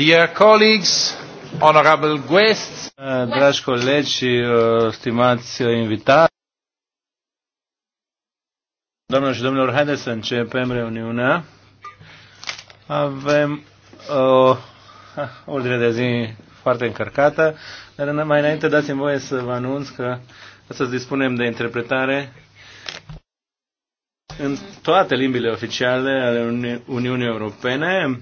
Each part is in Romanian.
Dear colleagues, honorable guests, uh, dragi colegi și uh, stimați uh, invitați, Doamnelor și domnilor, haideți să începem reuniunea. Avem o ordine de zi foarte încărcată, dar mai înainte dați-mi voie să vă anunț că să dispunem de interpretare în toate limbile oficiale ale Uni Uniunii Europene,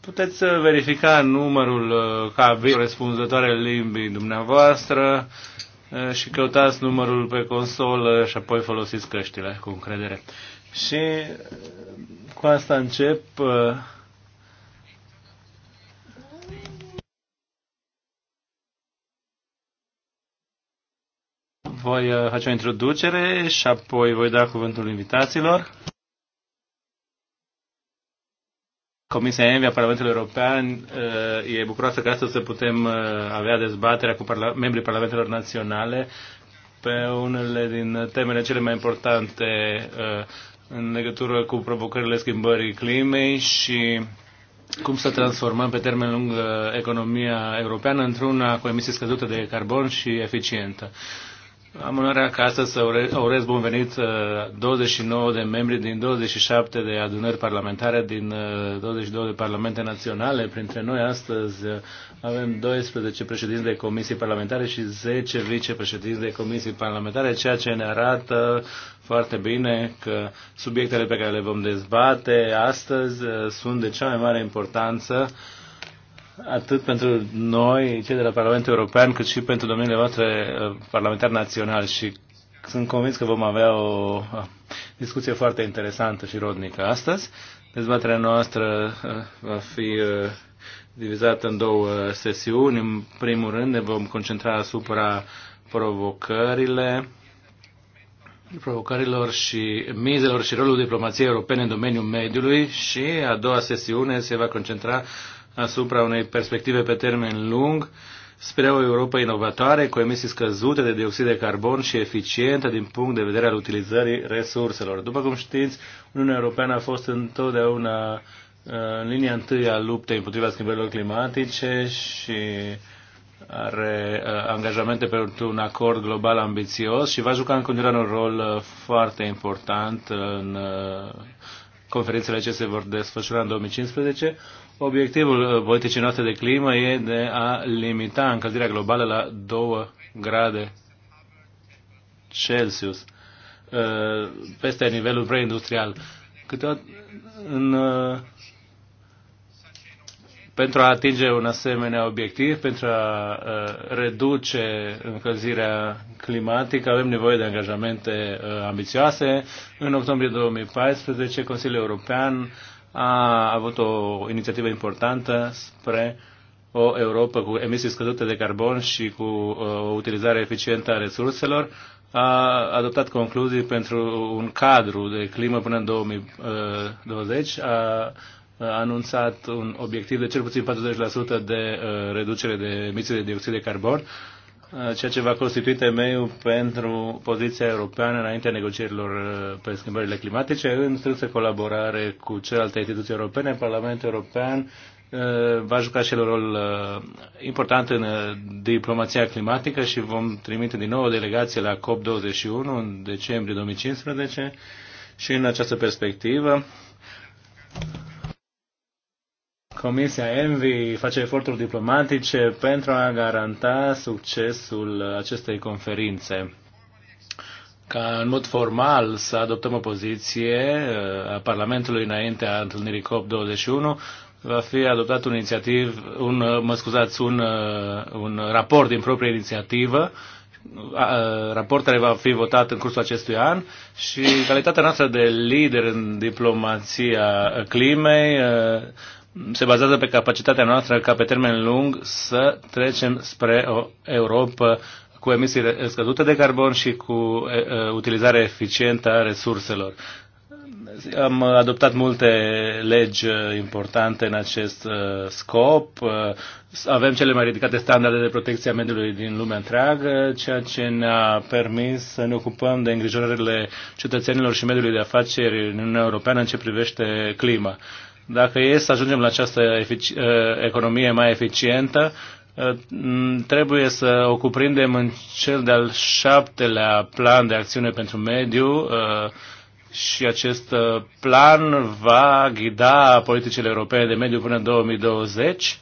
Puteți uh, verifica numărul uh, cabinei corespunzătoare limbii dumneavoastră uh, și căutați numărul pe consolă și apoi folosiți căștile cu încredere. Și cu asta încep voi face o introducere și apoi voi da cuvântul invitaților. Comisia Envia Parlamentului European uh, e bucuroasă că astăzi să putem uh, avea dezbaterea cu membrii Parlamentelor Naționale pe unele din temele cele mai importante uh, în legătură cu provocările schimbării climei și cum să transformăm pe termen lung economia europeană într-una cu emisii scăzute de carbon și eficientă. Am onoarea ca astăzi să urez bun venit 29 uh, de membri din 27 de adunări parlamentare din 22 uh, de parlamente naționale. Printre noi astăzi uh, avem 12 președinți de comisii parlamentare și 10 vicepreședinți de comisii parlamentare, ceea ce ne arată foarte bine că subiectele pe care le vom dezbate astăzi sunt de cea mai mare importanță atât pentru noi, cei de la Parlamentul European, cât și pentru domeniile voastre eh, parlamentari naționali și sunt convins că vom avea o eh, discuție foarte interesantă și rodnică astăzi. Dezbaterea noastră eh, va fi divizată în două sesiuni. În primul rând ne vom concentra asupra provocările provocărilor și mizelor și rolul diplomației europene în domeniul mediului și a doua sesiune se va concentra asupra unei perspective pe termen lung spre o Europa inovatoare cu emisii scăzute de dioxid de carbon și eficientă din punct de vedere al utilizării resurselor. După cum știți, Uniunea Europeană a fost întotdeauna uh, în linia întâi a luptei împotriva schimbărilor climatice și are uh, angajamente pentru un acord global ambițios și va juca în continuare un rol uh, foarte important în conferințele ce se vor desfășura în 2015. Obiectivul uh, politicii noastre de climă e de a limita încălzirea globală la 2 grade Celsius uh, peste nivelul preindustrial. Câteodată în, uh, pentru a atinge un asemenea obiectiv, pentru a reduce încălzirea climatică, avem nevoie de angajamente ambițioase. În octombrie 2014, Consiliul European a avut o inițiativă importantă spre o Europa cu emisii scăzute de carbon și cu uh, o utilizare eficientă a resurselor, a adoptat concluzii pentru un cadru de climă până în 2020, uh, a anunțat un obiectiv de cel puțin 40% de uh, reducere de emisii de dioxid de carbon, Uh, ceea ce va constitui temeiul pentru poziția europeană înaintea negocierilor uh, pe schimbările climatice, în strânsă colaborare cu celelalte instituții europene, Parlamentul European uh, va juca și el un rol important în diplomația climatică și vom trimite din nou o delegație la COP21 în decembrie 2015 și în această perspectivă Comisia Envi face eforturi diplomatice pentru a garanta succesul acestei conferințe. Ca în mod formal să adoptăm o poziție uh, a Parlamentului înaintea întâlnirii COP21, va fi adoptat un inițiativ, un, uh, mă scuzați, un, uh, un raport din proprie inițiativă raport care va fi votat în cursul acestui an și calitatea noastră de lider în diplomația climei se bazează pe capacitatea noastră ca pe termen lung să trecem spre o Europa cu emisii scăzute de carbon și cu utilizarea eficientă a resurselor. Am adoptat multe legi importante în acest scop. Avem cele mai ridicate standarde de protecție a mediului din lumea întreagă, ceea ce ne-a permis să ne ocupăm de îngrijorările cetățenilor și mediului de afaceri în Uniunea Europeană în ce privește clima. Dacă e să ajungem la această ă, economie mai eficientă, ă, trebuie să o cuprindem în cel de-al șaptelea plan de acțiune pentru mediu ă, și acest plan va ghida politicile europene de mediu până în 2020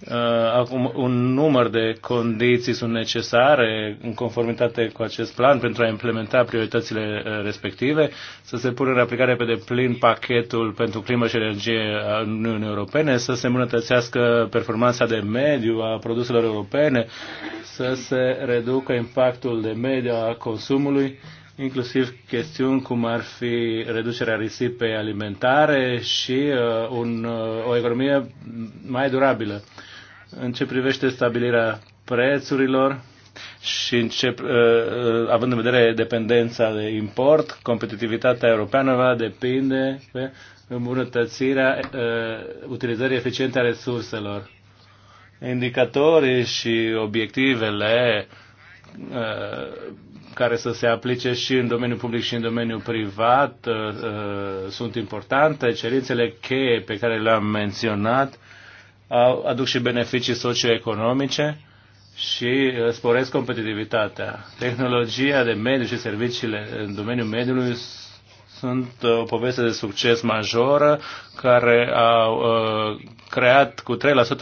Uh, acum, un număr de condiții sunt necesare în conformitate cu acest plan pentru a implementa prioritățile uh, respective, să se pună în aplicare pe deplin pachetul pentru climă și energie a Uniunii Europene, să se îmbunătățească performanța de mediu a produselor europene, să se reducă impactul de mediu a consumului, inclusiv chestiuni cum ar fi reducerea risipei alimentare și uh, un, uh, o economie mai durabilă în ce privește stabilirea prețurilor și în ce, uh, uh, având în vedere dependența de import, competitivitatea europeană va depinde pe îmbunătățirea uh, utilizării eficiente a resurselor. Indicatorii și obiectivele care să se aplice și în domeniul public și în domeniul privat sunt importante. Cerințele cheie pe care le-am menționat aduc și beneficii socioeconomice și uh, sporesc competitivitatea. Tehnologia de mediu și serviciile în domeniul mediului sunt uh, o poveste de succes majoră care a uh, creat cu 3%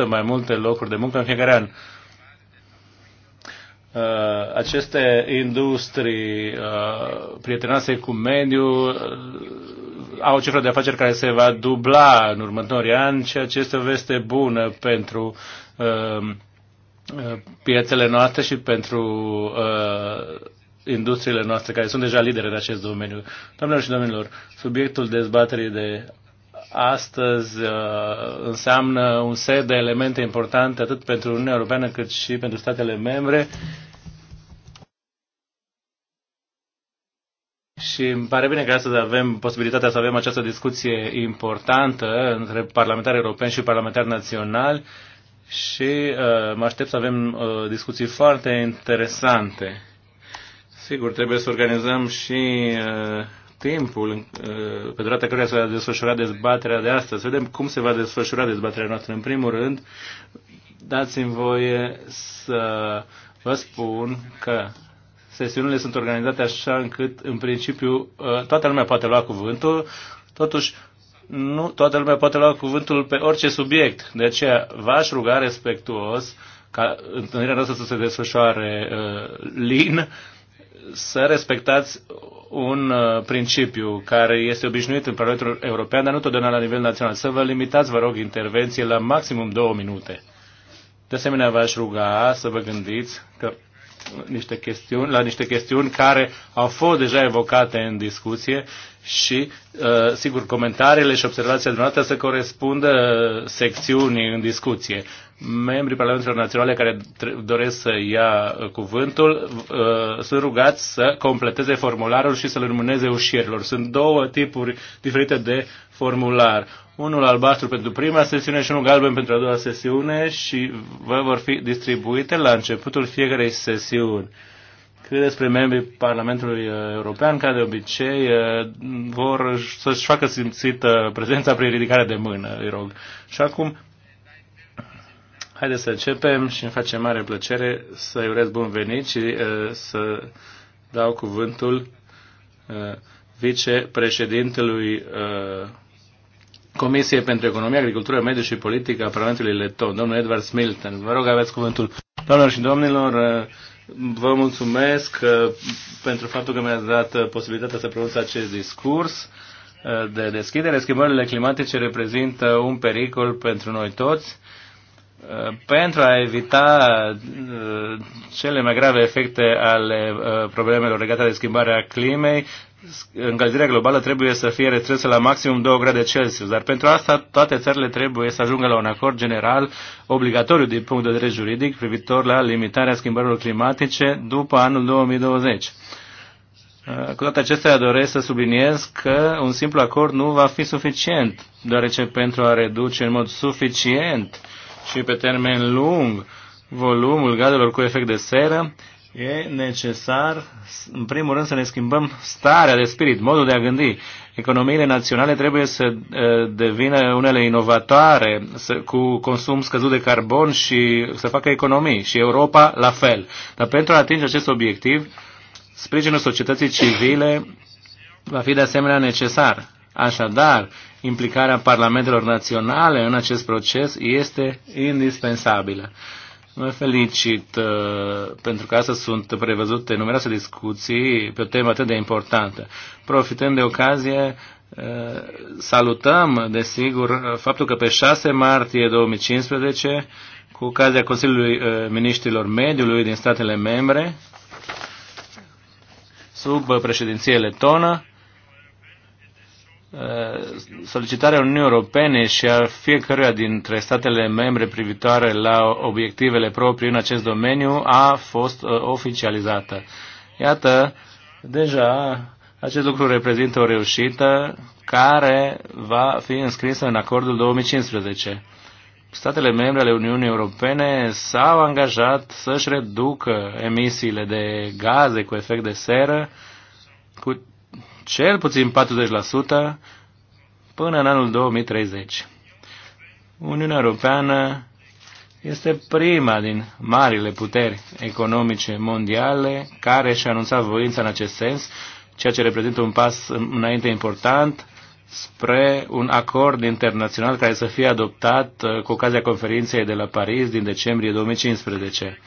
mai multe locuri de muncă în fiecare an. Uh, aceste industrii uh, prietenoase cu mediul uh, au o cifră de afaceri care se va dubla în următorii ani, ceea ce este o veste bună pentru um, uh, piețele noastre și pentru uh, industriile noastre care sunt deja lidere în acest domeniu. Doamnelor și domnilor, subiectul dezbaterii de astăzi uh, înseamnă un set de elemente importante atât pentru Uniunea Europeană cât și pentru statele membre Și îmi pare bine că astăzi avem posibilitatea să avem această discuție importantă între parlamentari europeni și parlamentari naționali și uh, mă aștept să avem uh, discuții foarte interesante. Sigur, trebuie să organizăm și uh, timpul uh, pe durata care se va desfășura dezbaterea de astăzi. Să vedem cum se va desfășura dezbaterea noastră. În primul rând, dați-mi voie să vă spun că sesiunile sunt organizate așa încât, în principiu, uh, toată lumea poate lua cuvântul, totuși nu toată lumea poate lua cuvântul pe orice subiect. De aceea v-aș ruga respectuos ca întâlnirea noastră să se desfășoare uh, lin, să respectați un uh, principiu care este obișnuit în Parlamentul European, dar nu totdeauna la nivel național. Să vă limitați, vă rog, intervenție la maximum două minute. De asemenea, v-aș ruga să vă gândiți că niște chestiuni, la niște chestiuni care au fost deja evocate în discuție și, uh, sigur, comentariile și observația dumneavoastră să corespundă uh, secțiunii în discuție. Membrii Parlamentului Naționale care doresc să ia uh, cuvântul sunt rugați să completeze formularul și să-l înmâneze ușierilor. Sunt două tipuri diferite de formular unul albastru pentru prima sesiune și unul galben pentru a doua sesiune și vă vor fi distribuite la începutul fiecarei sesiuni. Cât despre membrii Parlamentului uh, European, ca de obicei, uh, vor să-și facă simțită prezența prin ridicarea de mână, îi rog. Și acum, haideți să începem și îmi face mare plăcere să-i urez bun venit și uh, să dau cuvântul vicepreședintelui Comisie pentru Economie, Agricultură, Mediu și Politică a Parlamentului Leton, domnul Edward Smilton. Vă rog, aveți cuvântul. Doamnelor și domnilor, vă mulțumesc uh, pentru faptul că mi-ați dat uh, posibilitatea să pronunț acest discurs uh, de deschidere. Schimbările climatice reprezintă un pericol pentru noi toți pentru a evita cele mai grave efecte ale problemelor legate de schimbarea climei, încălzirea globală trebuie să fie retrăsă la maximum 2 grade Celsius, dar pentru asta toate țările trebuie să ajungă la un acord general obligatoriu din punct de vedere juridic privitor la limitarea schimbărilor climatice după anul 2020. Cu toate acestea doresc să subliniez că un simplu acord nu va fi suficient, deoarece pentru a reduce în mod suficient și pe termen lung volumul gazelor cu efect de seră, E necesar, în primul rând, să ne schimbăm starea de spirit, modul de a gândi. Economiile naționale trebuie să devină unele inovatoare, să, cu consum scăzut de carbon și să facă economii. Și Europa la fel. Dar pentru a atinge acest obiectiv, sprijinul societății civile va fi de asemenea necesar. Așadar, implicarea parlamentelor naționale în acest proces este indispensabilă. Mă felicit uh, pentru că astăzi sunt prevăzute numeroase discuții pe o temă atât de importantă. Profitând de ocazie, uh, salutăm, desigur, faptul că pe 6 martie 2015, cu ocazia Consiliului uh, Ministrilor Mediului din statele membre, sub președinție letonă, Uh, solicitarea Uniunii Europene și a fiecăruia dintre statele membre privitoare la obiectivele proprii în acest domeniu a fost uh, oficializată. Iată, deja acest lucru reprezintă o reușită care va fi înscrisă în acordul 2015. Statele membre ale Uniunii Europene s-au angajat să-și reducă emisiile de gaze cu efect de seră cu cel puțin 40% până în anul 2030. Uniunea Europeană este prima din marile puteri economice mondiale care și-a anunțat voința în acest sens, ceea ce reprezintă un pas înainte important spre un acord internațional care să fie adoptat uh, cu ocazia conferinței de la Paris din decembrie 2015.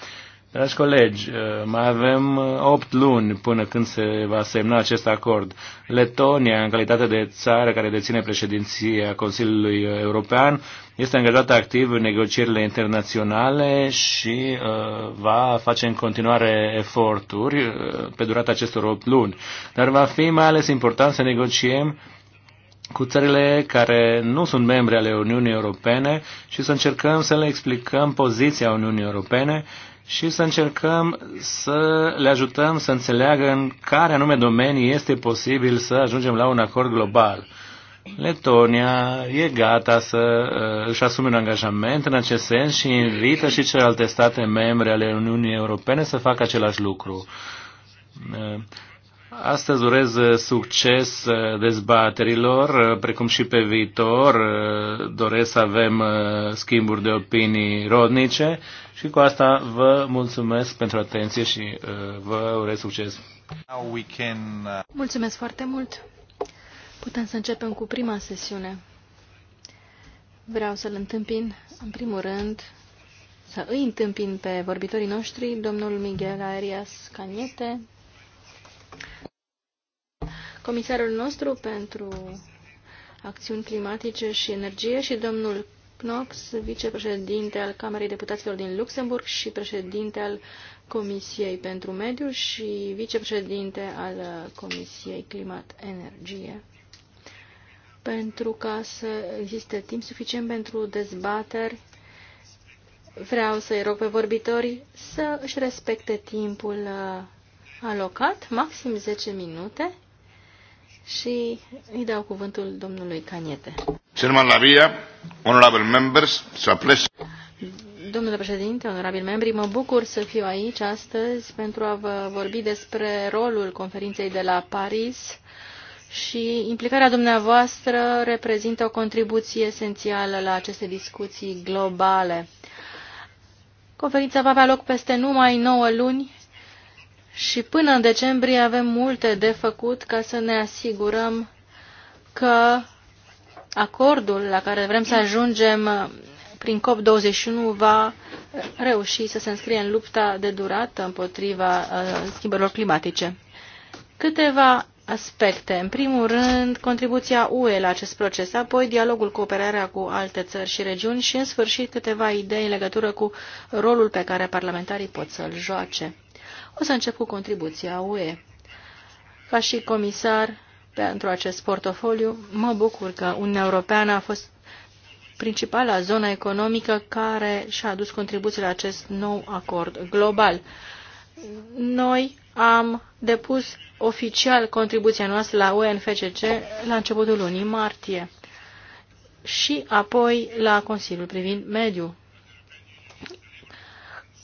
Dragi colegi, eh, mai avem 8 eh, luni până când se va semna acest acord. Letonia, în calitate de țară care deține președinția Consiliului eh, European, este angajată activ în negocierile internaționale și uh, va face în continuare eforturi uh, pe durata acestor 8 luni. Dar va fi mai ales important să negociem cu țările care nu sunt membre ale Uniunii Europene și să încercăm să le explicăm poziția Uniunii Europene uh, și să încercăm să le ajutăm să înțeleagă în care anume domenii este posibil să ajungem la un acord global. Letonia e gata să uh, își asume un angajament în acest sens și invită și celelalte state membre ale Uniunii Europene să facă același lucru. Uh, Astăzi urez uh, succes uh, dezbaterilor, uh, precum și pe viitor. Doresc să avem schimburi de opinii rodnice și cu asta vă mulțumesc pentru atenție și vă urez succes. Mulțumesc foarte mult. Putem să începem cu prima sesiune. Vreau să-l întâmpin, în primul rând, să îi întâmpin pe vorbitorii noștri, domnul Miguel Arias Caniete, comisarul nostru pentru acțiuni climatice și energie și domnul Knox, vicepreședinte al Camerei Deputaților din Luxemburg și președinte al Comisiei pentru Mediu și vicepreședinte al Comisiei Climat-Energie. Pentru ca să existe timp suficient pentru dezbateri, vreau să-i rog pe vorbitori să își respecte timpul uh, alocat, maxim 10 minute, și îi dau cuvântul domnului Caniete. Chairman Lavia, honorable members, să please. Domnule președinte, onorabili membri, mă bucur să fiu aici astăzi pentru a vă vorbi despre rolul conferinței de la Paris și implicarea dumneavoastră reprezintă o contribuție esențială la aceste discuții globale. Conferința va avea loc peste numai 9 luni și până în decembrie avem multe de făcut ca să ne asigurăm că acordul la care vrem să ajungem uh, prin COP21 va reuși să se înscrie în lupta de durată împotriva uh, schimbărilor climatice. Câteva aspecte. În primul rând, contribuția UE la acest proces, apoi dialogul, cooperarea cu alte țări și regiuni și, în sfârșit, câteva idei în legătură cu rolul pe care parlamentarii pot să-l joace. O să încep cu contribuția UE. Ca și comisar pentru acest portofoliu, mă bucur că Uniunea Europeană a fost principala zonă economică care și-a adus contribuții la acest nou acord global. Noi am depus oficial contribuția noastră la UNFCC la începutul lunii martie și apoi la Consiliul privind mediu.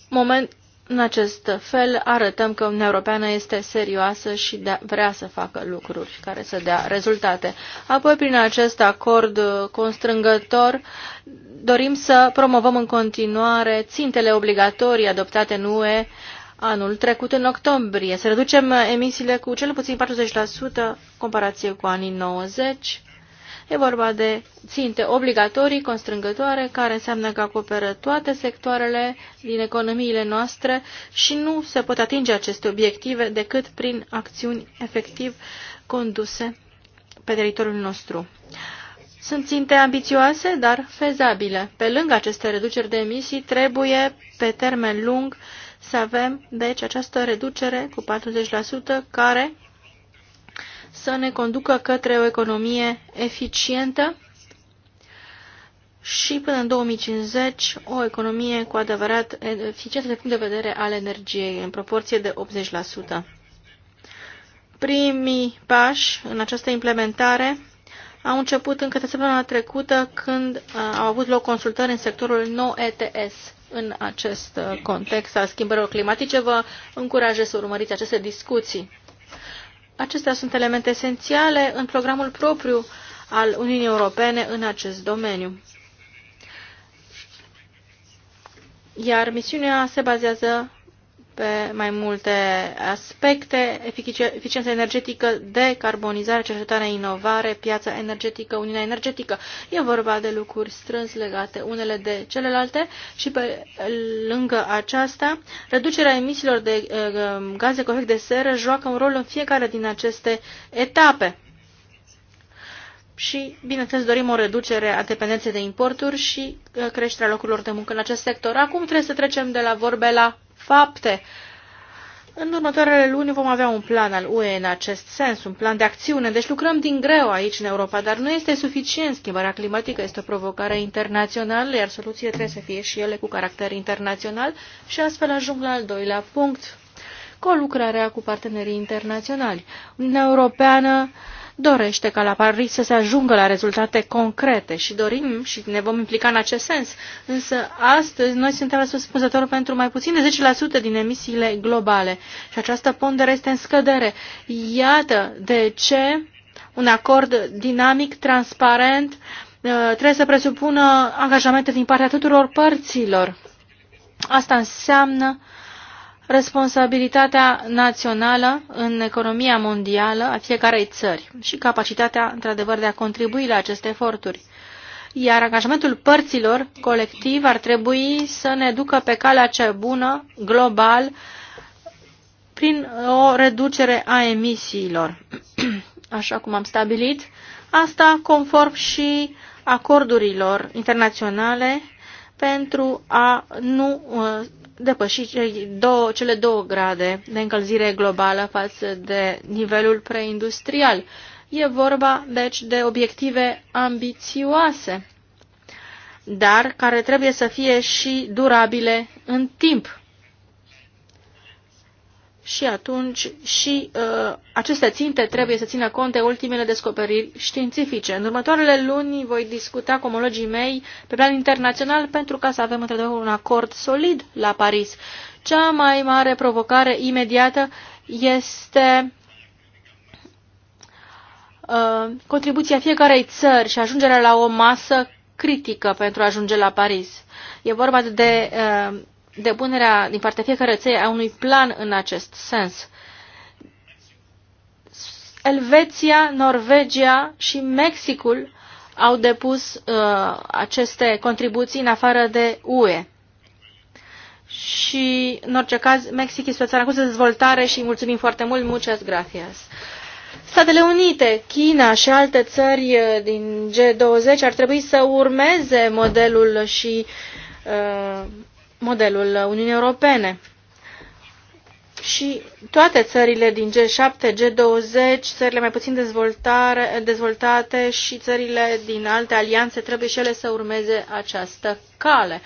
Moment în acest fel arătăm că Uniunea Europeană este serioasă și de- vrea să facă lucruri care să dea rezultate. Apoi, prin acest acord constrângător, dorim să promovăm în continuare țintele obligatorii adoptate în UE anul trecut în octombrie, să reducem emisiile cu cel puțin 40% comparație cu anii 90 E vorba de ținte obligatorii, constrângătoare, care înseamnă că acoperă toate sectoarele din economiile noastre și nu se pot atinge aceste obiective decât prin acțiuni efectiv conduse pe teritoriul nostru. Sunt ținte ambițioase, dar fezabile. Pe lângă aceste reduceri de emisii, trebuie pe termen lung să avem, deci, această reducere cu 40% care să ne conducă către o economie eficientă și până în 2050 o economie cu adevărat eficientă de punct de vedere al energiei, în proporție de 80%. Primii pași în această implementare au început încă de săptămâna trecută când uh, au avut loc consultări în sectorul no-ETS. În acest uh, context al schimbărilor climatice, vă încurajez să urmăriți aceste discuții. Acestea sunt elemente esențiale în programul propriu al Uniunii Europene în acest domeniu. Iar misiunea se bazează pe mai multe aspecte, eficiență energetică, decarbonizare, cercetare, inovare, piața energetică, Uniunea energetică. E vorba de lucruri strâns legate unele de celelalte și pe lângă aceasta, reducerea emisiilor de uh, um, gaze cu efect de seră joacă un rol în fiecare din aceste etape. Și, bineînțeles, dorim o reducere a dependenței de importuri și uh, creșterea locurilor de muncă în acest sector. Acum trebuie să trecem de la vorbe la fapte. În următoarele luni vom avea un plan al UE în acest sens, un plan de acțiune, deci lucrăm din greu aici în Europa, dar nu este suficient. Schimbarea climatică este o provocare internațională, iar soluțiile trebuie să fie și ele cu caracter internațional și astfel ajung la al doilea punct, colucrarea cu partenerii internaționali. Uniunea Europeană dorește ca la Paris să se ajungă la rezultate concrete și dorim și ne vom implica în acest sens. Însă astăzi noi suntem răspunzători pentru mai puțin de 10% din emisiile globale și această pondere este în scădere. Iată de ce un acord dinamic, transparent, uh, trebuie să presupună angajamente din partea tuturor părților. Asta înseamnă uh, responsabilitatea națională în economia mondială a fiecarei țări și capacitatea, într-adevăr, de a contribui la aceste eforturi. Iar angajamentul părților colectiv ar trebui să ne ducă pe calea cea bună, global, prin o reducere a emisiilor, așa cum am stabilit, asta conform și acordurilor internaționale pentru a nu uh, depăși două, cele două grade de încălzire globală față de nivelul preindustrial. E vorba, deci, de obiective ambițioase, dar care trebuie să fie și durabile în timp și atunci și uh, aceste ținte trebuie să țină cont de ultimele descoperiri științifice. În următoarele luni voi discuta cu omologii mei pe plan internațional pentru ca să avem într-adevăr un acord solid la Paris. Cea mai mare provocare imediată este uh, contribuția fiecarei țări și ajungerea la o masă critică pentru a ajunge la Paris. E vorba de uh, depunerea din partea fiecare țării a unui plan în acest sens. Elveția, Norvegia și Mexicul au depus uh, aceste contribuții în afară de UE. Și, în orice caz, Mexic este o țară cu de dezvoltare și mulțumim foarte mult, muchas gracias. Statele Unite, China și alte țări uh, din G20 ar trebui să urmeze modelul și uh, modelul Uniunii Europene. Și toate țările din G7, G20, țările mai puțin dezvoltate și țările din alte alianțe trebuie și ele să urmeze această cale.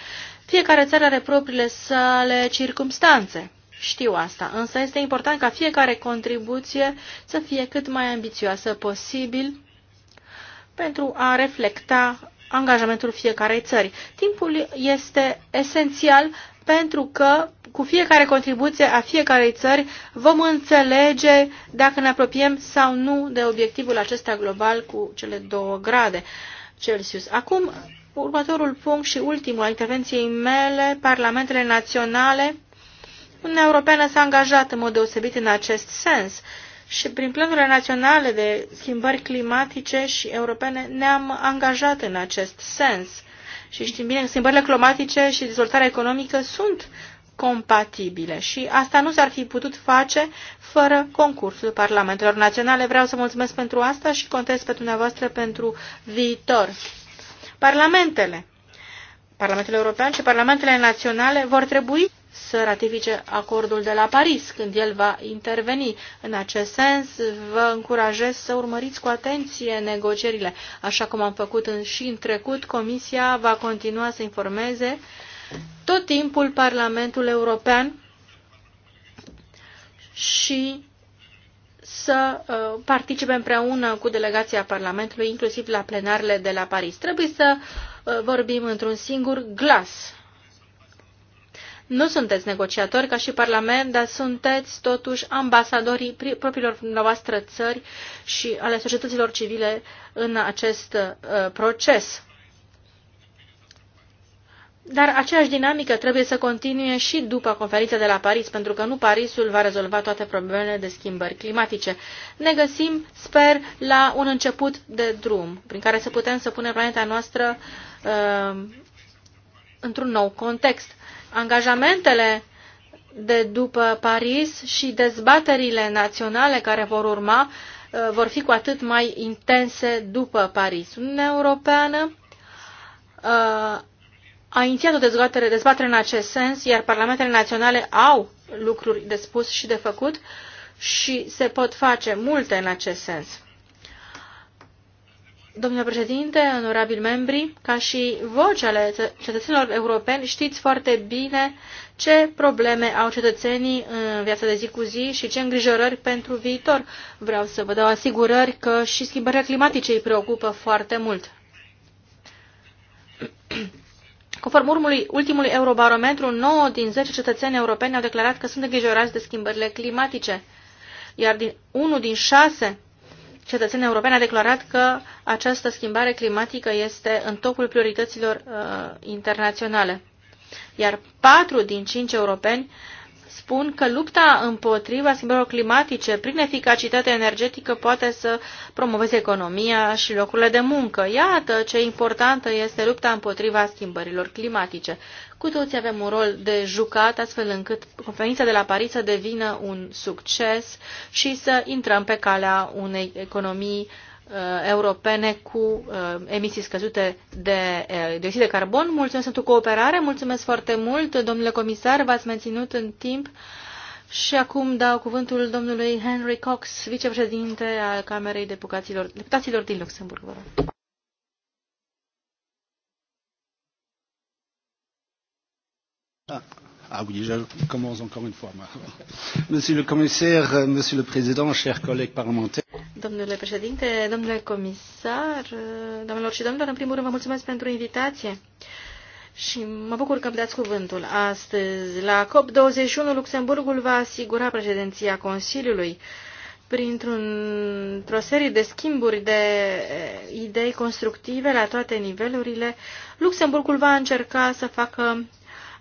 Fiecare țară are propriile sale circumstanțe. Știu asta, însă este important ca fiecare contribuție să fie cât mai ambițioasă posibil pentru a reflecta angajamentul fiecarei țări. Timpul este esențial pentru că cu fiecare contribuție a fiecarei țări vom înțelege dacă ne apropiem sau nu de obiectivul acesta global cu cele două grade Celsius. Acum, următorul punct și ultimul a intervenției mele, parlamentele naționale. Uniunea Europeană s-a angajat în mod deosebit în acest sens. Uh, și prin planurile naționale de schimbări climatice și europene ne-am angajat în acest sens. Și știm bine că schimbările climatice și dezvoltarea economică sunt compatibile și asta nu s-ar fi putut face fără concursul Parlamentelor Naționale. Vreau să mulțumesc pentru asta și contez pe dumneavoastră pentru viitor. Parlamentele, Parlamentul European și Parlamentele Naționale vor trebui să ratifice acordul de la Paris când el va interveni. În acest sens, vă încurajez să urmăriți cu atenție negocierile. Așa cum am făcut și în trecut, Comisia va continua să informeze tot timpul Parlamentul European și să uh, participe împreună cu delegația Parlamentului, inclusiv la plenarele de la Paris. Trebuie să uh, vorbim într-un singur glas nu sunteți negociatori ca și Parlament, dar sunteți totuși ambasadorii propriilor noastre țări și ale societăților civile în acest uh, proces. Dar aceeași dinamică trebuie să continue și după conferința de la Paris, pentru că nu Parisul va rezolva toate problemele de schimbări climatice. Ne găsim, sper, la un început de drum, prin care să putem să punem planeta noastră uh, într-un nou context angajamentele de după Paris și dezbaterile naționale care vor urma uh, vor fi cu atât mai intense după Paris. Uniunea Europeană uh, a inițiat o dezbatere, dezbatere în acest sens, iar parlamentele naționale au lucruri de spus și de făcut și se pot face multe în acest sens. Domnule președinte, onorabili membri, ca și voce ale cetățenilor europeni, știți foarte bine ce probleme au cetățenii în viața de zi cu zi și ce îngrijorări pentru viitor. Vreau să vă dau asigurări că și schimbările climatice îi preocupă foarte mult. Conform urmului, ultimului eurobarometru, 9 din 10 cetățeni europeni au declarat că sunt îngrijorați de schimbările climatice, iar din, 1 din 6 cetățeni europeni a declarat că această schimbare climatică este în topul priorităților uh, internaționale. Iar patru din cinci europeni spun că lupta împotriva schimbărilor climatice prin eficacitate energetică poate să promoveze economia și locurile de muncă. Iată ce importantă este lupta împotriva schimbărilor climatice. Cu toții avem un rol de jucat, astfel încât conferința de la Paris să devină un succes și să intrăm pe calea unei economii uh, europene cu uh, emisii scăzute de uh, dioxid de carbon. Mulțumesc pentru cooperare, mulțumesc foarte mult, domnule comisar, v-ați menținut în timp. Și acum dau cuvântul domnului Henry Cox, vicepreședinte al Camerei Deputaților, Deputaților din Luxemburg. Vă rog. Ah. Ah oui, je commence encore une fois. Monsieur le commissaire, euh, monsieur le président, chers collègues parlementaires. Domnule președinte, domnule comisar, euh, domnilor și domnilor, în primul rând vă mulțumesc pentru invitație și mă bucur că îmi dați cuvântul astăzi. La COP21, Luxemburgul va asigura președinția Consiliului printr-o serie de schimburi de eh, idei constructive la toate nivelurile. Luxemburgul va încerca să facă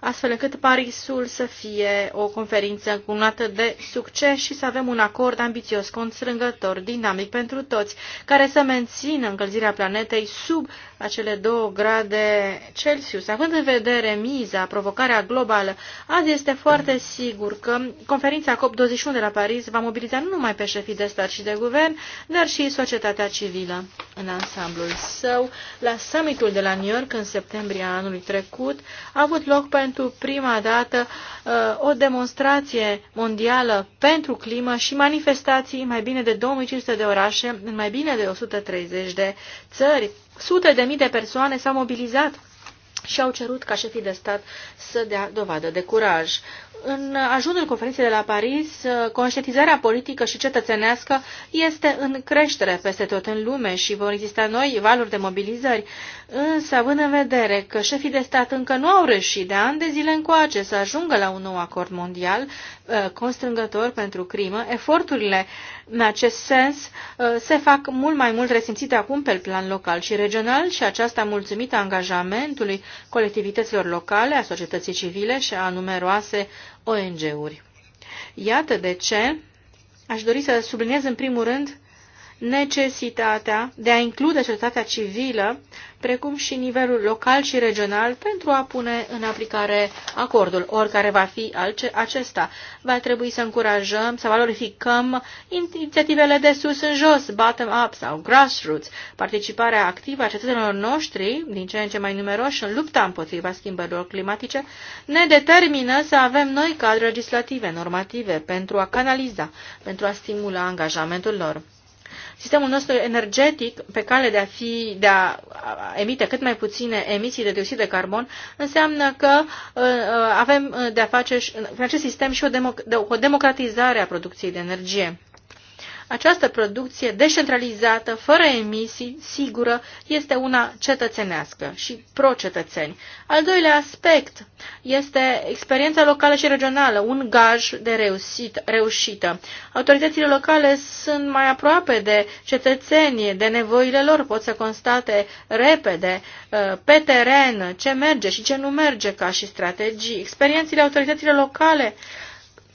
astfel încât Parisul să fie o conferință încununată de succes și să avem un acord ambițios, constrângător, dinamic pentru toți, care să mențină încălzirea planetei sub acele două grade Celsius. Având în vedere miza, provocarea globală, azi este foarte sigur că conferința COP21 de la Paris va mobiliza nu numai pe șefii de stat și de guvern, dar și societatea civilă în ansamblul său. La summitul de la New York în septembrie anului trecut a avut loc pentru prima dată uh, o demonstrație mondială pentru climă și manifestații mai bine de 2500 de orașe în mai bine de 130 de țări. Sute de mii de persoane s-au mobilizat și au cerut ca șefii de stat să dea dovadă de curaj în ajunul conferinței de la Paris, uh, conștientizarea politică și cetățenească este în creștere peste tot în lume și vor exista noi valuri de mobilizări. Însă, având în vedere că șefii de stat încă nu au reușit de ani de zile încoace să ajungă la un nou acord mondial uh, constrângător pentru crimă, eforturile în acest sens uh, se fac mult mai mult resimțite acum pe plan local și regional și aceasta mulțumită angajamentului colectivităților locale, a societății civile și a numeroase ONG-uri. Iată de ce aș dori să subliniez în primul rând necesitatea de a include societatea civilă, precum și nivelul local și regional, pentru a pune în aplicare acordul, oricare va fi acesta. Va trebui să încurajăm, să valorificăm inițiativele de sus în jos, bottom-up sau grassroots, participarea activă a cetățenilor noștri, din ce în ce mai numeroși, în lupta împotriva schimbărilor climatice, ne determină să avem noi cadre legislative, normative, pentru a canaliza, pentru a stimula angajamentul lor sistemul nostru energetic pe cale de a, fi, de a emite cât mai puține emisii de dioxid de carbon, înseamnă că uh, uh, avem de a face în acest sistem și o, democ- o democratizare a producției de energie. Această producție decentralizată, fără emisii, sigură, este una cetățenească și pro-cetățeni. Al doilea aspect este experiența locală și regională, un gaj de reușit, reușită. Autoritățile locale sunt mai aproape de cetățeni, de nevoile lor, pot să constate repede uh, pe teren ce merge și ce nu merge ca și strategii. Experiențele autorităților locale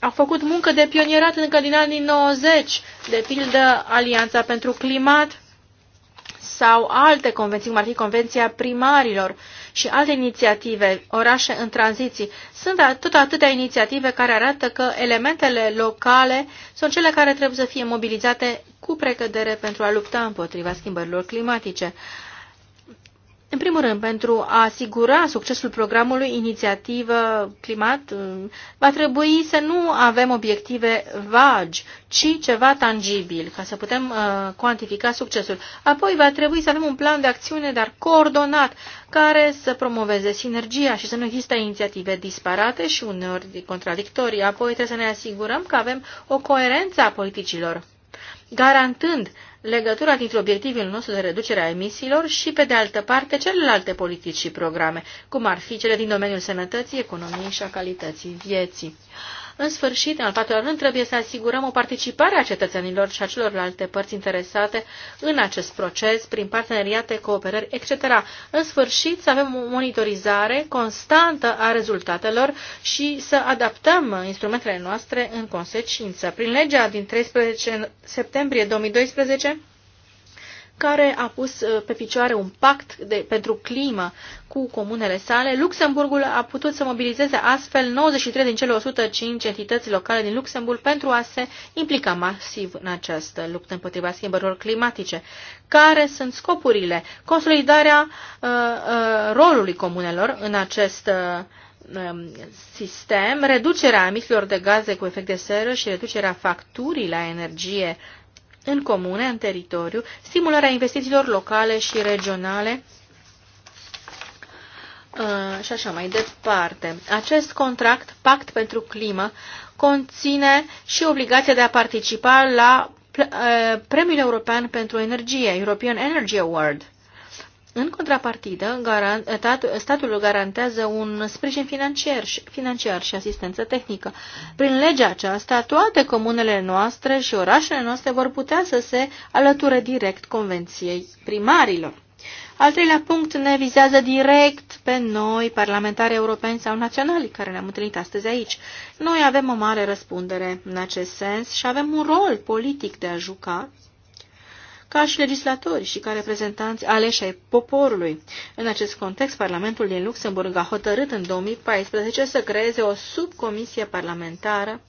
a făcut muncă de pionierat încă din anii 90, de pildă Alianța pentru Climat sau alte convenții, cum ar fi Convenția Primarilor și alte inițiative, orașe în tranziții. Sunt tot atâtea inițiative care arată că elementele locale sunt cele care trebuie să fie mobilizate cu precădere pentru a lupta împotriva schimbărilor climatice. În primul rând, pentru a asigura succesul programului Inițiativă Climat, mm, va trebui să nu avem obiective vagi, ci ceva tangibil, ca să putem uh, cuantifica succesul. Apoi va trebui să avem un plan de acțiune, dar coordonat, care să promoveze sinergia și să nu există inițiative disparate și uneori contradictorii. Apoi trebuie să ne asigurăm că avem o coerență a politicilor, garantând uh, legătura dintre obiectivul nostru de reducere a emisiilor și, pe de altă parte, celelalte politici și programe, cum ar fi cele din domeniul sănătății, economiei și a calității vieții. În sfârșit, în al patrulea rând, trebuie să asigurăm o participare a cetățenilor și a celorlalte părți interesate în acest proces, prin parteneriate, cooperări, etc. În sfârșit, să avem o monitorizare constantă a rezultatelor și să adaptăm instrumentele noastre în consecință. Prin legea din 13 septembrie 2012, care a pus uh, pe picioare un pact de, pentru climă cu comunele sale. Luxemburgul a putut să mobilizeze astfel 93 din cele 105 entități locale din Luxemburg pentru a se implica masiv în această luptă împotriva schimbărilor climatice. Care sunt scopurile? Consolidarea uh, uh, rolului comunelor în acest uh, um, sistem, reducerea emisiilor de gaze cu efect de seră și reducerea facturii la energie în comune, în teritoriu, stimularea investițiilor locale și regionale uh, și așa mai departe. Acest contract, Pact pentru Climă, conține și obligația de a participa la uh, Premiul European pentru Energie, European Energy Award. În contrapartidă, statul garantează un sprijin financiar și, financiar și asistență tehnică. Prin legea aceasta, toate comunele noastre și orașele noastre vor putea să se alăture direct convenției primarilor. Al treilea punct ne vizează direct pe noi, parlamentari europeni sau naționali, care ne-am întâlnit astăzi aici. Noi avem o mare răspundere în acest sens și avem un rol politic de a juca ca și legislatori și ca reprezentanți aleși ai poporului. În acest context, Parlamentul din Luxemburg a hotărât în 2014 să creeze o subcomisie parlamentară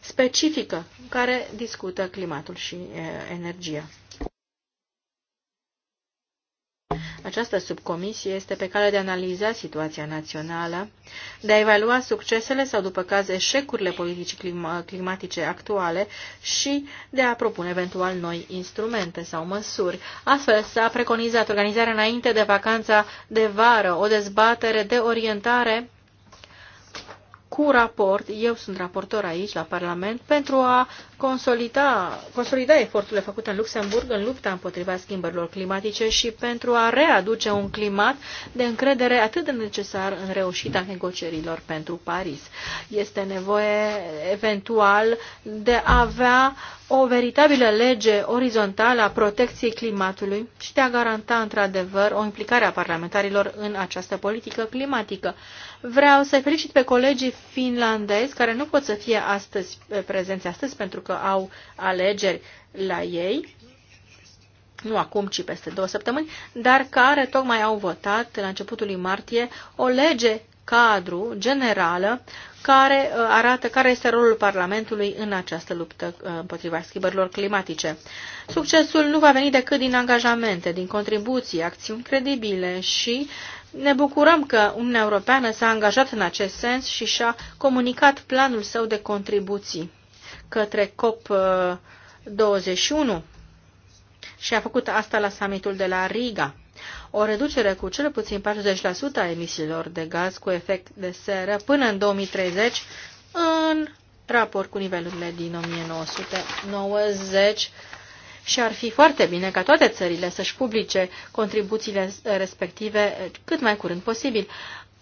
specifică care discută climatul și energia. Această subcomisie este pe cale de a analiza situația națională, de a evalua succesele sau, după caz, eșecurile politicii climatice actuale și de a propune eventual noi instrumente sau măsuri. Astfel s-a preconizat organizarea înainte de vacanța de vară, o dezbatere de orientare cu raport, eu sunt raportor aici la Parlament, pentru a consolida, consolida eforturile făcute în Luxemburg în lupta împotriva schimbărilor climatice și pentru a readuce un climat de încredere atât de necesar în reușita negocierilor pentru Paris. Este nevoie eventual de a avea o veritabilă lege orizontală a protecției climatului și de a garanta într-adevăr o implicare a parlamentarilor în această politică climatică. Vreau să felicit pe colegii finlandezi care nu pot să fie astăzi eh, prezenți astăzi pentru că au alegeri la ei nu acum, ci peste două săptămâni, dar care tocmai au votat la începutul lui martie o lege cadru generală care eh, arată care este rolul Parlamentului în această luptă eh, împotriva schimbărilor climatice. Succesul nu va veni decât din angajamente, din contribuții, acțiuni credibile și ne bucurăm că Uniunea Europeană s-a angajat în acest sens și și-a comunicat planul său de contribuții către COP21 și a făcut asta la summitul de la Riga. O reducere cu cel puțin 40% a emisiilor de gaz cu efect de seră până în 2030 în raport cu nivelurile din 1990 și ar fi foarte bine ca toate țările să-și publice contribuțiile respective cât mai curând posibil.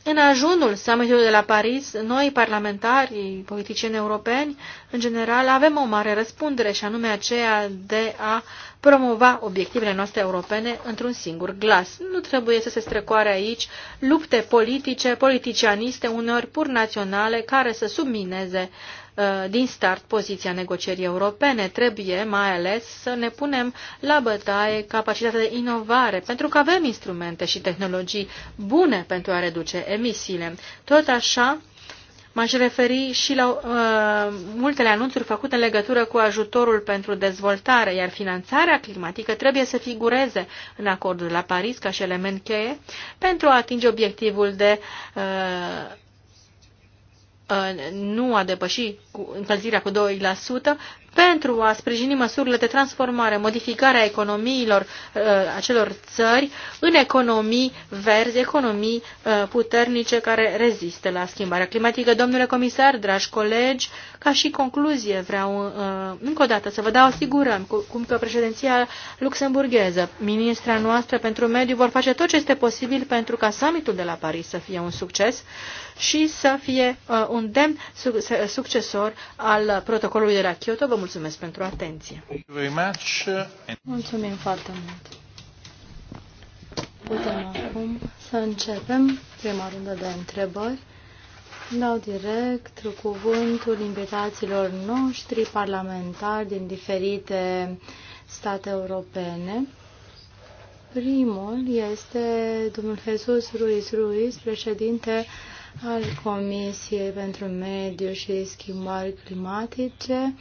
În ajunul summitului de la Paris, noi, parlamentari, politicieni europeni, în general, avem o mare răspundere și anume aceea de a promova obiectivele noastre europene într-un singur glas. Nu trebuie să se strecoare aici lupte politice, politicianiste, uneori pur naționale, care să submineze Uh, din start poziția negocierii europene. Trebuie mai ales să ne punem la bătaie capacitatea de inovare, pentru că avem instrumente și tehnologii bune pentru a reduce emisiile. Tot așa, M-aș referi și la uh, multele anunțuri făcute în legătură cu ajutorul pentru dezvoltare, iar finanțarea climatică trebuie să figureze în acordul la Paris ca și element cheie pentru a atinge obiectivul de uh, Uh, nu a depăși încălzirea cu 2%, pentru a sprijini măsurile de transformare, modificarea economiilor economiilor uh, acelor țări în economii verzi, economii uh, puternice care rezistă la schimbarea climatică. Domnule comisar, dragi colegi, ca și concluzie vreau uh, încă o dată să vă dau asigurăm cum că președinția luxemburgheză, ministra noastră pentru mediu, vor face tot ce este posibil pentru ca summitul de la Paris să fie un succes și să fie un demn succesor al protocolului de la Kyoto. Vă mulțumesc pentru atenție. Mulțumim foarte mult. Putem acum să începem prima rundă de întrebări. Dau direct cuvântul invitațiilor noștri parlamentari din diferite state europene. Primul este domnul Jesus Ruiz Ruiz, președinte al Comisiei pentru Mediu și Schimbări Climatice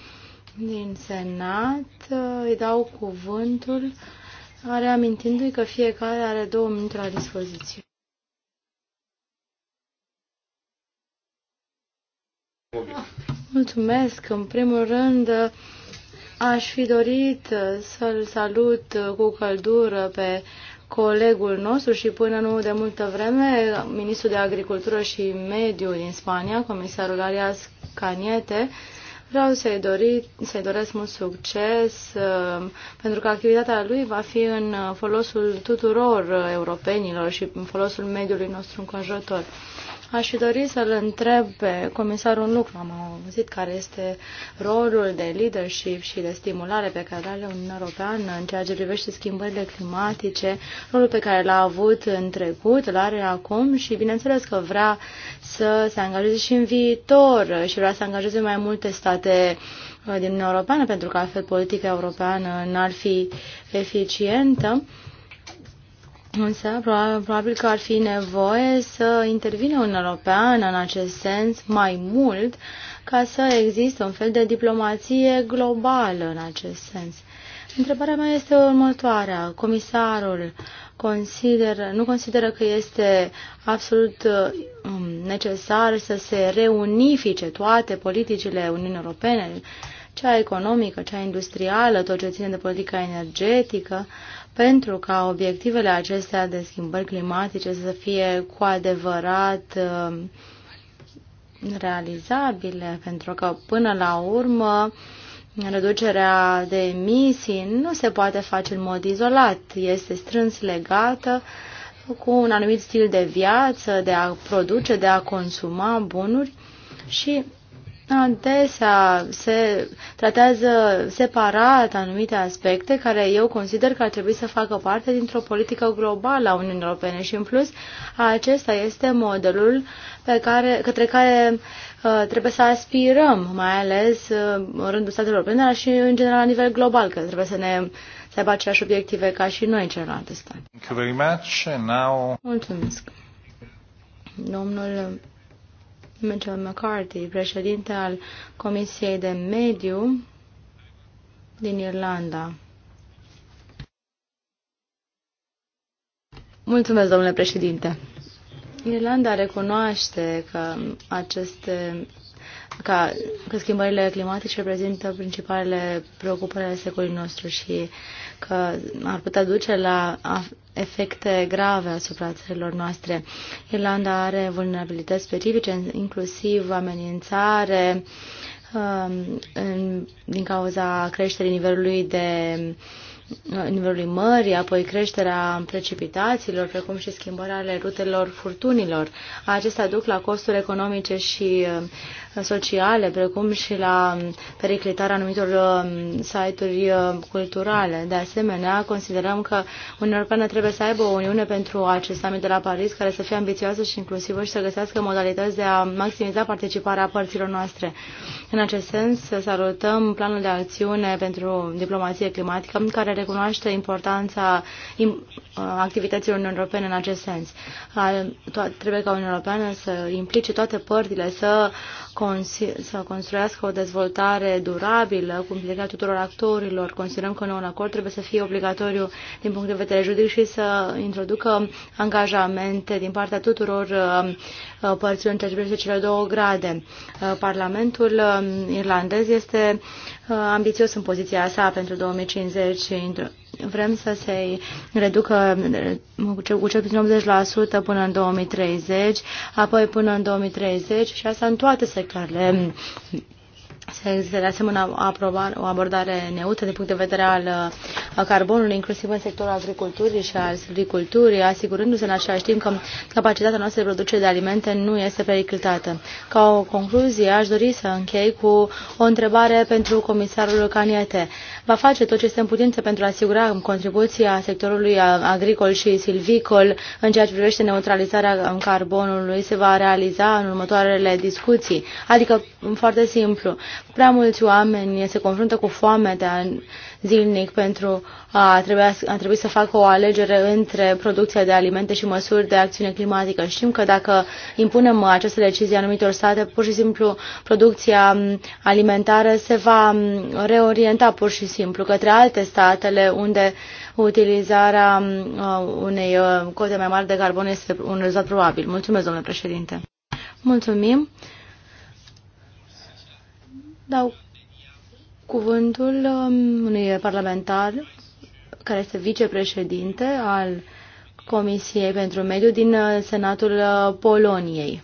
din Senat. Uh, îi dau cuvântul, reamintindu-i că fiecare are două minute la dispoziție. Mulțumesc. În primul rând, aș fi dorit uh, să-l salut uh, cu căldură pe colegul nostru și până nu de multă vreme, ministrul de Agricultură și Mediu din Spania, comisarul Arias Caniete, Vreau să-i, dori, să-i doresc mult succes, uh, pentru că activitatea lui va fi în uh, folosul tuturor uh, europenilor și în folosul mediului nostru înconjurător. Aș fi dorit să-l întreb pe comisarul Nuc, am auzit care este rolul de leadership și de stimulare pe care are Uniunea Europeană în ceea ce privește schimbările climatice, rolul pe care l-a avut în trecut, îl are acum și bineînțeles că vrea să se angajeze și în viitor și vrea să angajeze mai multe state uh, din Uniunea Europeană, pentru că altfel politica europeană n-ar fi eficientă. Însă, probabil că ar fi nevoie să intervină un european în acest sens mai mult ca să existe un fel de diplomație globală în acest sens. Întrebarea mea este următoarea. Comisarul consideră, nu consideră că este absolut um, necesar să se reunifice toate politicile Uniunii Europene cea economică, cea industrială, tot ce ține de politica energetică, pentru ca obiectivele acestea de schimbări climatice să fie cu adevărat uh, realizabile, pentru că până la urmă reducerea de emisii nu se poate face în mod izolat, este strâns legată cu un anumit stil de viață, de a produce, de a consuma bunuri și Adesea se tratează separat anumite aspecte care eu consider că ar trebui să facă parte dintr-o politică globală a Uniunii Europene și în plus acesta este modelul pe care, către care uh, trebuie să aspirăm, mai ales uh, în rândul statelor europene, dar și în general la nivel global, că trebuie să ne să aibă aceleași obiective ca și noi în celelalte state. Mulțumesc. Domnul Mitchell McCarthy, președinte al Comisiei de Mediu din Irlanda. Mulțumesc, domnule președinte. Irlanda recunoaște că aceste ca, că schimbările climatice reprezintă principalele preocupări ale secolului nostru și că ar putea duce la efecte grave asupra țărilor noastre. Irlanda are vulnerabilități specifice, inclusiv amenințare um, din cauza creșterii nivelului de uh, nivelului mării, apoi creșterea precipitațiilor, precum și schimbarea ale rutelor furtunilor. Acestea duc la costuri economice și uh, sociale, precum și la periclitarea anumitor um, site-uri um, culturale. De asemenea, considerăm că Uniunea Europeană trebuie să aibă o uniune pentru acest summit de la Paris, care să fie ambițioasă și inclusivă și să găsească modalități de a maximiza participarea părților noastre. În acest sens, salutăm planul de acțiune pentru diplomație climatică, care recunoaște importanța uh, activităților Uniunii Europene în acest sens. Trebuie ca Uniunea Europeană să implice toate părțile, să să construiască o dezvoltare durabilă cu implicarea tuturor actorilor. Considerăm că noul acord trebuie să fie obligatoriu din punct de vedere juridic și să introducă angajamente din partea tuturor uh, uh, părților între cele două grade. Uh, Parlamentul um, irlandez este Uh, ambițios în poziția sa pentru 2050 și vrem să se reducă uh, cu cel puțin 80% până în 2030, apoi până în 2030 și asta în toate sectoarele să se de asemenea o abordare neutră din punct de vedere al uh, carbonului, inclusiv în sectorul agriculturii și al silviculturii, asigurându-se în același timp că capacitatea noastră de producție de alimente nu este periclitată. Ca o concluzie, aș dori să închei cu o întrebare pentru comisarul Caniete va face tot ce este în putință pentru a asigura contribuția sectorului agricol și silvicol în ceea ce privește neutralizarea carbonului, se va realiza în următoarele discuții. Adică, foarte simplu, prea mulți oameni se confruntă cu foamea zilnic pentru a trebui, a trebui să facă o alegere între producția de alimente și măsuri de acțiune climatică. Știm că dacă impunem această decizie anumitor state, pur și simplu producția alimentară se va reorienta pur și simplu către alte statele unde utilizarea uh, unei uh, cote mai mari de carbon este un rezultat probabil. Mulțumesc, domnule președinte. Mulțumim. Dau cuvântul um, unui parlamentar care este vicepreședinte al Comisiei pentru Mediu din uh, Senatul uh, Poloniei.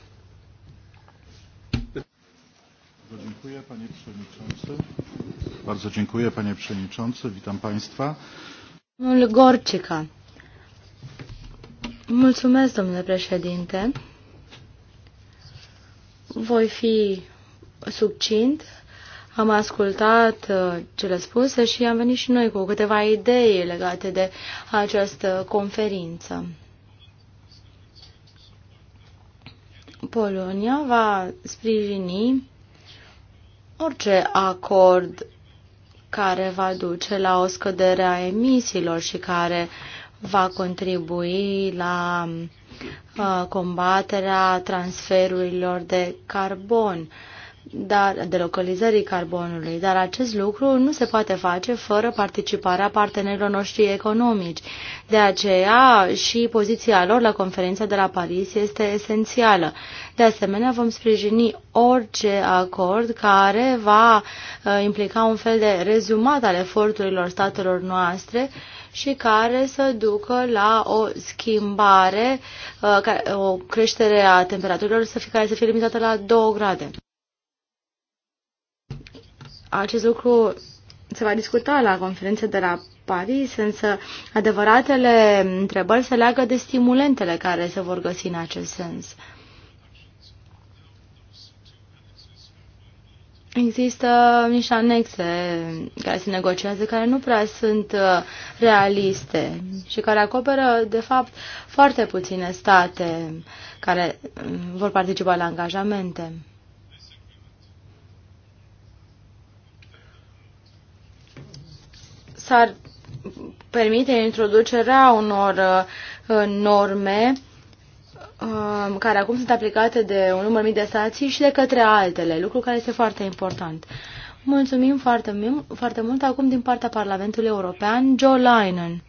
Dziękuję panie przewodniczący. Bardzo dziękuję panie przewodniczący. Witam państwa. Domnul Gorcica. Mulțumesc, domnule președinte. Voi fi succint am ascultat uh, cele spuse și am venit și noi cu câteva idei legate de această conferință. Polonia va sprijini orice acord care va duce la o scădere a emisiilor și care va contribui la uh, combaterea transferurilor de carbon dar, de localizării carbonului, dar acest lucru nu se poate face fără participarea partenerilor noștri economici. De aceea și poziția lor la conferința de la Paris este esențială. De asemenea, vom sprijini orice acord care va uh, implica un fel de rezumat al eforturilor statelor noastre și care să ducă la o schimbare, uh, o creștere a temperaturilor să fie, care să fie limitată la 2 grade. Acest lucru se va discuta la conferința de la Paris, însă adevăratele întrebări se leagă de stimulentele care se vor găsi în acest sens. Există niște anexe care se negociază, care nu prea sunt uh, realiste și care acoperă, de fapt, foarte puține state care um, vor participa la angajamente. s-ar permite introducerea unor uh, norme uh, care acum sunt aplicate de un număr mic de stații și de către altele, lucru care este foarte important. Mulțumim foarte, mult, foarte mult acum din partea Parlamentului European, Joe Linen.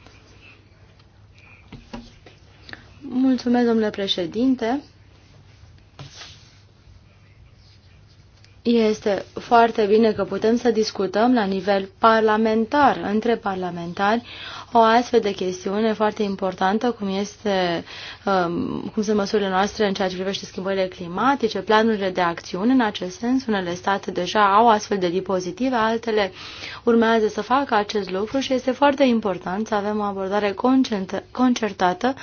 Mulțumesc, domnule președinte. Este foarte bine că putem să discutăm la nivel parlamentar, între parlamentari, o astfel de chestiune foarte importantă, cum, este, um, cum sunt măsurile noastre în ceea ce privește schimbările climatice, planurile de acțiune în acest sens. Unele state deja au astfel de dispozitive, altele urmează să facă acest lucru și este foarte important să avem o abordare concertată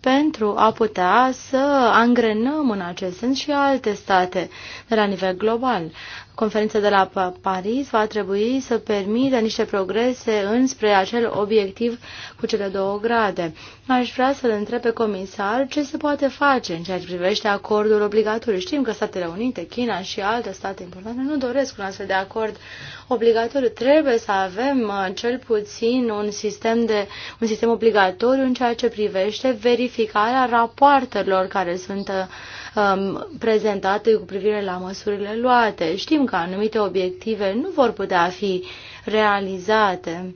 pentru a putea să angrenăm în acest sens și alte state de la nivel global conferința de la Paris va trebui să permită niște progrese înspre acel obiectiv cu cele două grade. Aș vrea să-l întreb pe comisar ce se poate face în ceea ce privește acordul obligatoriu. Știm că Statele Unite, China și alte state importante nu doresc un astfel de acord obligatoriu. Trebuie să avem uh, cel puțin un sistem, de, un sistem obligatoriu în ceea ce privește verificarea rapoartelor care sunt uh, um, prezentate cu privire la măsurile luate. Știm că anumite obiective nu vor putea fi realizate.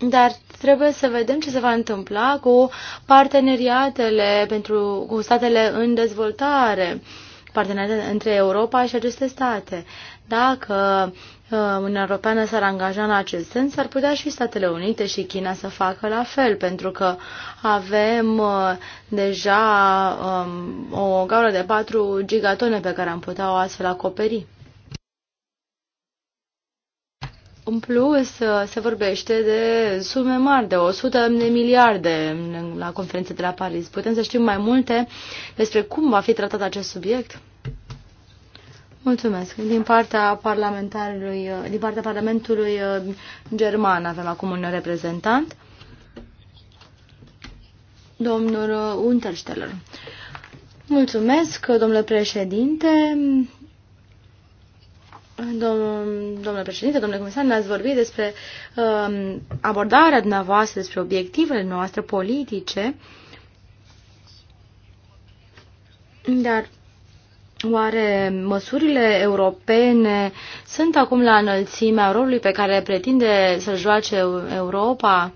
Dar trebuie să vedem ce se va întâmpla cu parteneriatele pentru, cu statele în dezvoltare, parteneriatele între Europa și aceste state. Dacă Uh, Uniunea Europeană s-ar angaja în acest sens, ar putea și Statele Unite și China să facă la fel, pentru că avem uh, deja um, o gaură de 4 gigatone pe care am putea o astfel acoperi. În plus, uh, se vorbește de sume mari, de 100 de miliarde la conferința de la Paris. Putem să știm mai multe despre cum va fi tratat acest subiect? Mulțumesc. Din partea parlamentarului, uh, din partea Parlamentului uh, German avem acum un reprezentant, domnul uh, Untersteller. Mulțumesc, domnule președinte. domnule președinte, domnule comisar, ne-ați vorbit despre um, abordarea dumneavoastră, despre obiectivele noastre politice, dar Oare măsurile europene sunt acum la înălțimea rolului pe care pretinde să joace Europa?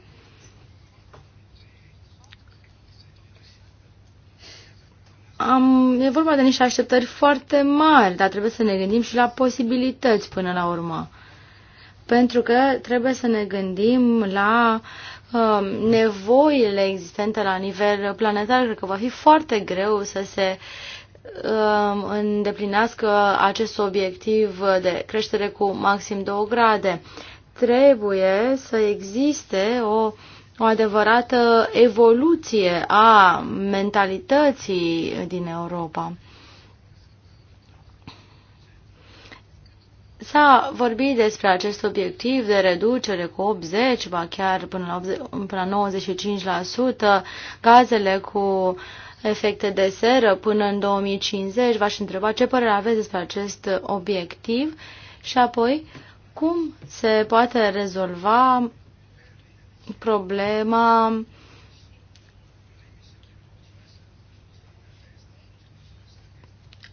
Am, e vorba de niște așteptări foarte mari, dar trebuie să ne gândim și la posibilități până la urmă. Pentru că trebuie să ne gândim la uh, nevoile existente la nivel planetar. Cred că va fi foarte greu să se uh, Um, îndeplinească acest obiectiv de creștere cu maxim 2 grade. Trebuie să existe o, o adevărată evoluție a mentalității din Europa. S-a vorbit despre acest obiectiv de reducere cu 80, ba chiar până la, 80, până la 95%, gazele cu uh, efecte de seră până în 2050. V-aș întreba ce părere aveți despre acest obiectiv și apoi cum se poate rezolva problema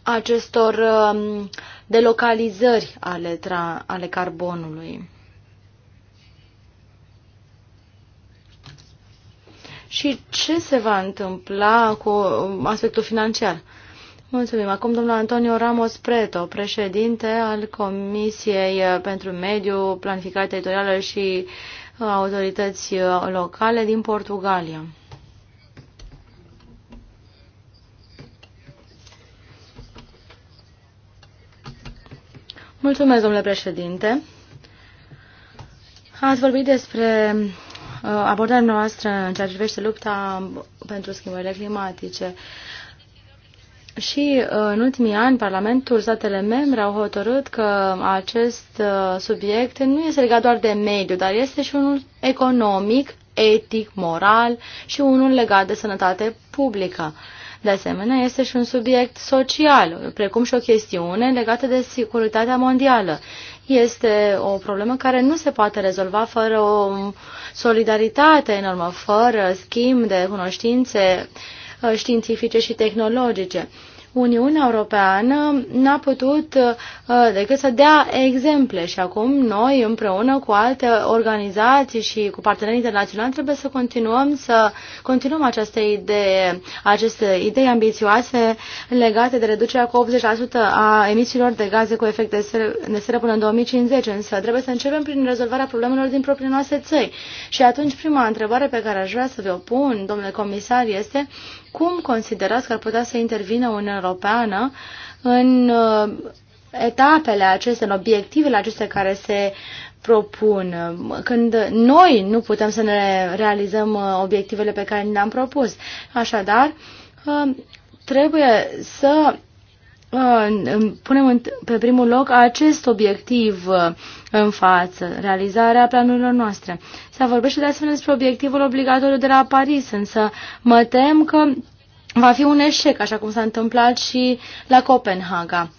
acestor um, delocalizări ale, tra ale carbonului. și ce se va întâmpla cu aspectul financiar. Mulțumim. Acum domnul Antonio Ramos Preto, președinte al Comisiei pentru Mediu, Planificare Teritorială și uh, Autorități uh, Locale din Portugalia. Mulțumesc, domnule președinte. Ați vorbit despre Uh, abordarea noastră în ceea ce privește lupta pentru schimbările climatice. Și uh, în ultimii ani, Parlamentul, statele membre au hotărât că acest uh, subiect nu este legat doar de mediu, dar este și unul economic, etic, moral și unul legat de sănătate publică. De asemenea, este și un subiect social, precum și o chestiune legată de securitatea mondială este o problemă care nu se poate rezolva fără o solidaritate enormă, fără schimb de cunoștințe uh, științifice și tehnologice. Uniunea Europeană n-a putut uh, decât să dea exemple și acum noi împreună cu alte organizații și cu partenerii internaționali trebuie să continuăm să continuăm aceste idee, aceste idei ambițioase legate de reducerea cu 80% a emisiilor de gaze cu efect de seră, de seră până în 2050, însă trebuie să începem prin rezolvarea problemelor din propriile noastre țări. Și atunci prima întrebare pe care aș vrea să vă o pun, domnule comisar, este cum considerați că ar putea să intervină Uniunea Europeană în uh, etapele acestea, în obiectivele acestea care se propun, când noi nu putem să ne realizăm uh, obiectivele pe care ne le-am propus. Așadar, uh, trebuie să Uh, punem pe primul loc acest obiectiv uh, în față, realizarea planurilor noastre. Se vorbește de asemenea despre obiectivul obligatoriu de la Paris, însă mă tem că va fi un eșec, așa cum s-a întâmplat și la Copenhaga.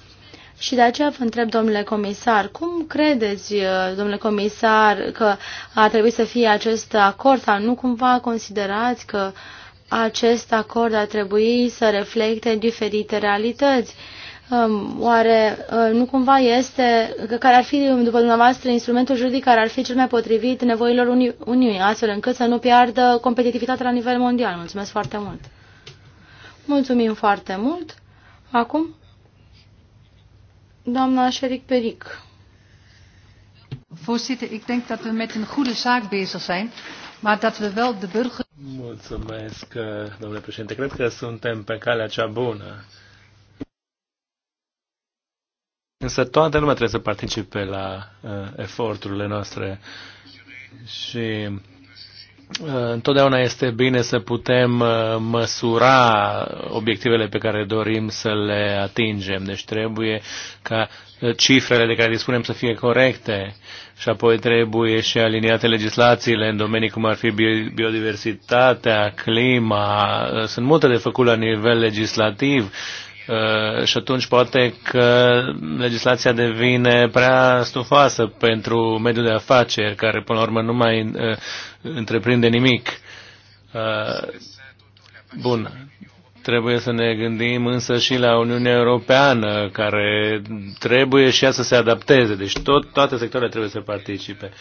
Și de aceea vă întreb, domnule comisar, cum credeți, uh, domnule comisar, că a trebuit să fie acest acord sau nu cumva considerați că acest acord a trebuit să reflecte diferite realități? Um, oare uh, nu cumva este, care ar fi, după dumneavoastră, instrumentul juridic care ar fi cel mai potrivit nevoilor Uniunii, astfel încât să nu piardă competitivitatea la nivel mondial? Mulțumesc foarte mult! Mulțumim foarte mult! Acum, doamna Șeric Peric. Voorzitter, ik denk dat we met een goede zaak bezig zijn, maar dat we wel de burger... Mulțumesc, uh, domnule președinte. Cred că suntem pe calea cea bună Însă toată lumea trebuie să participe la uh, eforturile noastre și uh, Întotdeauna este bine să putem uh, măsura obiectivele pe care dorim să le atingem. Deci trebuie ca uh, cifrele de care dispunem să fie corecte și apoi trebuie și aliniate legislațiile în domenii cum ar fi biodiversitatea, clima. Sunt multe de făcut la nivel legislativ Uh, și atunci poate că legislația devine prea stufoasă pentru mediul de afaceri, care până la urmă nu mai uh, întreprinde nimic. Uh, bun. Trebuie să ne gândim însă și la Uniunea Europeană, care trebuie și ea să se adapteze. Deci tot, toate sectoarele trebuie să participe.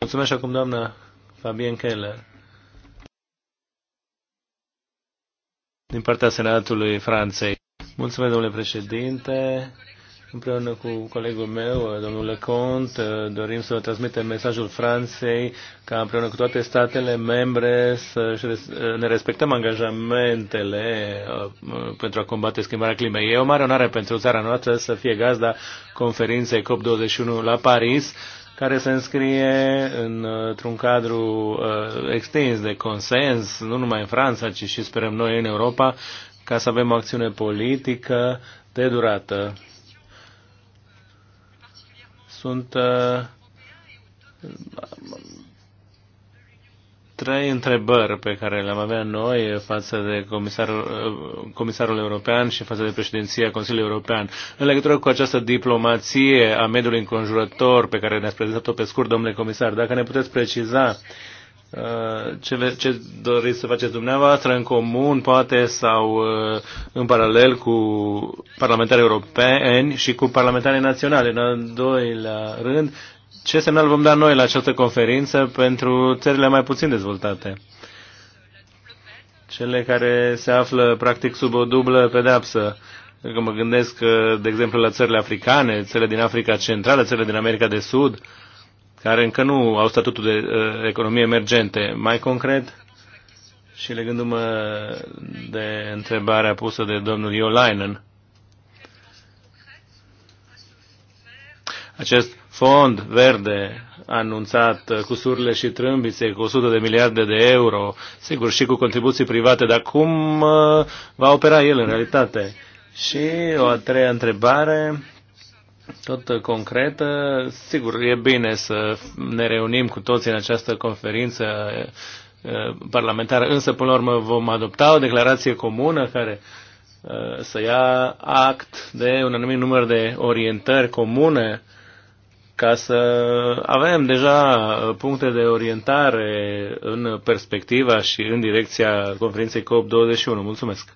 Mulțumesc acum, doamna Fabien Keller. Din partea Senatului Franței. Mulțumesc, domnule președinte. Împreună cu colegul meu, domnul Lecont, dorim să transmitem mesajul Franței ca împreună cu toate statele membre să ne respectăm angajamentele uh, pentru a combate schimbarea climei. E o mare onoare pentru țara noastră să fie gazda conferinței COP21 la Paris care se înscrie într-un cadru uh, extins de consens, nu numai în Franța, ci și sperăm noi în Europa ca să avem o acțiune politică de durată. Sunt uh, trei întrebări pe care le-am avea noi față de comisarul, uh, comisarul european și față de președinția Consiliului European. În legătură cu această diplomație a mediului înconjurător pe care ne-ați prezentat-o pe scurt, domnule comisar, dacă ne puteți preciza uh, Uh, ce, ce doriți să faceți dumneavoastră în comun, poate, sau uh, în paralel cu parlamentarii europeni și cu parlamentarii naționale, În al doilea rând, ce semnal vom da noi la această conferință pentru țările mai puțin dezvoltate? Cele care se află, practic, sub o dublă pedapsă. Că mă gândesc, uh, de exemplu, la țările africane, țările din Africa Centrală, țările din America de Sud, uh, care încă nu au statutul de uh, economie emergente. Mai concret, și legându-mă de întrebarea pusă de domnul Iolainen, acest fond verde anunțat cu surle și trâmbițe, cu 100 de miliarde de euro, sigur și cu contribuții private, dar cum uh, va opera el în realitate? Și o a treia întrebare tot concretă, sigur, e bine să ne reunim cu toți în această conferință eh, parlamentară, însă până la urmă vom adopta o declarație comună care eh, să ia act de un anumit număr de orientări comune ca să avem deja eh, puncte de orientare în perspectiva și în direcția conferinței COP21. Mulțumesc!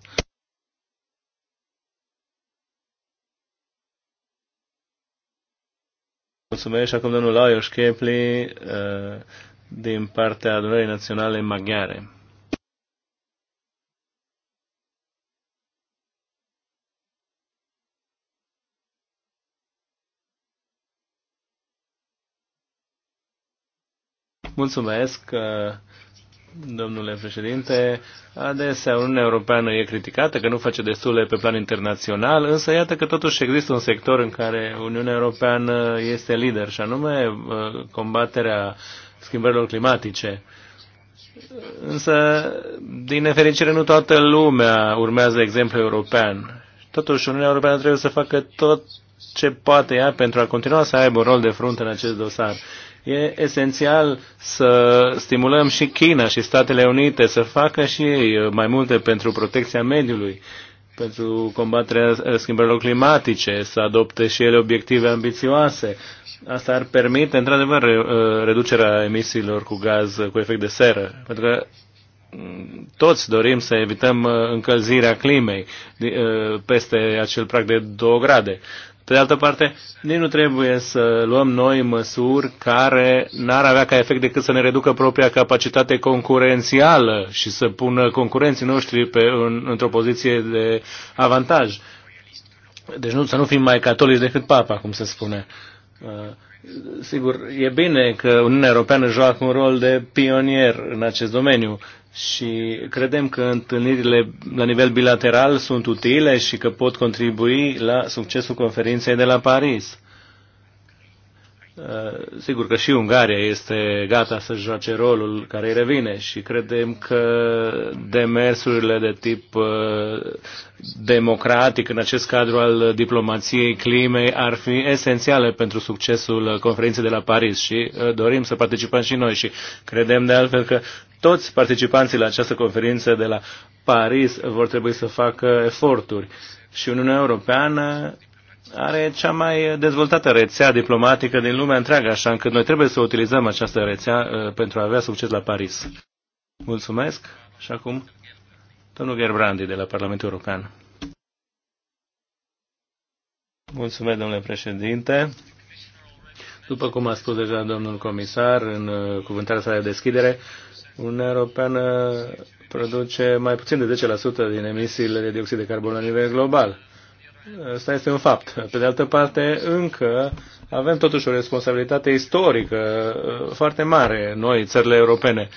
Mulțumesc și acum domnul Lajos Kepli uh, din partea Adunării Naționale Maghiare. Mulțumesc. Uh, Domnule președinte, adesea Uniunea Europeană e criticată că nu face destule pe plan internațional, însă iată că totuși există un sector în care Uniunea Europeană este lider, și anume uh, combaterea schimbărilor climatice. Însă, din nefericire, nu toată lumea urmează exemplu european. Totuși, Uniunea Europeană trebuie să facă tot ce poate ea pentru a continua să aibă un rol de frunte în acest dosar. E esențial să stimulăm și China și Statele Unite să facă și ei uh, mai multe pentru protecția mediului, pentru combaterea uh, schimbărilor climatice, să adopte și ele obiective ambițioase. Asta ar permite, într-adevăr, uh, reducerea emisiilor cu gaz cu efect de seră, pentru că mm, toți dorim să evităm încălzirea climei peste acel prag de 2 grade. Pe de altă parte, nici nu trebuie să luăm noi măsuri care n-ar avea ca efect decât să ne reducă propria capacitate concurențială și să pună concurenții noștri pe, în, într-o poziție de avantaj. Deci nu, să nu fim mai catolici decât papa, cum se spune. Uh, sigur, e bine că Uniunea Europeană joacă un rol de pionier în acest domeniu și credem că întâlnirile la nivel bilateral sunt utile și că pot contribui la succesul conferinței de la Paris. Eh, sigur că și Ungaria este gata să joace rolul care îi revine și credem că demersurile de tip eh, democratic în acest cadru al diplomației climei ar fi esențiale pentru succesul conferinței de la Paris și eh, dorim să participăm și noi și credem de altfel că toți participanții la această conferință de la Paris vor trebui să facă eforturi și Uniunea Europeană are cea mai dezvoltată rețea diplomatică din lumea întreagă, așa încât noi trebuie să utilizăm această rețea uh, pentru a avea succes la Paris. Mulțumesc și acum domnul Gerbrandi de la Parlamentul European. Mulțumesc, domnule președinte. După cum a spus deja domnul comisar în uh, cuvântarea sa de deschidere, Uniunea Europeană produce mai puțin de 10% din emisiile de dioxid de carbon la nivel global. Asta este un fapt. Pe de altă parte, încă avem totuși o responsabilitate istorică uh, foarte mare, noi, țările europene.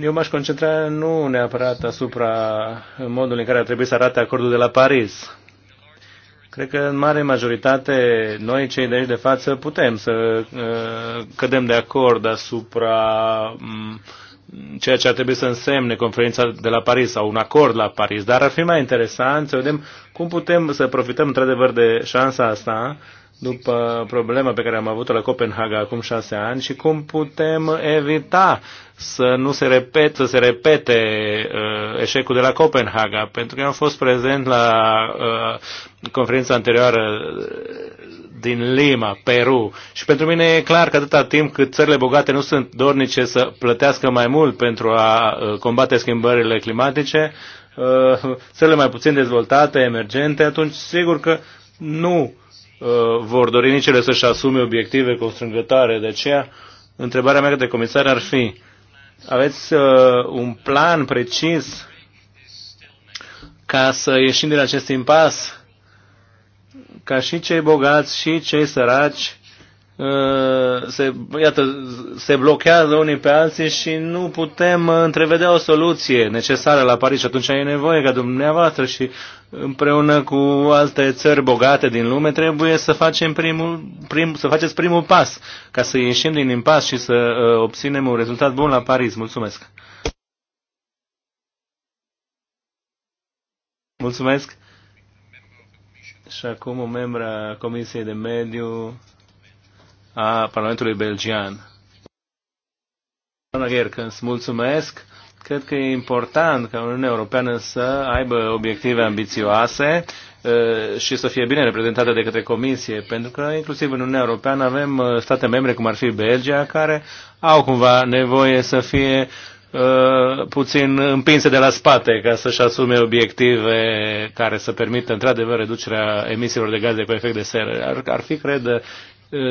Eu m-aș concentra nu neapărat asupra modului în care ar trebui să arate acordul de la Paris. Cred că în mare majoritate noi, cei de aici de față, putem să uh, cădem de acord asupra mm, ceea ce ar trebui să însemne conferința de la Paris sau un acord la Paris, dar ar fi mai interesant să vedem cum putem să profităm într-adevăr de șansa asta după problema pe care am avut-o la Copenhaga acum șase ani și cum putem evita să nu se repete să se repete uh, eșecul de la Copenhaga, pentru că eu am fost prezent la uh, conferința anterioară din Lima, Peru. Și pentru mine e clar că atâta timp cât țările bogate nu sunt dornice să plătească mai mult pentru a uh, combate schimbările climatice, uh, țările mai puțin dezvoltate, emergente, atunci sigur că nu uh, vor dori nici ele să-și asume obiective constrângătoare. De aceea, întrebarea mea de comisar ar fi, aveți un plan precis ca să ieșim din acest impas ca și cei bogați și cei săraci uh, se, iată, se blochează unii pe alții și nu putem întrevedea o soluție necesară la Paris. Și atunci e nevoie ca dumneavoastră și împreună cu alte țări bogate din lume trebuie să, facem primul, prim, să faceți primul pas ca să ieșim din impas și să uh, obținem un rezultat bun la Paris. Mulțumesc! Mulțumesc! și acum o a Comisiei de Mediu a Parlamentului Belgian. Doamna Gherkens, mulțumesc! Cred că e important ca Uniunea Europeană să aibă obiective ambițioase și să fie bine reprezentată de către Comisie, pentru că inclusiv în Uniunea Europeană avem state membre, cum ar fi Belgia, care au cumva nevoie să fie Uh, puțin împinse de la spate ca să-și asume obiective care să permită într-adevăr reducerea emisiilor de gaze cu efect de seră. Ar, ar fi, cred, uh,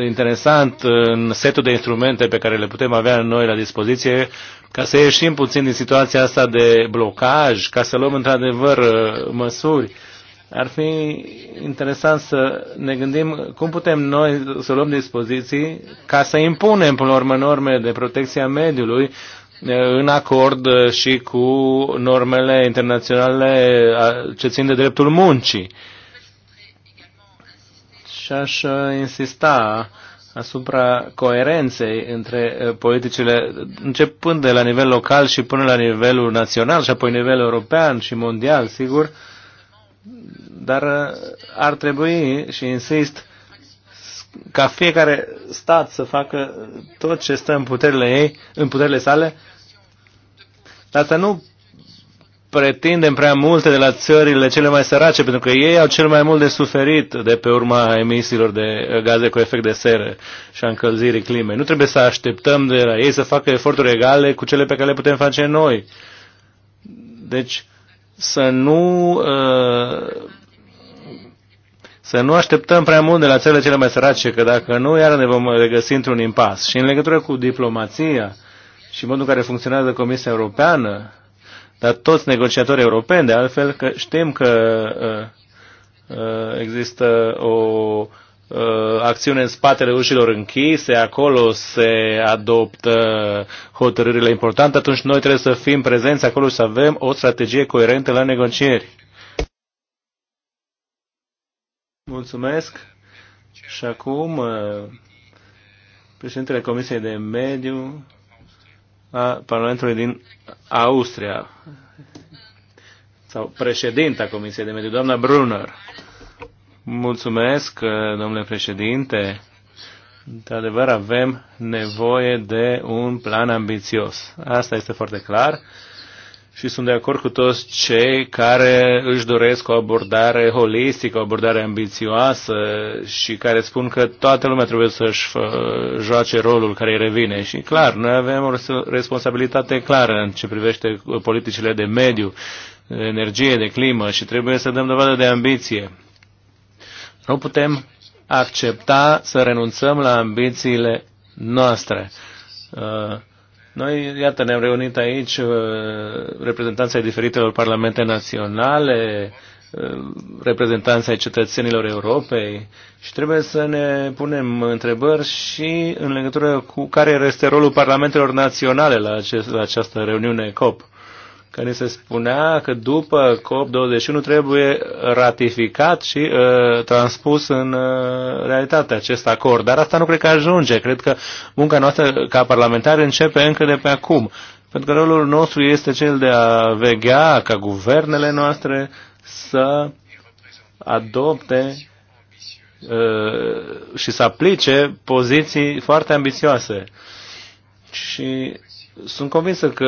interesant în setul de instrumente pe care le putem avea noi la dispoziție ca să ieșim puțin din situația asta de blocaj, ca să luăm într-adevăr uh, măsuri. Ar fi interesant să ne gândim cum putem noi să luăm dispoziții ca să impunem, până la urmă, norme de protecție a mediului în acord uh, și cu normele internaționale uh, ce țin de dreptul muncii. Și aș uh, insista asupra coerenței între politicile, începând de la nivel local și până la nivelul național și apoi nivel european și mondial, sigur, dar ar trebui, și insist, ca fiecare stat să facă tot ce stă în puterile ei, în puterile sale, dar să nu pretindem prea multe de la țările cele mai sărace, pentru că ei au cel mai mult de suferit de pe urma emisiilor de gaze cu efect de seră și a încălzirii climei. Nu trebuie să așteptăm de la ei să facă eforturi egale cu cele pe care le putem face noi. Deci să nu uh, să nu așteptăm prea mult de la țările cele mai sărace, că dacă nu, iar ne vom regăsi într-un impas. Și în legătură cu diplomația, și modul în care funcționează Comisia Europeană, dar toți negociatorii europeni, de altfel, că știm că uh, uh, există o uh, acțiune în spatele ușilor închise, acolo se adoptă hotărârile importante, atunci noi trebuie să fim prezenți acolo și să avem o strategie coerentă la negocieri. Mulțumesc. Și acum, uh, președintele Comisiei de Mediu, a Parlamentului din Austria, sau președinta Comisiei de Mediu, doamna Brunner. Mulțumesc, domnule președinte. Într-adevăr, avem nevoie de un plan ambițios. Asta este foarte clar și sunt de acord cu toți cei care își doresc o abordare holistică, o abordare ambițioasă și care spun că toată lumea trebuie să-și joace rolul care îi revine. Și clar, noi avem o responsabilitate clară în ce privește uh, politicile de mediu, de energie, de climă și trebuie să dăm dovadă de ambiție. Nu putem accepta să renunțăm la ambițiile noastre. Uh, noi, iată, ne-am reunit aici uh, reprezentanții diferitelor parlamente naționale, uh, reprezentanții cetățenilor Europei și trebuie să ne punem întrebări și în legătură cu care este rolul parlamentelor naționale la, acest, la această reuniune COP că ni se spunea că după COP21 trebuie ratificat și uh, transpus în uh, realitate acest acord. Dar asta nu cred că ajunge. Cred că munca noastră ca parlamentari începe încă de pe acum. Pentru că rolul nostru este cel de a vegea ca guvernele noastre să adopte uh, și să aplice poziții foarte ambițioase. Și sunt convinsă că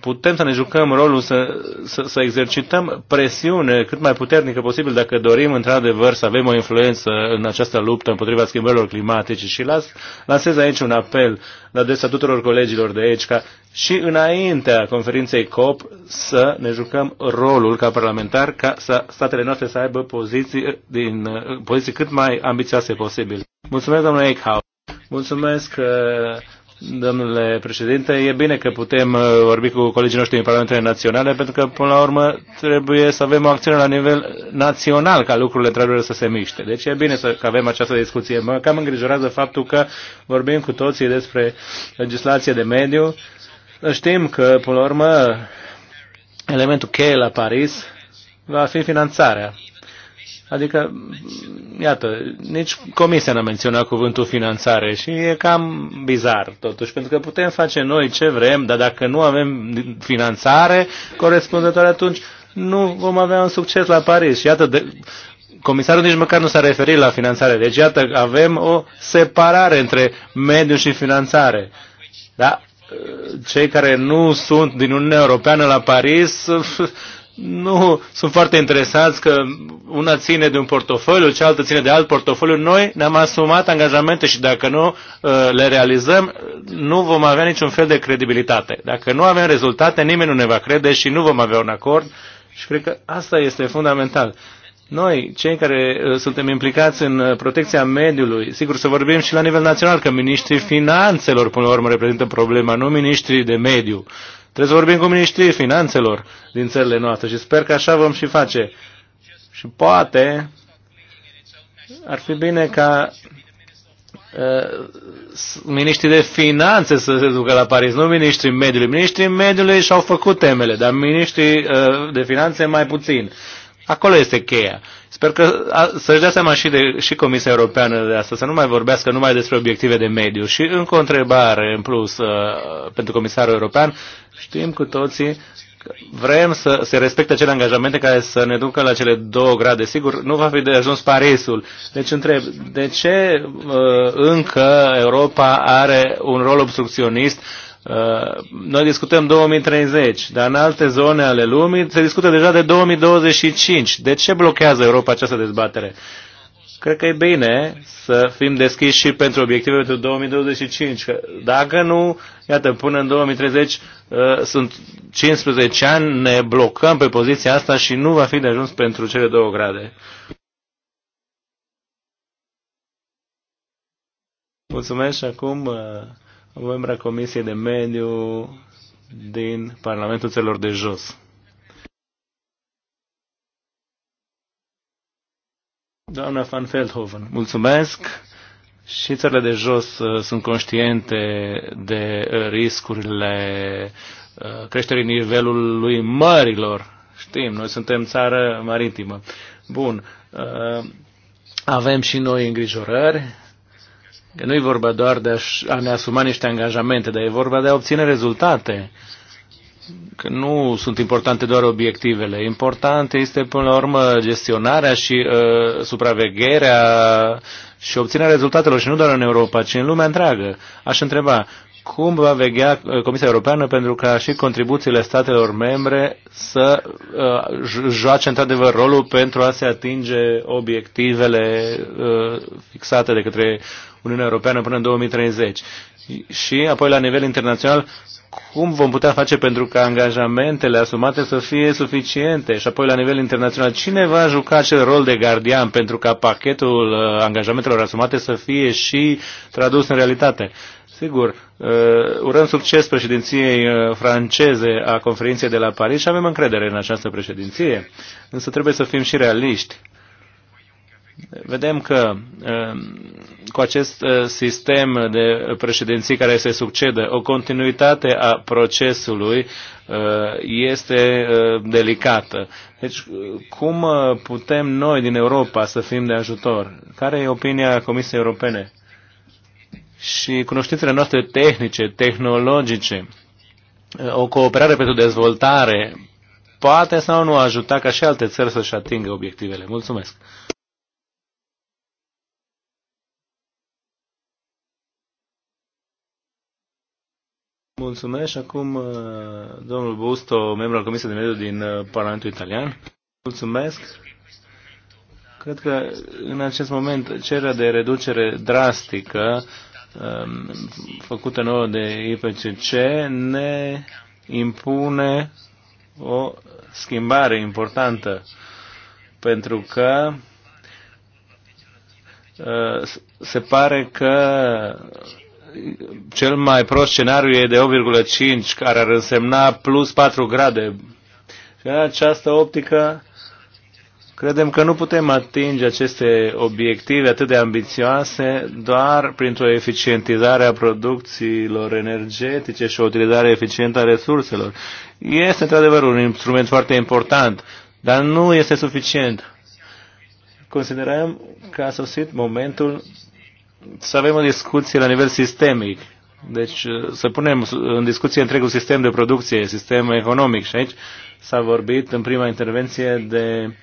putem să ne jucăm rolul, să, să, să exercităm presiune cât mai puternică posibil dacă dorim într-adevăr să avem o influență în această luptă împotriva schimbărilor climatice și las, lansez aici un apel la adresa tuturor colegilor de aici ca și înaintea conferinței COP să ne jucăm rolul ca parlamentar ca să statele noastre să aibă poziții, din, poziții cât mai ambițioase posibil. Mulțumesc, domnule Eichhaus. Mulțumesc. Uh, Domnule președinte, e bine că putem uh, vorbi cu colegii noștri din Parlamentele Naționale, pentru că, până la urmă, trebuie să avem o acțiune la nivel național ca lucrurile trebuie să se miște. Deci e bine să, că avem această discuție. Mă cam îngrijorează faptul că vorbim cu toții despre legislație de mediu. Știm că, până la urmă, elementul cheie la Paris va fi finanțarea. Adică, iată, nici Comisia n-a menționat cuvântul finanțare și e cam bizar totuși, pentru că putem face noi ce vrem, dar dacă nu avem finanțare corespunzătoare, atunci nu vom avea un succes la Paris. Și iată, de, comisarul nici măcar nu s-a referit la finanțare. Deci, iată, avem o separare între mediu și finanțare. Da? Cei care nu sunt din Uniunea Europeană la Paris nu sunt foarte interesați că una ține de un portofoliu, cealaltă ține de alt portofoliu. Noi ne-am asumat angajamente și dacă nu uh, le realizăm, nu vom avea niciun fel de credibilitate. Dacă nu avem rezultate, nimeni nu ne va crede și nu vom avea un acord. Și cred că asta este fundamental. Noi, cei care uh, suntem implicați în uh, protecția mediului, sigur să vorbim și la nivel național, că ministrii finanțelor, până la urmă, reprezintă problema, nu ministrii de mediu. Trebuie să vorbim cu ministrii finanțelor din țările noastre și sper că așa vom și face. Și poate ar fi bine ca uh, ministrii de finanțe să se ducă la Paris, nu ministrii mediului. Ministrii mediului și-au făcut temele, dar ministrii uh, de finanțe mai puțin. Acolo este cheia. Sper că să-și dea seama și, de, și Comisia Europeană de asta, să nu mai vorbească numai despre obiective de mediu. Și încă o întrebare în plus uh, pentru Comisarul European. Știm cu toții că vrem să se respecte acele angajamente care să ne ducă la cele două grade. Sigur, nu va fi de ajuns Parisul. Deci întreb, de ce uh, încă Europa are un rol obstrucționist uh, noi discutăm 2030, dar în alte zone ale lumii se discută deja de 2025. De ce blochează Europa această dezbatere? Cred că e bine să fim deschiși și pentru obiective pentru 2025. Că dacă nu, iată, până în 2030 uh, sunt 15 ani, ne blocăm pe poziția asta și nu va fi de ajuns pentru cele două grade. Mulțumesc și acum uh, membra Comisiei de Mediu din Parlamentul Țelor de Jos. Doamna Van Feldhoven, mulțumesc. Și țările de jos uh, sunt conștiente de uh, riscurile uh, creșterii nivelului mărilor. Știm, noi suntem țară maritimă. Bun. Avem și noi îngrijorări. Că nu e vorba doar de a ne asuma niște angajamente, dar e vorba de a obține rezultate. Uh, că nu sunt importante doar obiectivele. Important este, până la urmă, gestionarea și uh, supravegherea și obținerea rezultatelor, și nu doar în Europa, ci în lumea întreagă. Aș întreba, cum va veghea uh, Comisia Europeană pentru ca și contribuțiile statelor membre să uh, joace într-adevăr rolul pentru a se atinge obiectivele uh, fixate de către Uniunea Europeană până în 2030? și apoi la nivel internațional cum vom putea face pentru ca angajamentele asumate să fie suficiente? Și apoi, la nivel internațional, cine va juca acel rol de gardian pentru ca pachetul uh, angajamentelor asumate să fie și tradus în realitate? Sigur, uh, urăm succes președinției uh, franceze a conferinței de la Paris și avem încredere în această președinție, însă trebuie să fim și realiști. Vedem că um, cu acest uh, sistem de președinții care se succedă, o continuitate a procesului uh, este uh, delicată. Deci, cum putem noi din Europa să fim de ajutor? Care e opinia Comisiei Europene? Și cunoștințele noastre tehnice, tehnologice, o cooperare pentru dezvoltare, poate sau nu ajuta ca și alte țări să-și atingă obiectivele. Mulțumesc! Mulțumesc. Acum, uh, domnul Busto, membru al Comisiei de Mediu din uh, Parlamentul Italian. Mulțumesc. Cred că în acest moment cererea de reducere drastică um, făcută nouă de IPCC ne impune o schimbare importantă pentru că uh, se pare că cel mai prost scenariu e de 8,5, care ar însemna plus 4 grade. Și în această optică credem că nu putem atinge aceste obiective atât de ambițioase doar printr-o eficientizare a producțiilor energetice și o utilizare eficientă a resurselor. Este într-adevăr un instrument foarte important, dar nu este suficient. Considerăm că a sosit momentul să avem o discuție la nivel sistemic. Deci uh, să punem în discuție întregul sistem de producție, sistem economic și aici s-a vorbit în prima intervenție de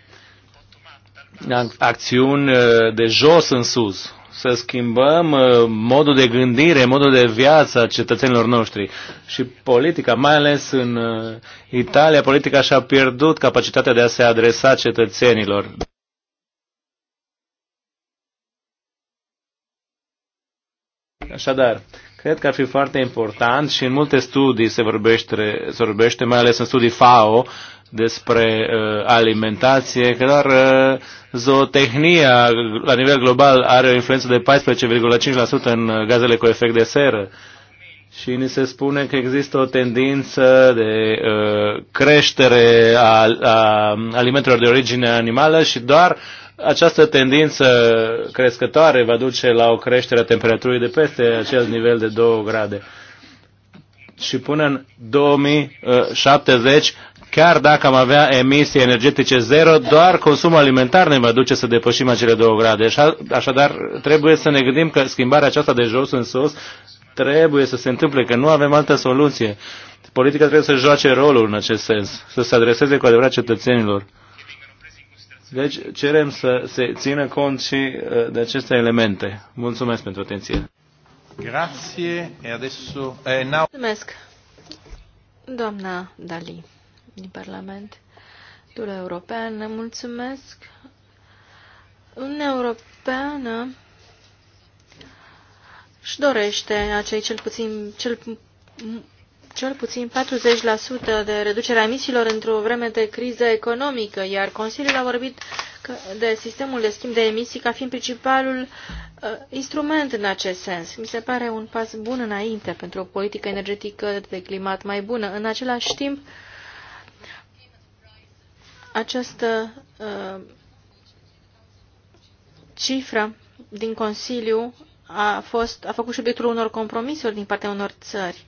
acțiuni uh, de jos în sus, să schimbăm uh, modul de gândire, modul de viață a cetățenilor noștri. Și politica, mai ales în Italia, politica și-a pierdut capacitatea de a se adresa cetățenilor. Așadar, cred că ar fi foarte important și în multe studii se vorbește, se vorbește mai ales în studii FAO, despre uh, alimentație, că doar uh, zootehnia la nivel global are o influență de 14,5% în uh, gazele cu efect de seră. Și ni se spune că există o tendință de uh, creștere a, a alimentelor de origine animală și doar uh, această tendință crescătoare va duce la o creștere a temperaturii de peste acel nivel de 2 grade. Și până în 2070, chiar dacă am avea emisii energetice zero, doar consumul alimentar ne va duce să depășim acele 2 grade. Așadar, trebuie să ne gândim că schimbarea aceasta de jos în sus trebuie să se întâmple, că nu avem altă soluție. Politica trebuie să joace rolul în acest sens, să se adreseze cu adevărat cetățenilor. Deci cerem să se țină cont și uh, de aceste elemente. Mulțumesc pentru atenție. Grazie e adesso eh, now... Mulțumesc. Doamna Dali din Parlament, Dura Europeană. mulțumesc. Uniunea Europeană își dorește acei cel puțin cel cel puțin 40% de reducerea emisiilor într-o vreme de criză economică, iar Consiliul a vorbit de sistemul de schimb de emisii ca fiind principalul uh, instrument în acest sens. Mi se pare un pas bun înainte pentru o politică energetică de climat mai bună. În același timp, această uh, cifră din Consiliu a, fost, a făcut și obiectul unor compromisuri din partea unor țări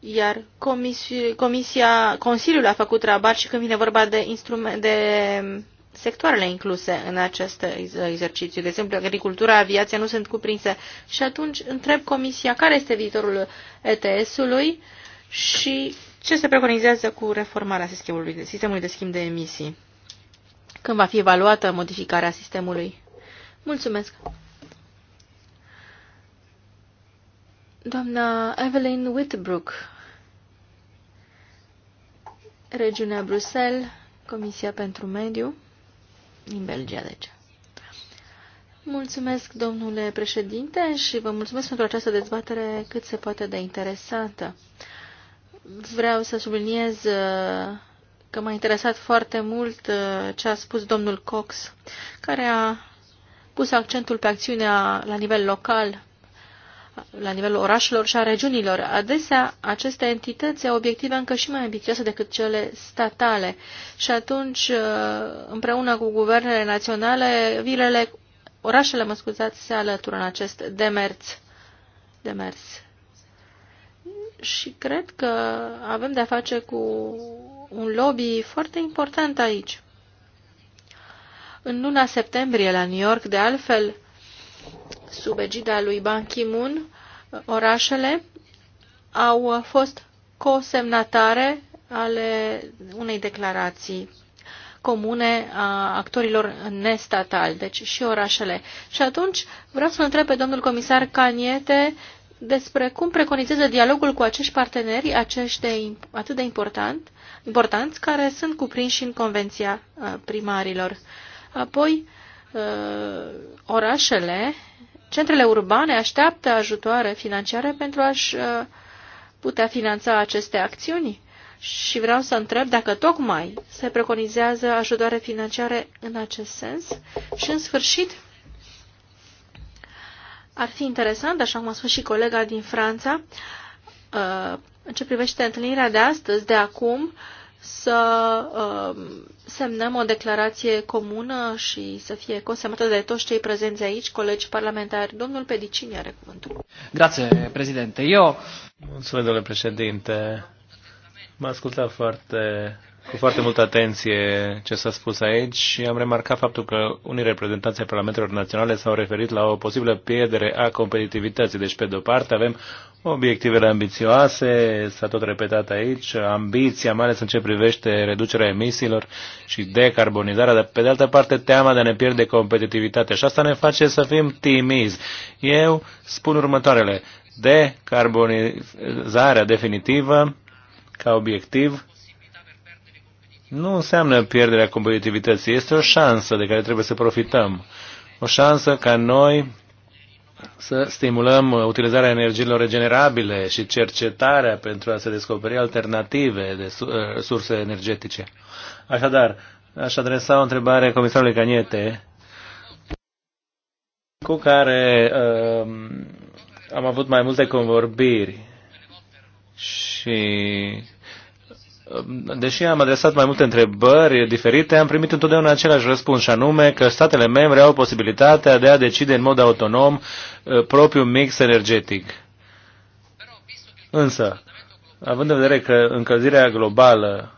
iar comisia, comisia, Consiliul a făcut rabat și când vine vorba de, de sectoarele incluse în acest exercițiu. De exemplu, agricultura, aviația nu sunt cuprinse. Și atunci întreb Comisia care este viitorul ETS-ului și ce se preconizează cu reformarea sistemului de, sistemului de schimb de emisii. Când va fi evaluată modificarea sistemului? Mulțumesc! Doamna Evelyn Whitbrook, regiunea Bruxelles, Comisia pentru Mediu, din Belgia, deci. Mulțumesc, domnule președinte, și vă mulțumesc pentru această dezbatere cât se poate de interesantă. Vreau să subliniez uh, că m-a interesat foarte mult uh, ce a spus domnul Cox, care a pus accentul pe acțiunea la nivel local la nivelul orașelor și a regiunilor. Adesea, aceste entități au obiective încă și mai ambițioase decât cele statale și atunci, uh, împreună cu guvernele naționale, vilele, orașele, mă scuzați, se alătură în acest demers. demers. Și cred că avem de-a face cu un lobby foarte important aici. În luna septembrie, la New York, de altfel, sub egida lui Ban Ki-moon, orașele au fost cosemnatare ale unei declarații comune a actorilor nestatali, deci și orașele. Și atunci vreau să-l întreb pe domnul comisar Caniete despre cum preconizează dialogul cu acești parteneri, acești de, atât de important, importanți, care sunt cuprinși în Convenția uh, primarilor. Apoi, Uh, orașele, centrele urbane așteaptă ajutoare financiare pentru a-și uh, putea finanța aceste acțiuni? Și vreau să întreb dacă tocmai se preconizează ajutoare financiare în acest sens. Și în sfârșit, ar fi interesant, așa cum a spus și colega din Franța, uh, în ce privește întâlnirea de astăzi, de acum, să um, semnăm o declarație comună și să fie consemnată de toți cei prezenți aici, colegi parlamentari. Domnul Pedicini are cuvântul. Grație, președinte. Eu... Mulțumesc, domnule președinte. M-a ascultat foarte cu foarte multă atenție ce s-a spus aici și am remarcat faptul că unii reprezentanți ai Parlamentelor Naționale s-au referit la o posibilă pierdere a competitivității. Deci, pe de-o parte, avem obiectivele ambițioase, s-a tot repetat aici, ambiția, mai ales în ce privește reducerea emisiilor și decarbonizarea, dar pe de altă parte teama de a ne pierde competitivitatea și asta ne face să fim timizi. Eu spun următoarele, decarbonizarea definitivă ca obiectiv nu înseamnă pierderea competitivității, este o șansă de care trebuie să profităm. O șansă ca noi să stimulăm utilizarea energiilor regenerabile și cercetarea pentru a se descoperi alternative de uh, surse energetice. Așadar, aș adresa o întrebare comisarului Caniete, cu care uh, am avut mai multe convorbiri și deși am adresat mai multe întrebări diferite, am primit întotdeauna același răspuns, și anume că statele membre au posibilitatea de a decide în mod autonom uh, propriul mix energetic. Însă, având în vedere că încălzirea globală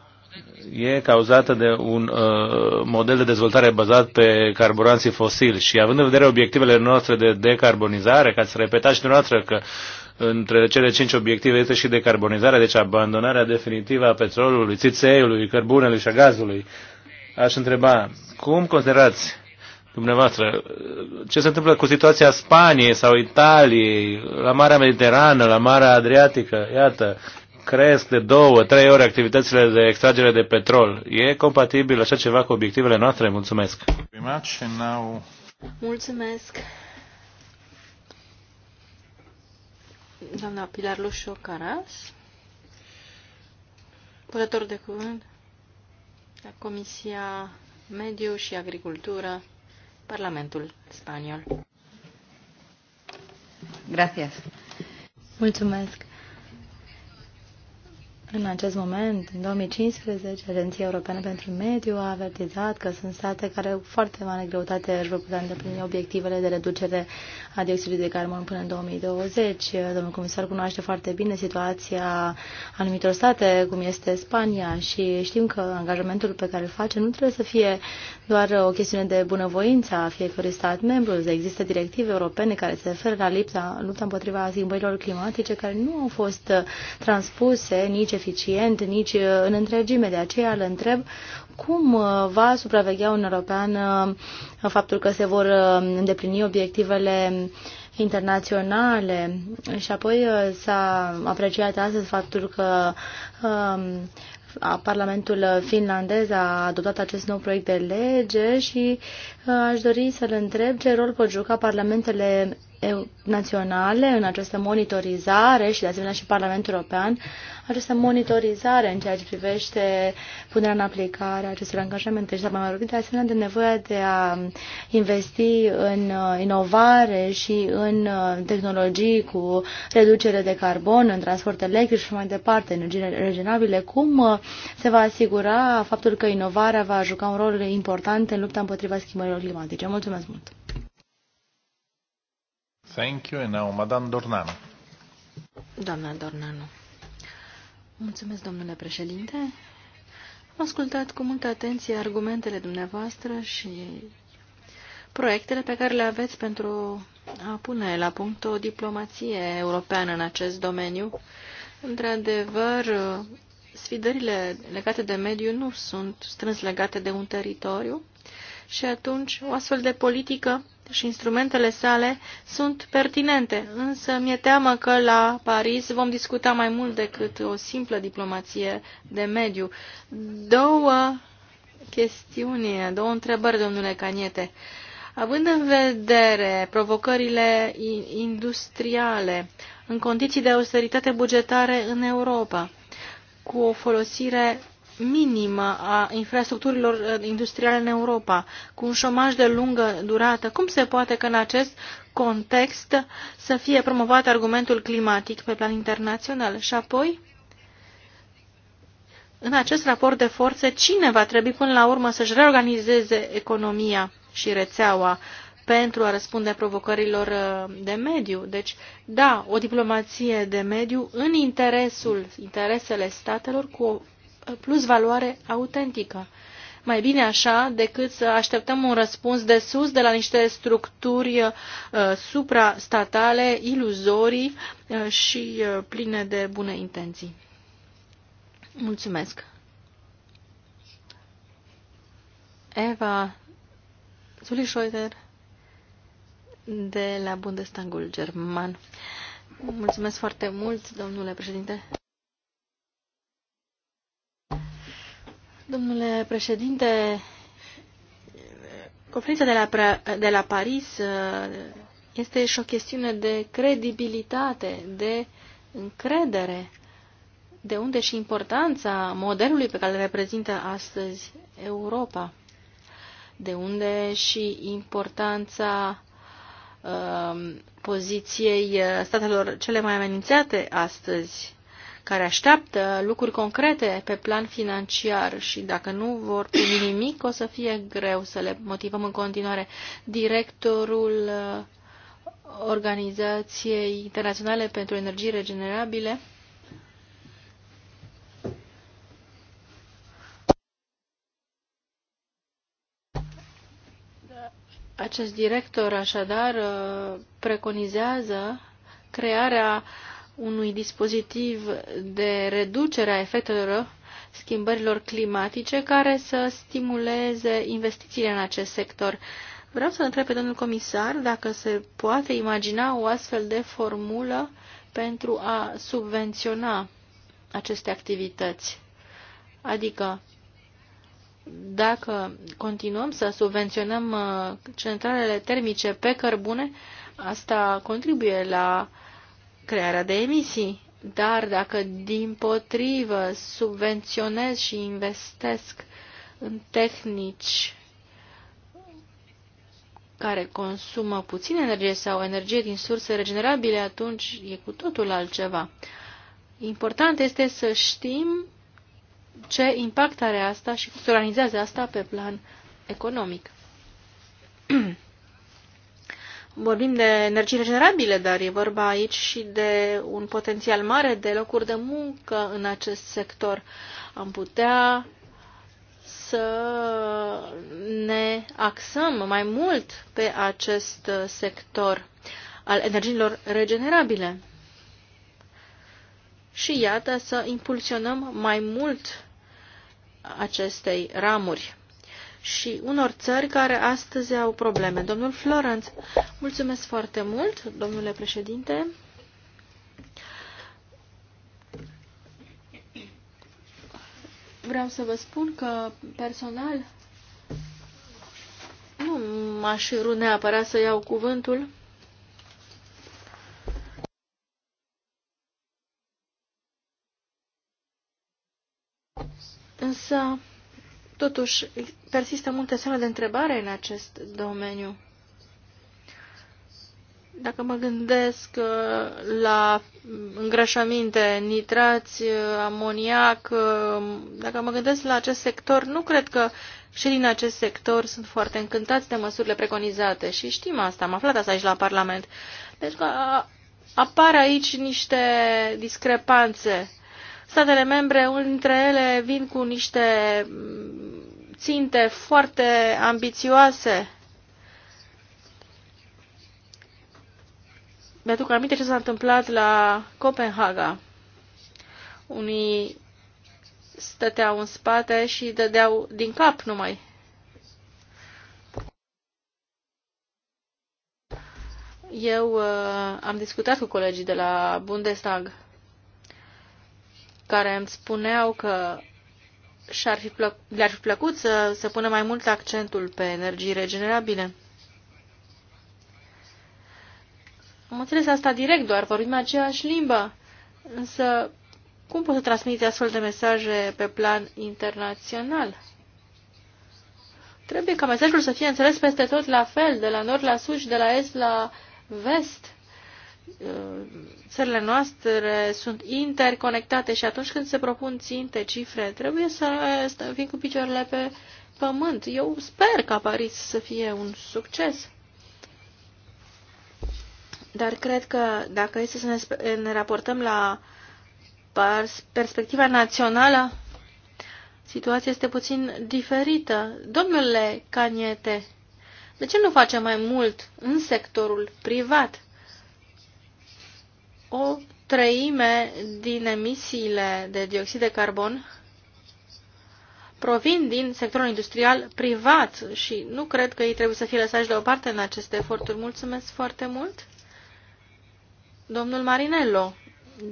e cauzată de un uh, model de dezvoltare bazat pe carburanții fosili și având în vedere obiectivele noastre de decarbonizare, ca să repetați și dumneavoastră că uh, între cele cinci obiective este și decarbonizarea, deci abandonarea definitivă a petrolului, țițeiului, cărbunelui și a gazului. Aș întreba, cum considerați dumneavoastră, ce se întâmplă cu situația Spaniei sau Italiei, la Marea Mediterană, la Marea Adriatică, iată, cresc de două, trei ori activitățile de extragere de petrol. E compatibil așa ceva cu obiectivele noastre? Mulțumesc! Mulțumesc! doamna Pilar Lușo Caras, purtător de cuvânt la Comisia Mediu și Agricultură, Parlamentul Spaniol. Gracias. Mulțumesc. În acest moment, în 2015, Agenția Europeană pentru Mediu a avertizat că sunt state care au foarte mare greutate își vor putea îndeplini obiectivele de reducere a dioxidului de carbon până în 2020. Domnul comisar cunoaște foarte bine situația anumitor state, cum este Spania, și știm că angajamentul pe care îl face nu trebuie să fie doar o chestiune de bunăvoință a fiecărui stat membru. Există directive europene care se referă la lipsa, lupta împotriva schimbărilor climatice care nu au fost transpuse nici eficient nici uh, în întregime. De aceea îl întreb cum uh, va supraveghea un european uh, faptul că se vor îndeplini obiectivele internaționale și apoi s-a apreciat astăzi faptul că um, Parlamentul finlandez a adoptat acest nou proiect de lege și aș dori să-l întreb ce rol pot juca parlamentele naționale în această monitorizare și de asemenea și Parlamentul European, această monitorizare în ceea ce privește punerea în aplicare a acestor angajamente și da, mai vorbit de asemenea de nevoia de a investi în uh, inovare și în uh, tehnologii cu reducere de carbon, în transport electric și mai departe, energii regenerabile. Cum uh, se va asigura faptul că inovarea va juca un rol important în lupta împotriva schimbărilor climatice? Mulțumesc mult! Thank you. And now, Madame Dornanu. Doamna Dornanu. Mulțumesc, domnule președinte. Am ascultat cu multă atenție argumentele dumneavoastră și proiectele pe care le aveți pentru a pune la punct o diplomație europeană în acest domeniu. Într-adevăr, sfidările legate de mediu nu sunt strâns legate de un teritoriu și atunci o astfel de politică și instrumentele sale sunt pertinente, însă mi-e teamă că la Paris vom discuta mai mult decât o simplă diplomație de mediu. Două chestiuni, două întrebări, domnule Caniete. Având în vedere provocările industriale în condiții de austeritate bugetare în Europa, cu o folosire minimă a infrastructurilor uh, industriale în Europa, cu un șomaj de lungă durată, cum se poate că în acest context să fie promovat argumentul climatic pe plan internațional? Și apoi, în acest raport de forțe, cine va trebui până la urmă să-și reorganizeze economia și rețeaua pentru a răspunde provocărilor uh, de mediu. Deci, da, o diplomație de mediu în interesul, interesele statelor cu o plus valoare autentică. Mai bine așa decât să așteptăm un răspuns de sus de la niște structuri uh, suprastatale, iluzorii uh, și uh, pline de bune intenții. Mulțumesc! Eva Zulischreuter de la Bundestagul German. Mulțumesc foarte mult, domnule președinte. Domnule președinte, conferința de la, de la Paris uh, este și o chestiune de credibilitate, de încredere, de unde și importanța modelului pe care îl reprezintă astăzi Europa, de unde și importanța uh, poziției uh, statelor cele mai amenințate astăzi care așteaptă lucruri concrete pe plan financiar și dacă nu vor primi nimic, o să fie greu să le motivăm în continuare. Directorul uh, Organizației Internaționale pentru Energii Regenerabile Acest director, așadar, uh, preconizează crearea uh, unui dispozitiv de reducere a efectelor schimbărilor climatice care să stimuleze investițiile în acest sector. Vreau să întreb pe domnul comisar dacă se poate imagina o astfel de formulă pentru a subvenționa aceste activități. Adică, dacă continuăm să subvenționăm uh, centralele termice pe cărbune, asta contribuie la uh, crearea de emisii. Dar dacă din potrivă subvenționez și investesc în tehnici care consumă puțin energie sau energie din surse regenerabile, atunci e cu totul altceva. Important este să știm ce impact are asta și cum se organizează asta pe plan economic. vorbim de energii regenerabile, dar e vorba aici și de un potențial mare de locuri de muncă în acest sector. Am putea să ne axăm mai mult pe acest sector al energiilor regenerabile. Și iată să impulsionăm mai mult acestei ramuri și unor țări care astăzi au probleme. Domnul Florence, mulțumesc foarte mult, domnule președinte. Vreau să vă spun că personal nu m-aș ru neapărat să iau cuvântul. Însă Totuși, persistă multe semne de întrebare în acest domeniu. Dacă mă gândesc uh, la îngrășăminte, nitrați, uh, amoniac, uh, dacă mă gândesc la acest sector, nu cred că și din acest sector sunt foarte încântați de măsurile preconizate și știm asta, am aflat asta aici la Parlament. Deci că apar aici niște discrepanțe Statele membre, între ele, vin cu niște mm, ținte foarte ambițioase. Mi-aduc aminte ce s-a întâmplat la Copenhaga. Unii stăteau în spate și dădeau din cap numai. Eu uh, am discutat cu colegii de la Bundestag care îmi spuneau că și-ar fi plăc- le-ar fi plăcut să, să pună mai mult accentul pe energii regenerabile. Am înțeles asta direct, doar vorbim aceeași limbă. Însă, cum poți să transmiți astfel de mesaje pe plan internațional? Trebuie ca mesajul să fie înțeles peste tot la fel, de la nord la sud și de la est la vest. Uh, țările noastre sunt interconectate și atunci când se propun ținte, cifre, trebuie să fim cu picioarele pe pământ. Eu sper ca Paris să fie un succes. Dar cred că dacă este să ne, ne raportăm la perspectiva națională, situația este puțin diferită. Domnule Caniete, de ce nu facem mai mult în sectorul privat? o treime din emisiile de dioxid de carbon provin din sectorul industrial privat și nu cred că ei trebuie să fie lăsați deoparte în aceste eforturi. Mulțumesc foarte mult! Domnul Marinello,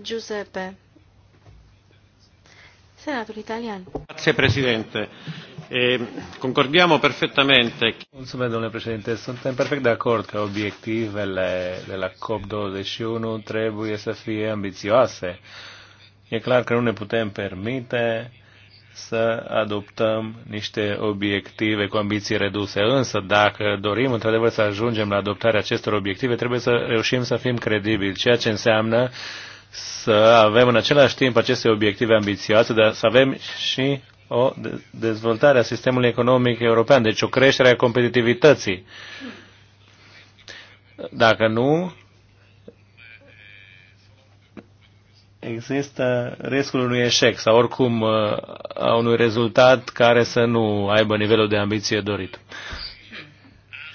Giuseppe, senatul italian. Grazie, președinte domnule președinte. Suntem perfect de acord că obiectivele de la cop unu trebuie să fie ambițioase. E clar că nu ne putem permite să adoptăm niște obiective cu ambiții reduse. Însă, dacă dorim într-adevăr să ajungem la adoptarea acestor obiective, trebuie să reușim să fim credibili, ceea ce înseamnă să avem în același timp aceste obiective ambițioase, dar să avem și o dezvoltare a sistemului economic european, deci o creștere a competitivității. Dacă nu, există riscul unui eșec sau oricum uh, a unui rezultat care să nu aibă nivelul de ambiție dorit.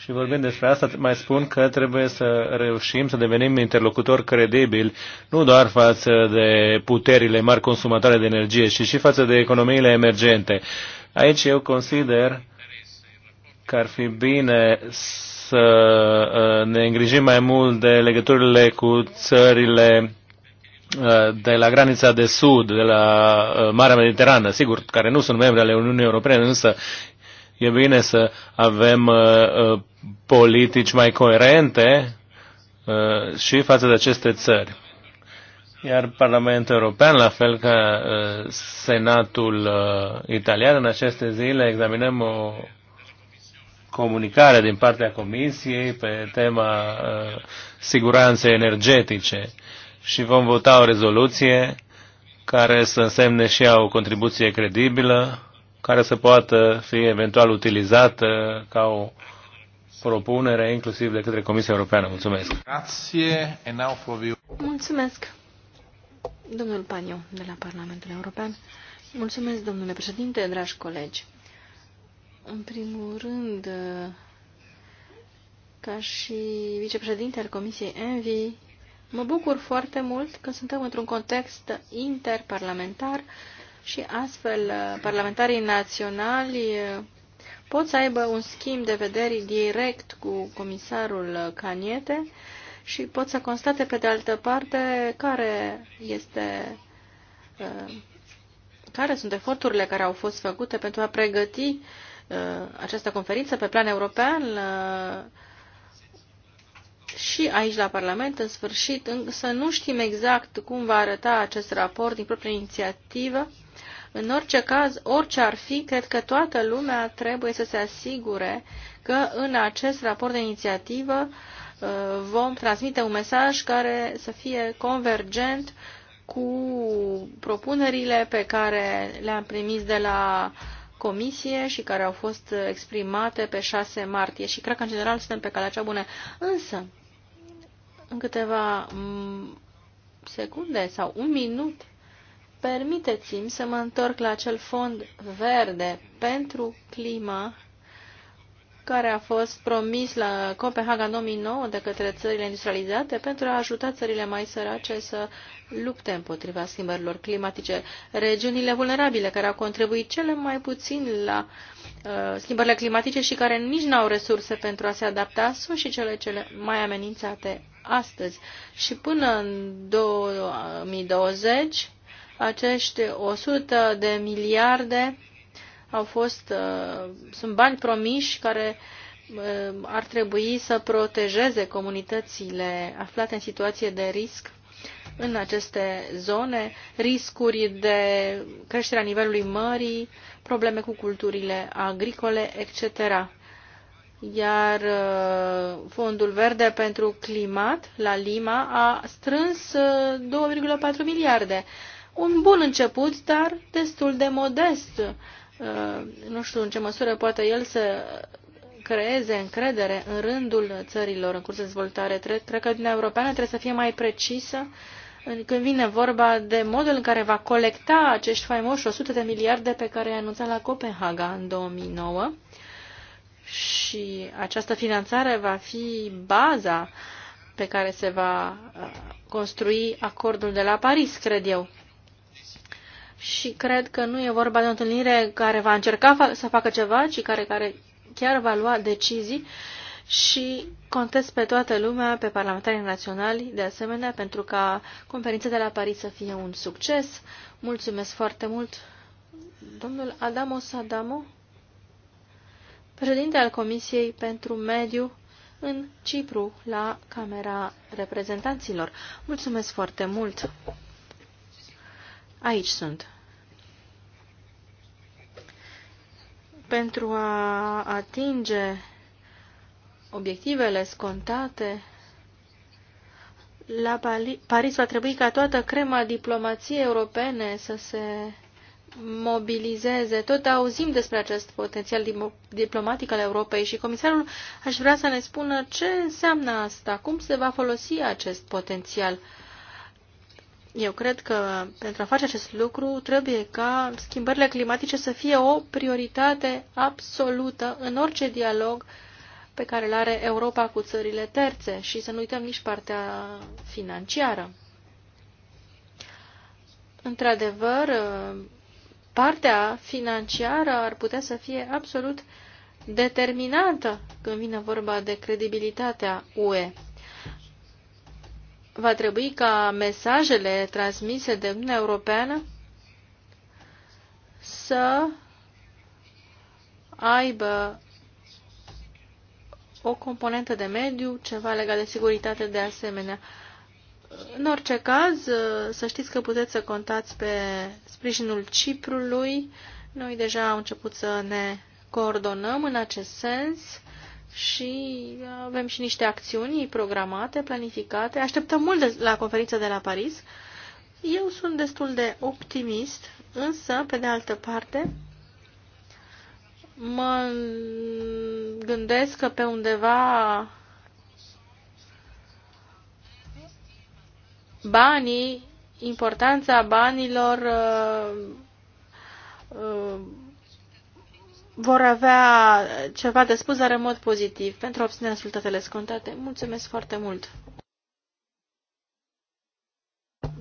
Și vorbind despre asta, mai spun că trebuie să reușim să devenim interlocutori credibili, nu doar față de puterile mari consumatoare de energie, ci și față de economiile emergente. Aici eu consider că ar fi bine să uh, ne îngrijim mai mult de legăturile cu țările uh, de la granița de sud, de la uh, Marea Mediterană, sigur, care nu sunt membre ale Uniunii Europene, însă E bine să avem uh, uh, politici mai coerente uh, și față de aceste țări. Iar Parlamentul European, la fel ca uh, Senatul uh, Italian, în aceste zile examinăm o comunicare din partea Comisiei pe tema uh, siguranței energetice și vom vota o rezoluție care să însemne și ea o contribuție credibilă care să poată fi eventual utilizată ca o propunere, inclusiv de către Comisia Europeană. Mulțumesc! Mulțumesc! Domnul Paniu, de la Parlamentul European. Mulțumesc, domnule președinte, dragi colegi. În primul rând, ca și vicepreședinte al Comisiei Envi, mă bucur foarte mult că suntem într-un context interparlamentar și astfel uh, parlamentarii naționali uh, pot să aibă un schimb de vederi direct cu comisarul uh, Caniete și pot să constate, pe de altă parte, care este care sunt eforturile care au fost făcute pentru a pregăti această conferință pe plan european și aici la Parlament, în sfârșit, să nu știm exact cum va arăta acest raport din proprie inițiativă, în orice caz, orice ar fi, cred că toată lumea trebuie să se asigure că în acest raport de inițiativă uh, vom transmite un mesaj care să fie convergent cu propunerile pe care le-am primit de la comisie și care au fost exprimate pe 6 martie și cred că în general suntem pe calea cea bună. Însă, în câteva mm, secunde sau un minut permiteți-mi să mă întorc la acel fond verde pentru clima care a fost promis la Copenhaga 2009 de către țările industrializate pentru a ajuta țările mai sărace să lupte împotriva schimbărilor climatice. Regiunile vulnerabile care au contribuit cele mai puțin la uh, schimbările climatice și care nici nu au resurse pentru a se adapta sunt și cele cele mai amenințate astăzi. Și până în 2020 acești 100 de miliarde au fost, uh, sunt bani promiși care uh, ar trebui să protejeze comunitățile aflate în situație de risc în aceste zone, riscuri de creșterea nivelului mării, probleme cu culturile agricole, etc. Iar uh, Fondul Verde pentru Climat la Lima a strâns 2,4 miliarde un bun început, dar destul de modest. Uh, nu știu în ce măsură poate el să creeze încredere în rândul țărilor în curs de dezvoltare. Cred că Uniunea Europeană trebuie să fie mai precisă când vine vorba de modul în care va colecta acești faimoși 100 de miliarde pe care i-a anunțat la Copenhaga în 2009 și această finanțare va fi baza pe care se va uh, construi acordul de la Paris, cred eu și cred că nu e vorba de o întâlnire care va încerca fa să facă ceva, ci care, care chiar va lua decizii și contest pe toată lumea, pe parlamentarii naționali, de asemenea, pentru ca conferința de la Paris să fie un succes. Mulțumesc foarte mult, domnul Adamos Adamo, președinte al Comisiei pentru Mediu în Cipru, la Camera Reprezentanților. Mulțumesc foarte mult! Aici sunt. pentru a atinge obiectivele scontate, la Paris va trebui ca toată crema diplomației europene să se mobilizeze. Tot auzim despre acest potențial diplomatic al Europei și comisarul aș vrea să ne spună ce înseamnă asta, cum se va folosi acest potențial. Eu cred că pentru a face acest lucru trebuie ca schimbările climatice să fie o prioritate absolută în orice dialog pe care îl are Europa cu țările terțe și să nu uităm nici partea financiară. Într-adevăr, partea financiară ar putea să fie absolut determinantă când vine vorba de credibilitatea UE va trebui ca mesajele transmise de Uniunea Europeană să aibă o componentă de mediu, ceva legat de securitate de asemenea. În orice caz, să știți că puteți să contați pe sprijinul Ciprului. Noi deja am început să ne coordonăm în acest sens și uh, avem și niște acțiuni programate, planificate. Așteptăm mult de la conferința de la Paris. Eu sunt destul de optimist, însă, pe de altă parte, mă gândesc că pe undeva banii, importanța banilor uh, uh, vor avea ceva de spus, dar în mod pozitiv, pentru a obține rezultatele scontate. Mulțumesc foarte mult!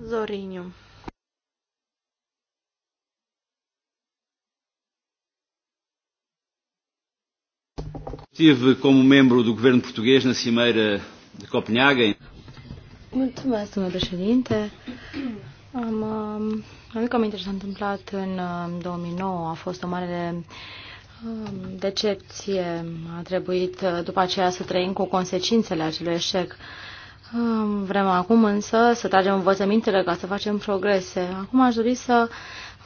Zoriniu Estive como membro do governo português na Cimeira de Copenhague. bem, domnule presidente. Am, um, am că aminte ce s-a întâmplat în 2009. Um, a fost o mare decepție. A trebuit uh, după aceea să trăim cu consecințele acelui eșec. Vrem acum însă să tragem învățămintele ca să facem progrese. Acum aș dori să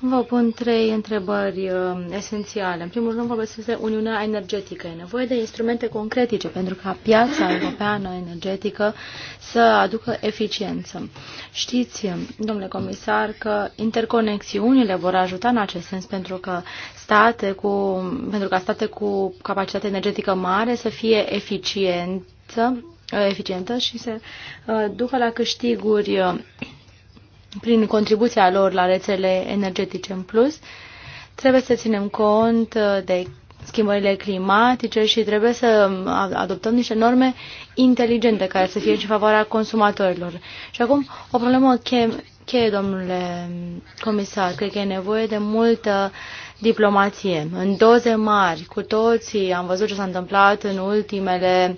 Vă pun trei întrebări uh, esențiale. În primul rând vorbesc despre Uniunea Energetică. E nevoie de instrumente concretice pentru ca piața europeană energetică să aducă eficiență. Știți, domnule comisar, că interconexiunile vor ajuta în acest sens pentru că state cu, pentru ca state cu capacitate energetică mare să fie eficiență, eficientă și să uh, ducă la câștiguri uh, prin contribuția lor la rețele energetice în plus. Trebuie să ținem cont uh, de schimbările climatice și trebuie să um, adoptăm niște norme inteligente care să fie și favoarea consumatorilor. Și acum, o problemă cheie, cheie, domnule um, comisar, cred că e nevoie de multă diplomație. În doze mari, cu toții am văzut ce s-a întâmplat în ultimele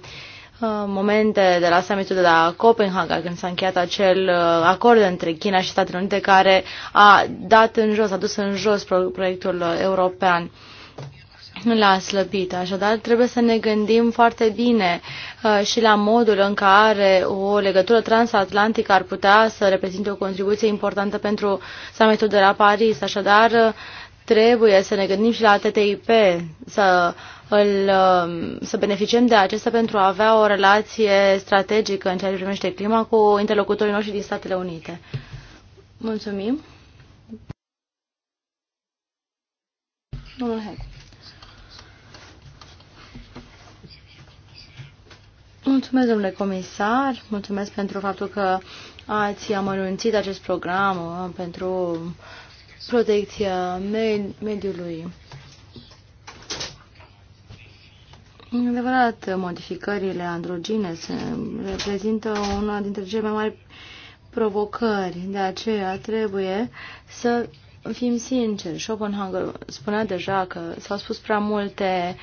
Uh, momente de la summitul de la Copenhaga, când s-a încheiat acel uh, acord între China și Statele Unite care a dat în jos, a dus în jos proiectul uh, european. L-a slăbit, așadar trebuie să ne gândim foarte bine și la modul în care o legătură transatlantică ar putea să reprezinte o contribuție importantă pentru summitul de la Paris. Așadar, trebuie să ne gândim și la TTIP, să îl, um, să beneficiem de acesta pentru a avea o relație strategică în ceea ce privește clima cu interlocutorii noștri din Statele Unite. Mulțumim. Domnul Heck. Mulțumesc, domnule comisar, mulțumesc pentru faptul că ați amănunțit acest program uh, pentru protecția mediului. adevărat, modificările androgine reprezintă una dintre cele mai mari provocări, de aceea trebuie să fim sinceri. Schopenhauer spunea deja că s-au spus prea multe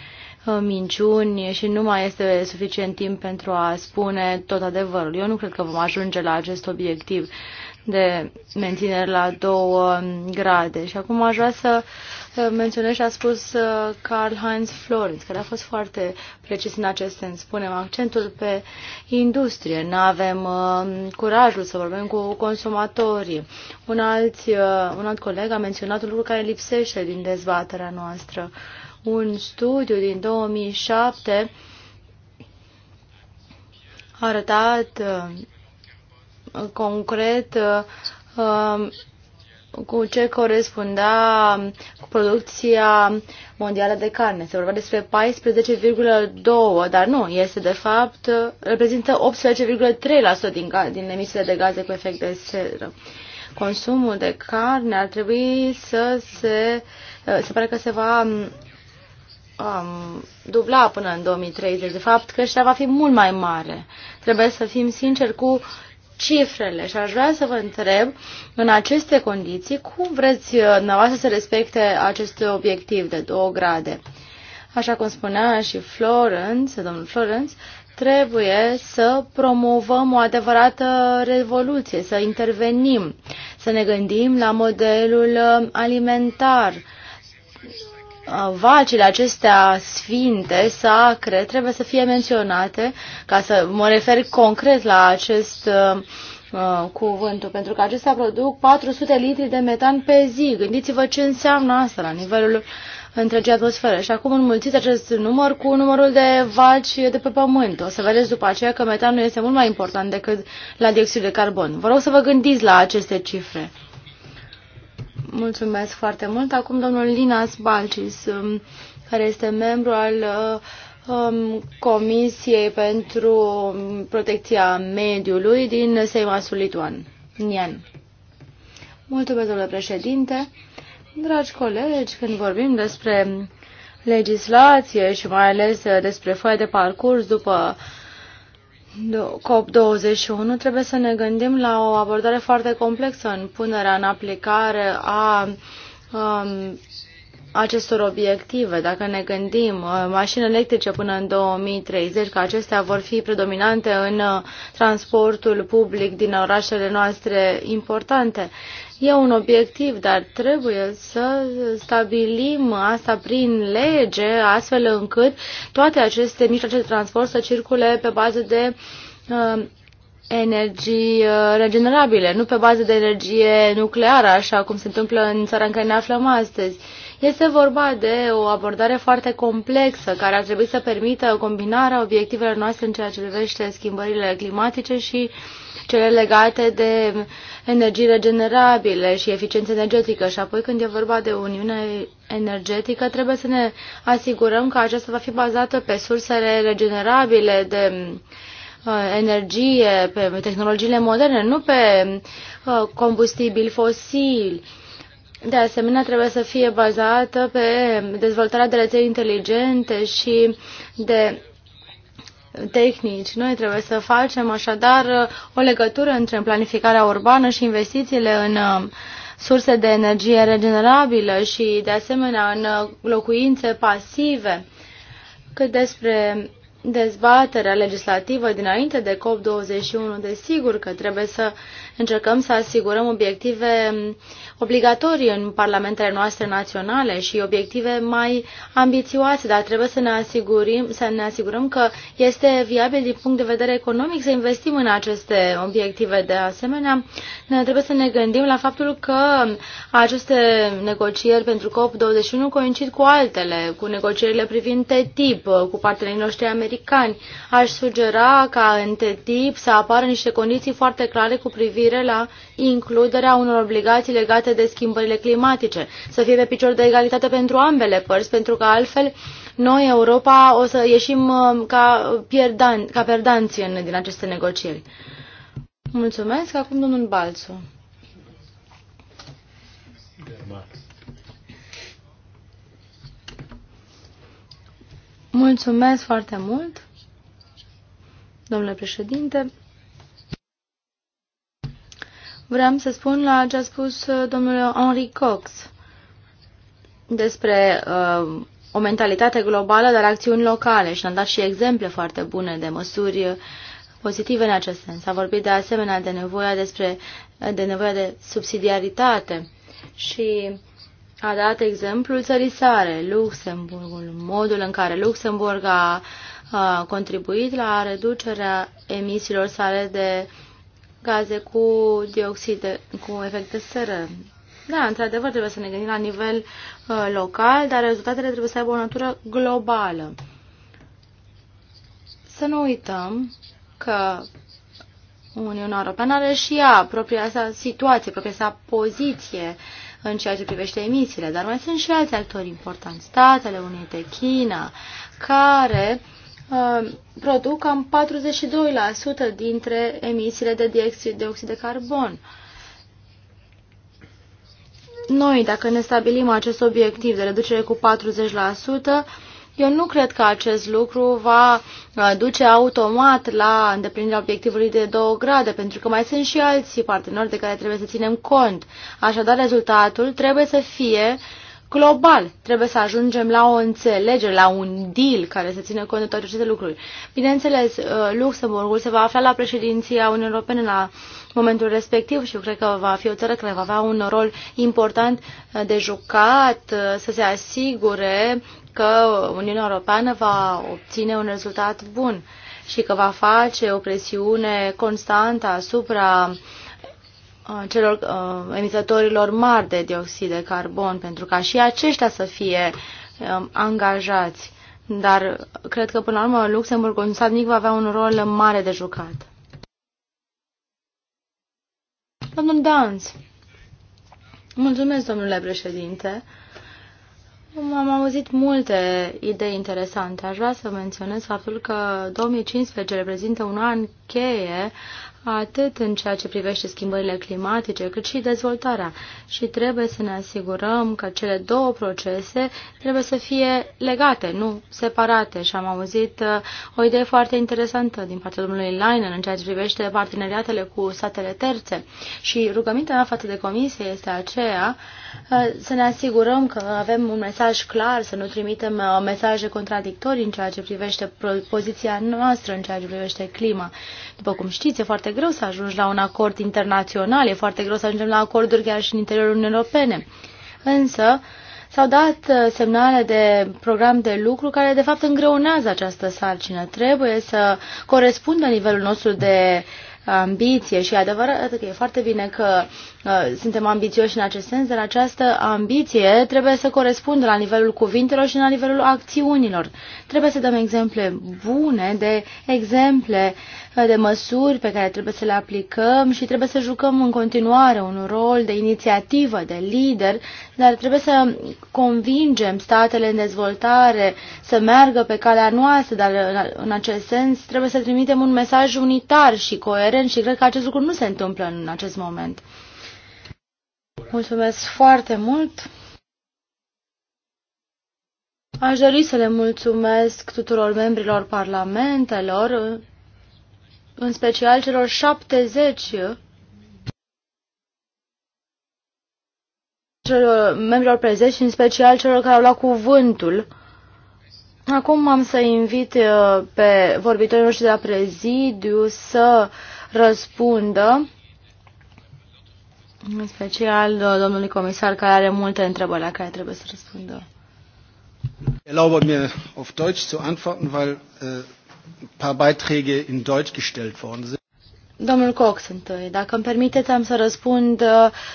uh, minciuni și nu mai este suficient timp pentru a spune tot adevărul. Eu nu cred că vom ajunge la acest obiectiv de menținere la 2 grade. Și acum aș vrea să uh, menționez și a spus uh, Karl-Heinz Florenz, care a fost foarte precis în acest sens. Punem accentul pe industrie, nu avem uh, curajul să vorbim cu consumatorii. Un alt, un alt coleg a menționat un lucru care lipsește din dezbaterea noastră. Un studiu din 2007 a arătat concret uh, cu ce corespundea cu producția mondială de carne. Se vorba despre 14,2, dar nu, este de fapt, reprezintă 18,3% din, din emisiile de gaze cu efect de seră. Consumul de carne ar trebui să se, uh, se pare că se va um, um dubla până în 2030. De fapt, creșterea va fi mult mai mare. Trebuie să fim sinceri cu cifrele și aș vrea să vă întreb, în aceste condiții, cum vreți uh, dumneavoastră să respecte acest obiectiv de 2 grade? Așa cum spunea și Florence, domnul Florence, trebuie să promovăm o adevărată revoluție, să intervenim, să ne gândim la modelul uh, alimentar, vacile acestea sfinte, sacre, trebuie să fie menționate, ca să mă refer concret la acest uh, uh cuvântul, pentru că acestea produc 400 litri de metan pe zi. Gândiți-vă ce înseamnă asta la nivelul întregii atmosfere. Și acum înmulțiți acest număr cu numărul de vaci de pe pământ. O să vedeți după aceea că metanul este mult mai important decât la dioxid de carbon. Vă rog să vă gândiți la aceste cifre. Mulțumesc foarte mult. Acum domnul Linas Balcis, um, care este membru al uh, um, Comisiei pentru Protecția Mediului din Seimasul Lituan. Nian. Mulțumesc, domnule președinte. Dragi colegi, când vorbim despre legislație și mai ales despre foaie de parcurs după COP21 trebuie să ne gândim la o abordare foarte complexă în punerea în aplicare a um, acestor obiective. Dacă ne gândim uh, mașini electrice până în 2030, că acestea vor fi predominante în uh, transportul public din orașele noastre importante, E un obiectiv, dar trebuie să stabilim asta prin lege, astfel încât toate aceste mijloace de transport să circule pe bază de uh, energii uh, regenerabile, nu pe bază de energie nucleară, așa cum se întâmplă în țara în care ne aflăm astăzi. Este vorba de o abordare foarte complexă care ar trebui să permită combinarea obiectivelor noastre în ceea ce privește schimbările climatice și cele legate de energii regenerabile și eficiență energetică și apoi când e vorba de Uniune energetică trebuie să ne asigurăm că aceasta va fi bazată pe sursele regenerabile de uh, energie, pe tehnologiile moderne, nu pe uh, combustibili fosili. De asemenea, trebuie să fie bazată pe dezvoltarea de rețele inteligente și de tehnici. Noi trebuie să facem așadar uh, o legătură între planificarea urbană și investițiile în uh, surse de energie regenerabilă și de asemenea în uh, locuințe pasive. Cât despre dezbaterea legislativă dinainte de COP21, desigur că trebuie să încercăm să asigurăm obiective uh, obligatorii în parlamentele noastre naționale și obiective mai ambițioase, dar trebuie să ne, asigurim, să ne asigurăm că este viabil din punct de vedere economic să investim în aceste obiective. De asemenea, ne trebuie să ne gândim la faptul că aceste negocieri pentru COP21 coincid cu altele, cu negocierile privind TTIP, cu partenerii noștri americani. Aș sugera ca în TTIP să apară niște condiții foarte clare cu privire la includerea unor obligații legate de schimbările climatice, să fie pe picior de egalitate pentru ambele părți, pentru că altfel noi, Europa, o să ieșim uh, ca, pierdan, ca perdanți în, din aceste negocieri. Mulțumesc. Acum domnul Balțu. Mulțumesc foarte mult, domnule președinte. Vreau să spun la ce a spus uh, domnul Henry Cox despre uh, o mentalitate globală, dar acțiuni locale și am dat și exemple foarte bune de măsuri uh, pozitive în acest sens. A vorbit de asemenea de nevoia, despre, uh, de, nevoia de subsidiaritate și a dat exemplul țării sare, Luxemburgul, modul în care Luxemburg a, a contribuit la reducerea emisiilor sale de uh, gaze cu dioxid, cu efect de seră. Da, într-adevăr, trebuie să ne gândim la nivel uh, local, dar rezultatele trebuie să aibă o natură globală. Să nu uităm că Uniunea Europeană are și ea propria sa situație, propria sa poziție în ceea ce privește emisiile, dar mai sunt și alți actori importanți, Statele Unite, China, care uh, Uh, produc cam 42% dintre emisiile de dioxid, dioxid de carbon. Noi, dacă ne stabilim acest obiectiv de reducere cu 40%, eu nu cred că acest lucru va uh, duce automat la îndeplinirea obiectivului de 2 grade, pentru că mai sunt și alții parteneri de care trebuie să ținem cont. Așadar, rezultatul trebuie să fie uh, global. Trebuie să ajungem la o înțelegere, la un deal care să țină cont de toate aceste lucruri. Bineînțeles, uh, Luxemburgul se va afla la președinția Uniunii Europene la momentul respectiv și eu cred că va fi o țară care va avea un rol important uh, de jucat, uh, să se asigure că Uniunea Europeană va obține un rezultat bun și că va face o presiune constantă asupra uh, Uh, celor uh, emițătorilor mari de dioxid de carbon, pentru ca și aceștia să fie uh, angajați. Dar cred că, până la urmă, Luxemburg, un stat mic va avea un rol mare de jucat. Domnul Dans. Mulțumesc, domnule președinte. Am auzit multe idei interesante. Aș vrea să menționez faptul că 2015 reprezintă un an cheie atât în ceea ce privește schimbările climatice, cât și dezvoltarea. Și trebuie să ne asigurăm că cele două procese trebuie să fie legate, nu separate. Și am auzit uh, o idee foarte interesantă din partea domnului Leinen în ceea ce privește parteneriatele cu statele terțe. Și rugămintea mea față de comisie este aceea uh, să ne asigurăm că avem un mesaj clar, să nu trimitem uh, mesaje contradictorii în ceea ce privește poziția noastră, în ceea ce privește clima. După cum știți, e foarte greu să ajungi la un acord internațional, e foarte greu să ajungem la acorduri chiar și în interiorul Uniunii Europene. Însă, s-au dat uh, semnale de program de lucru care, de fapt, îngreunează această sarcină. Trebuie să corespundă nivelul nostru de ambiție și adevărat că e foarte bine că uh, suntem ambițioși în acest sens, dar această ambiție trebuie să corespundă la nivelul cuvintelor și la nivelul acțiunilor. Trebuie să dăm exemple bune de exemple de măsuri pe care trebuie să le aplicăm și trebuie să jucăm în continuare un rol de inițiativă, de lider, dar trebuie să convingem statele în dezvoltare să meargă pe calea noastră, dar în acest sens trebuie să trimitem un mesaj unitar și coerent și cred că acest lucru nu se întâmplă în acest moment. Mulțumesc foarte mult! Aș dori să le mulțumesc tuturor membrilor parlamentelor în special celor 70 celor, membrilor prezenți și în special celor care au luat cuvântul. Acum am să invit uh, pe vorbitorii noștri de la prezidiu să răspundă, în special uh, domnului comisar care are multe întrebări la care trebuie să răspundă. Erlaube mir auf Deutsch zu antworten, weil äh, paar Beiträge in Deutsch gestellt worden sind. Domnul Cox, întâi, eh, dacă îmi permiteți, am să răspund eh,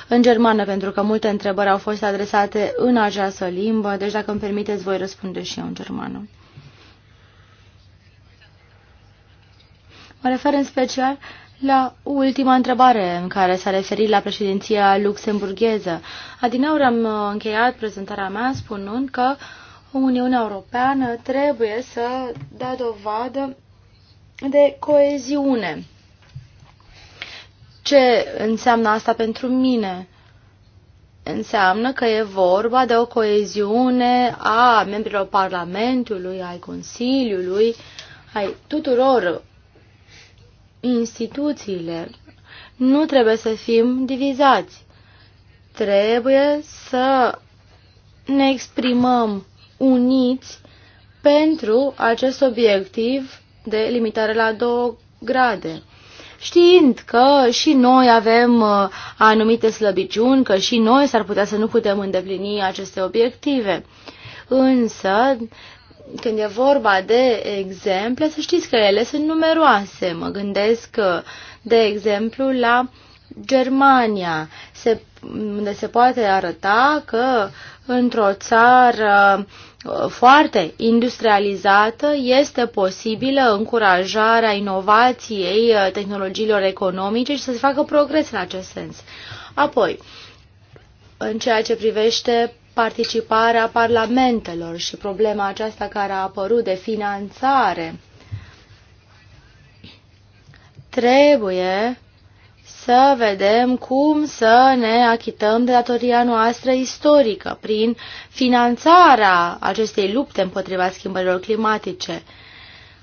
în germană, pentru că multe întrebări au fost adresate în această limbă, deci dacă îmi permiteți, voi răspunde și eu în germană. Mă refer în special la ultima întrebare în care s-a referit la președinția luxemburgheză. Adineaur am eh, încheiat prezentarea mea spunând că uh, Uniunea Europeană trebuie să dea dovadă de coeziune. Ce înseamnă asta pentru mine? Înseamnă că e vorba de o coeziune a membrilor Parlamentului, ai Consiliului, ai tuturor instituțiile. Nu trebuie să fim divizați. Trebuie să ne exprimăm uniți pentru acest obiectiv de limitare la două grade. Știind că și noi avem uh, anumite slăbiciuni, că și noi s-ar putea să nu putem îndeplini aceste obiective. Însă, când e vorba de exemple, să știți că ele sunt numeroase. Mă gândesc, uh, de exemplu, la Germania, unde se poate arăta că într-o țară Uh, foarte industrializată, este posibilă încurajarea inovației uh, tehnologiilor economice și să se facă progres în acest sens. Apoi, în ceea ce privește participarea parlamentelor și problema aceasta care a apărut de finanțare, trebuie să vedem cum să ne achităm de datoria noastră istorică prin finanțarea acestei lupte împotriva schimbărilor climatice.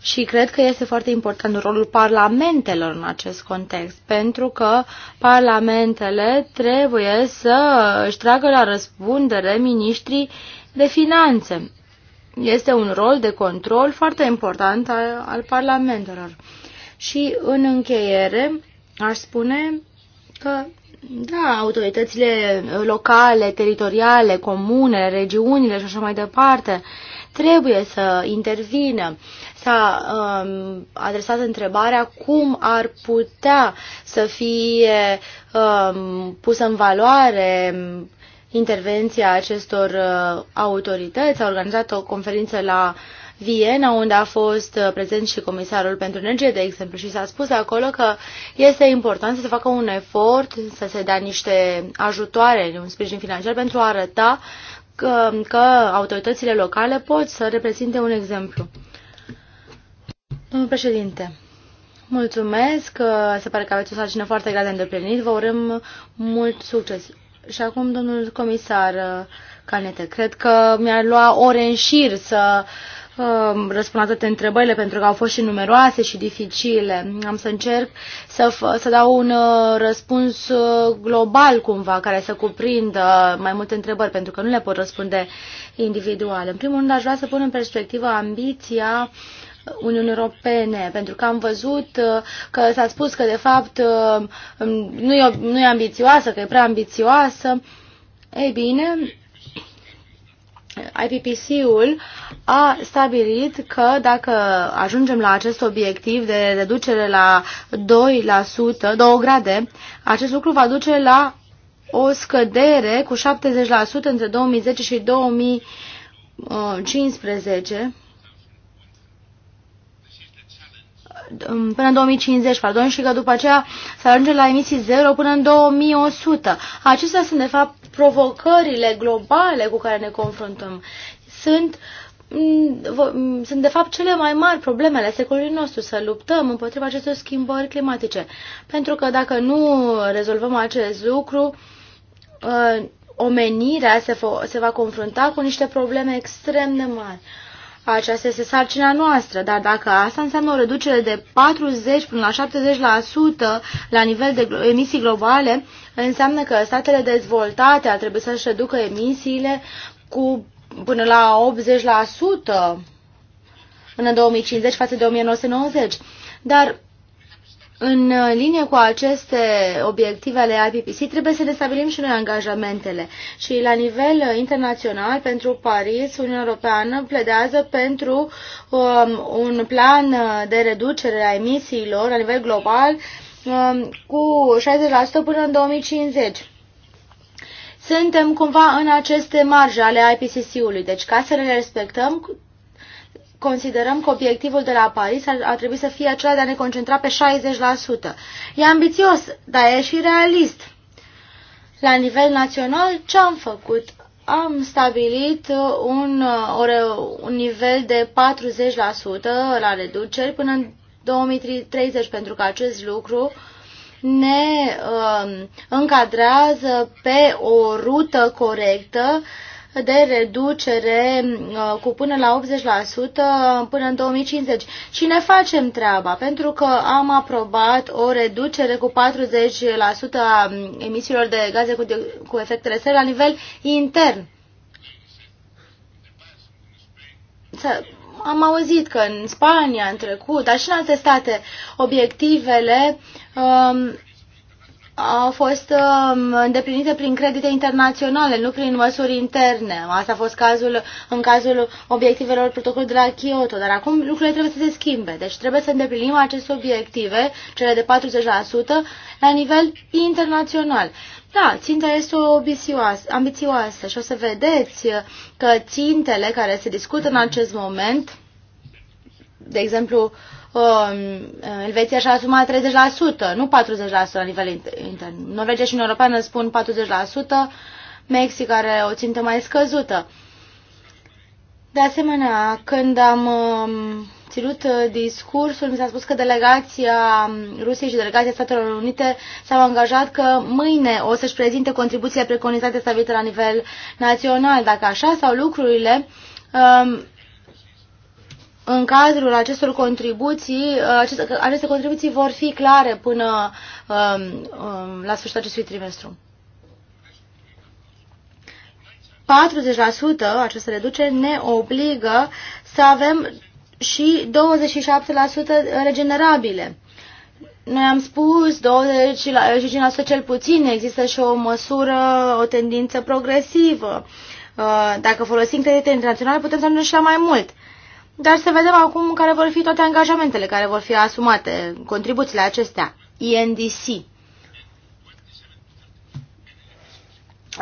Și cred că este foarte important rolul parlamentelor în acest context, pentru că parlamentele trebuie să își tragă la răspundere miniștrii de finanțe. Este un rol de control foarte important al, al parlamentelor. Și în încheiere, Aș spune că, da, autoritățile locale, teritoriale, comune, regiunile și așa mai departe trebuie să intervină. S-a um, adresat întrebarea cum ar putea să fie um, pusă în valoare intervenția acestor uh, autorități. A organizat o conferință la uh, Viena, unde a fost uh, prezent și comisarul pentru energie, de exemplu, și s-a spus acolo că este important să se facă un efort, să se dea niște ajutoare, un sprijin financiar pentru a arăta că, că autoritățile locale pot să reprezinte un exemplu. Domnul președinte, mulțumesc, se pare că aveți o sarcină foarte grea de îndeplinit, vă urăm mult succes. Și acum, domnul comisar uh, Canete, cred că mi-ar lua ore în șir să Um, răspund întrebările pentru că au fost și numeroase și dificile. Am să încerc să, să dau un uh, răspuns uh, global cumva, care să cuprindă mai multe întrebări, pentru că nu le pot răspunde individual. În primul rând aș vrea să pun în perspectivă ambiția Uniunii Europene, pentru că am văzut uh, că s-a spus că de fapt um, nu e, nu e ambițioasă, că e prea ambițioasă. Ei bine, IPPC-ul a stabilit că dacă ajungem la acest obiectiv de reducere la 2%, 2 grade, acest lucru va duce la o scădere cu 70% între 2010 și 2015. până în 2050, pardon, și că după aceea se ajunge la emisii zero până în 2100. Acestea sunt, de fapt, provocările globale cu care ne confruntăm. Sunt Mm, mm, sunt de fapt cele mai mari probleme ale secolului nostru, să luptăm împotriva acestor schimbări climatice. Pentru că dacă nu rezolvăm acest lucru, uh, omenirea se, se va confrunta cu niște probleme extrem de mari. Aceasta este sarcina noastră, dar dacă asta înseamnă o reducere de 40 până la 70% la nivel de emisii globale, înseamnă că statele dezvoltate ar trebui să-și reducă emisiile cu până la 80% în 2050 față de 1990. Dar în linie cu aceste obiective ale IPPC, trebuie să ne stabilim și noi angajamentele. Și la nivel internațional, pentru Paris, Uniunea Europeană pledează pentru um, un plan de reducere a emisiilor la nivel global um, cu 60% până în 2050 suntem cumva în aceste marje ale IPCC-ului. Deci ca să le respectăm, considerăm că obiectivul de la Paris ar, ar trebui să fie acela de a ne concentra pe 60%. E ambițios, dar e și realist. La nivel național, ce am făcut? Am stabilit un, un nivel de 40% la reduceri până în 2030, pentru că acest lucru uh, ne uh, încadrează pe o rută corectă de reducere uh, cu până la 80% până în 2050. Și ne facem treaba, pentru că am aprobat o reducere cu 40% a um, emisiilor de gaze cu, cu efectele seră la nivel intern am auzit că în Spania, în trecut, dar și în alte state, obiectivele um, au fost um, îndeplinite prin credite internaționale, nu prin măsuri interne. Asta a fost cazul în cazul obiectivelor protocolului de la Kyoto, dar acum lucrurile trebuie să se schimbe. Deci trebuie să îndeplinim aceste obiective, cele de 40%, la nivel internațional. Da, ținta este o ambițioasă și o să vedeți că țintele care se discută în acest moment, de exemplu, um, Elveția și-a asumat 30%, nu 40% la nivel intern. Norvegia și Uniunea Europeană spun 40%, Mexic are o țintă mai scăzută. De asemenea, când am um, ținut uh, discursul, mi s-a spus că delegația Rusiei și delegația Statelor Unite s-au angajat că mâine o să-și prezinte contribuțiile preconizate stabilite la nivel național. Dacă așa sau lucrurile, um, în cadrul acestor contribuții, uh, aceste, aceste contribuții vor fi clare până um, um, la sfârșitul acestui trimestru. 40% această reducere ne obligă să avem și 27% regenerabile. Noi am spus 25% cel puțin, există și o măsură, o tendință progresivă. Uh, dacă folosim credite internaționale, putem să ajungem și la mai mult. Dar să vedem acum care vor fi toate angajamentele care vor fi asumate, contribuțiile acestea. INDC.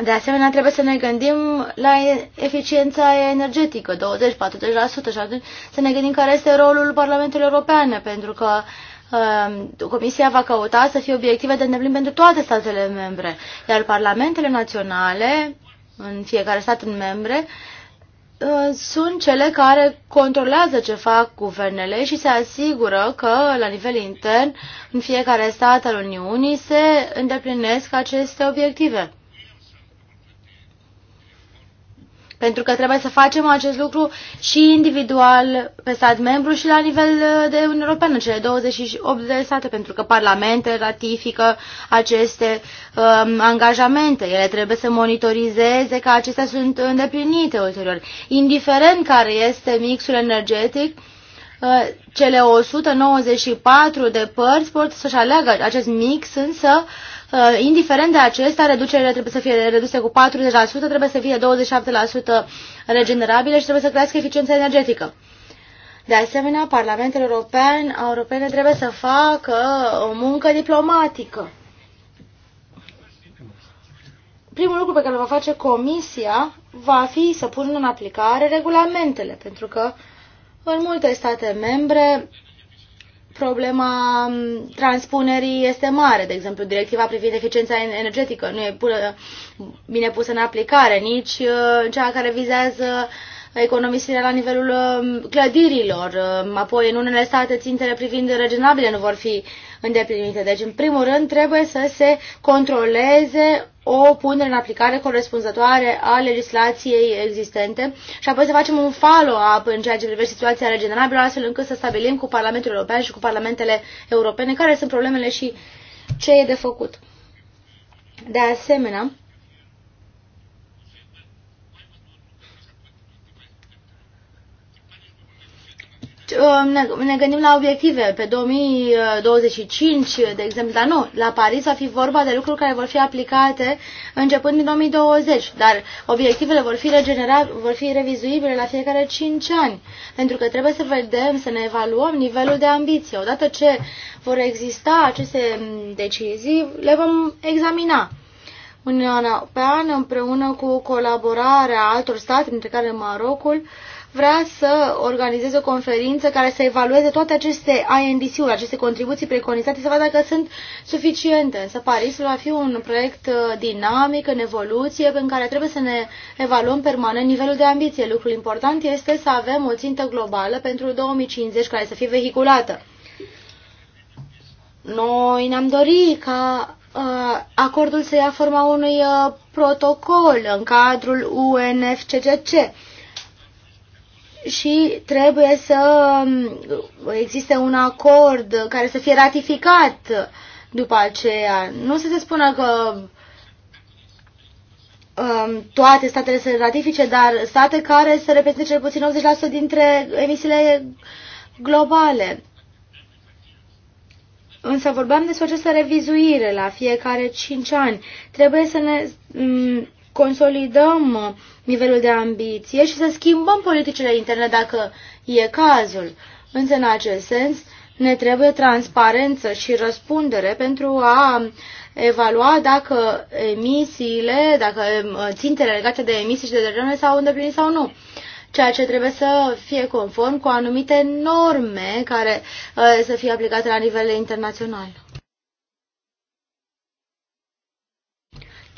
De asemenea, trebuie să ne gândim la eficiența energetică, 20-40%, și atunci să ne gândim care este rolul Parlamentului European, pentru că uh, Comisia va căuta să fie obiective de îndeplin pentru toate statele membre, iar parlamentele naționale, în fiecare stat în membre, uh, sunt cele care controlează ce fac guvernele și se asigură că, la nivel intern, în fiecare stat al Uniunii se îndeplinesc aceste obiective. Pentru că trebuie să facem acest lucru și individual pe stat membru și la nivel uh, de Uniune Europeană, cele 28 de state, pentru că Parlamentul ratifică aceste um, angajamente. Ele trebuie să monitorizeze că acestea sunt îndeplinite ulterior. Indiferent care este mixul energetic, uh, cele 194 de părți pot să-și aleagă acest mix, însă uh, Uh, indiferent de acesta, reducerile trebuie să fie reduse cu 40%, trebuie să fie 27% regenerabile și trebuie să crească eficiența energetică. De asemenea, Parlamentul European, europene trebuie să facă o muncă diplomatică. Primul lucru pe care îl va face Comisia va fi să pună în aplicare regulamentele, pentru că în multe state membre problema transpunerii este mare. De exemplu, directiva privind eficiența energetică nu e pură, bine pusă în aplicare, nici uh, cea care vizează economisirea la nivelul um, clădirilor. Um, apoi, în unele state, țintele privind regenerabile nu vor fi îndeplinite. Deci, în primul rând, trebuie să se controleze o punere în aplicare corespunzătoare a legislației existente și apoi să facem un follow-up în ceea ce privește situația regenerabilă, astfel încât să stabilim cu Parlamentul European și cu parlamentele europene care sunt problemele și ce e de făcut. De asemenea, Um, ne gândim la obiective. Pe 2025, de exemplu, dar nu, la Paris va fi vorba de lucruri care vor fi aplicate începând din 2020, dar obiectivele vor fi, vor fi revizuibile la fiecare 5 ani, pentru că trebuie să vedem, să ne evaluăm nivelul de ambiție. Odată ce vor exista aceste decizii, le vom examina. Uniunea Europeană, împreună cu colaborarea altor state, dintre care Marocul, uh, vrea să organizeze o conferință care să evalueze toate aceste INDC-uri, aceste contribuții preconizate, să vadă dacă sunt suficiente. Însă Parisul va fi un proiect uh, dinamic, în evoluție, în care trebuie să ne evaluăm permanent nivelul de ambiție. Lucrul important este să avem o țintă globală pentru 2050 care să fie vehiculată. Noi ne-am dorit ca uh, acordul să ia forma unui uh, protocol în cadrul UNFCCC și trebuie să um, existe un acord care să fie ratificat după aceea. Nu să se spună că um, toate statele se ratifice, dar state care să reprezinte cel puțin 80% dintre emisiile globale. Însă vorbeam despre această revizuire la fiecare 5 ani. Trebuie să ne consolidăm nivelul de ambiție și să schimbăm politicile interne dacă e cazul. Însă, în acest sens, ne trebuie transparență și răspundere pentru a evalua dacă emisiile, dacă țintele legate de emisii și de degreme s-au îndeplinit sau nu ceea ce trebuie să fie conform cu anumite norme care uh, să fie aplicate la nivel internațional.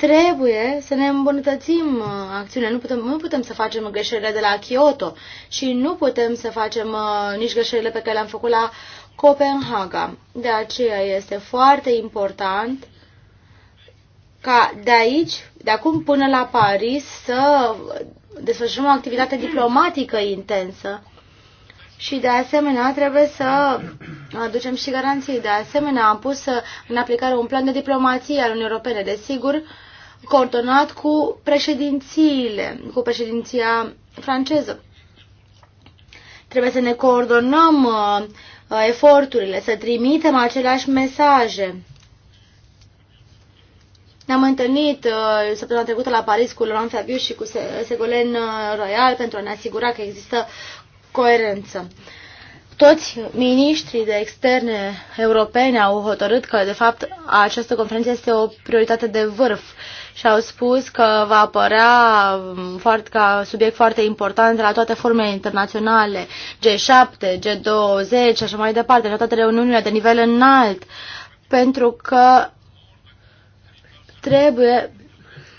Trebuie să ne îmbunătățim uh, acțiunea. Nu putem, nu putem să facem greșelile de la Kyoto și nu putem să facem uh, nici greșelile pe care le-am făcut la Copenhaga. De aceea este foarte important ca de aici, de acum până la Paris, să desfășurăm o activitate diplomatică intensă. Și de asemenea trebuie să aducem și garanții. De asemenea am pus în aplicare un plan de diplomație al Uniunii Europene. Desigur, coordonat cu președințiile, cu președinția franceză. Trebuie să ne coordonăm uh, eforturile, să trimitem aceleași mesaje. Ne-am întâlnit uh, săptămâna trecută la Paris cu Laurent Fabius și cu Segolen Royal pentru a ne asigura că există coerență. Toți miniștrii de externe europene au hotărât că, de fapt, această conferință este o prioritate de vârf. Uh, și au spus că va apărea mm, foarte, ca subiect foarte important la toate formele internaționale, G7, G20 și așa mai departe, la toate reuniunile de nivel înalt, pentru că trebuie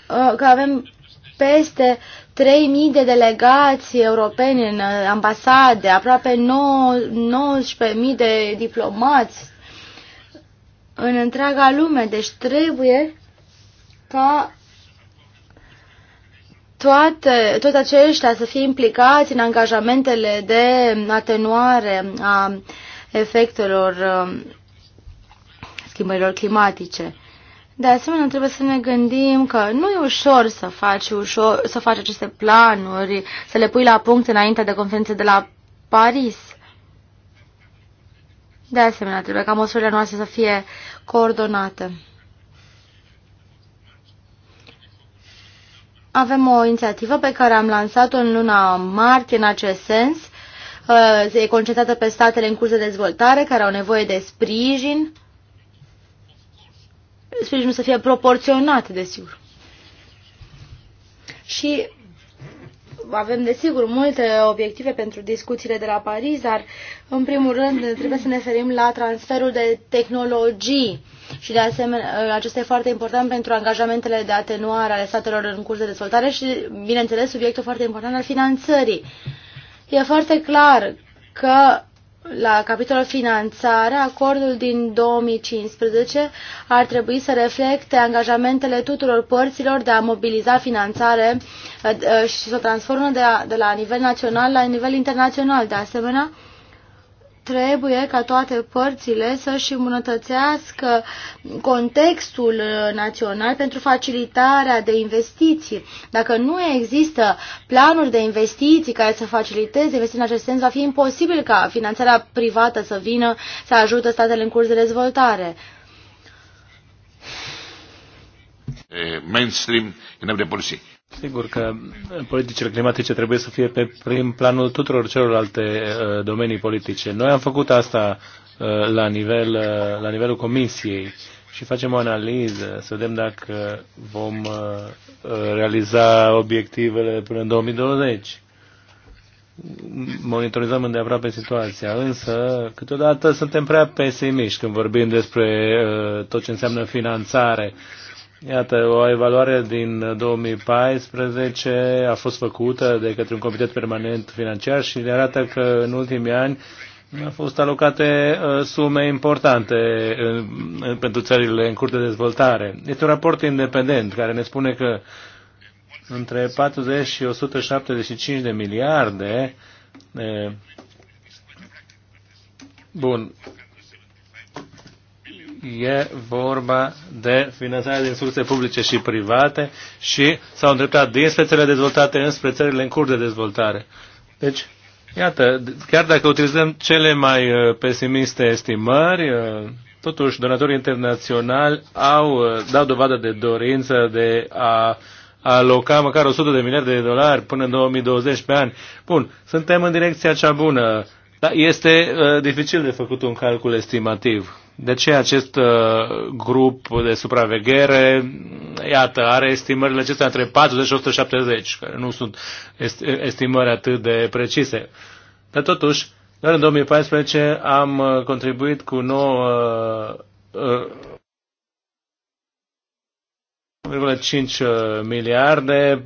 uh, că avem peste 3.000 de delegați europeni în uh, ambasade, aproape 19.000 de diplomați în întreaga lume. Deci trebuie ca toate, toți aceștia să fie implicați în angajamentele de atenuare a efectelor um, schimbărilor climatice. De asemenea, trebuie să ne gândim că nu e ușor să faci, ușor, să faci aceste planuri, să le pui la punct înainte de conferințe de la Paris. De asemenea, trebuie ca măsurile noastre să fie coordonate. Avem o inițiativă pe care am lansat-o în luna martie în acest sens. Uh, e concentrată pe statele în curs de dezvoltare care au nevoie de sprijin. Sprijinul să fie proporționat, desigur. Și avem desigur multe obiective pentru discuțiile de la Paris, dar în primul rând trebuie să ne ferim la transferul de tehnologii și de asemenea acesta e foarte important pentru angajamentele de atenuare ale statelor în curs de dezvoltare și, bineînțeles, subiectul foarte important al finanțării. E foarte clar că la capitolul finanțare, acordul din 2015 ar trebui să reflecte angajamentele tuturor părților de a mobiliza finanțare eh, și să o transformă de la nivel național la nivel internațional. De asemenea, trebuie ca toate părțile să-și îmbunătățească contextul uh, național pentru facilitarea de investiții. Dacă nu există planuri de investiții care să faciliteze investiții în acest sens, va fi imposibil ca finanțarea privată să vină să ajute statele în curs de dezvoltare. Eh, mainstream în policy. Sigur că politicile climatice trebuie să fie pe prim planul tuturor celorlalte uh, domenii politice. Noi am făcut asta uh, la, nivel, uh, la nivelul Comisiei și facem o analiză să vedem dacă vom realiza obiectivele până în 2020. Monitorizăm îndeaproape situația, însă câteodată suntem prea pesimiști când vorbim despre tot ce înseamnă finanțare. Uh, Iată, o evaluare din 2014 a fost făcută de către un comitet permanent financiar și ne arată că în ultimii ani au fost alocate uh, sume importante uh, pentru țările în curs de dezvoltare. Este un raport independent care ne spune că între 40 și 175 de miliarde uh, Bun e vorba de finanțarea din surse publice și private și s-au îndreptat dinspre țările dezvoltate înspre țările în curs de dezvoltare. Deci, iată, chiar dacă utilizăm cele mai uh, pesimiste estimări, uh, totuși donatorii internaționali au, uh, dau dovadă de dorință de a aloca măcar 100 de miliarde de dolari până în 2020 pe ani. Bun, suntem în direcția cea bună, dar este uh, dificil de făcut un calcul estimativ. De ce acest uh, grup de supraveghere, iată, are estimările acestea între 40 și 170, care nu sunt estimări atât de precise. Dar totuși, doar în 2014 am uh, contribuit cu 9,5 uh, miliarde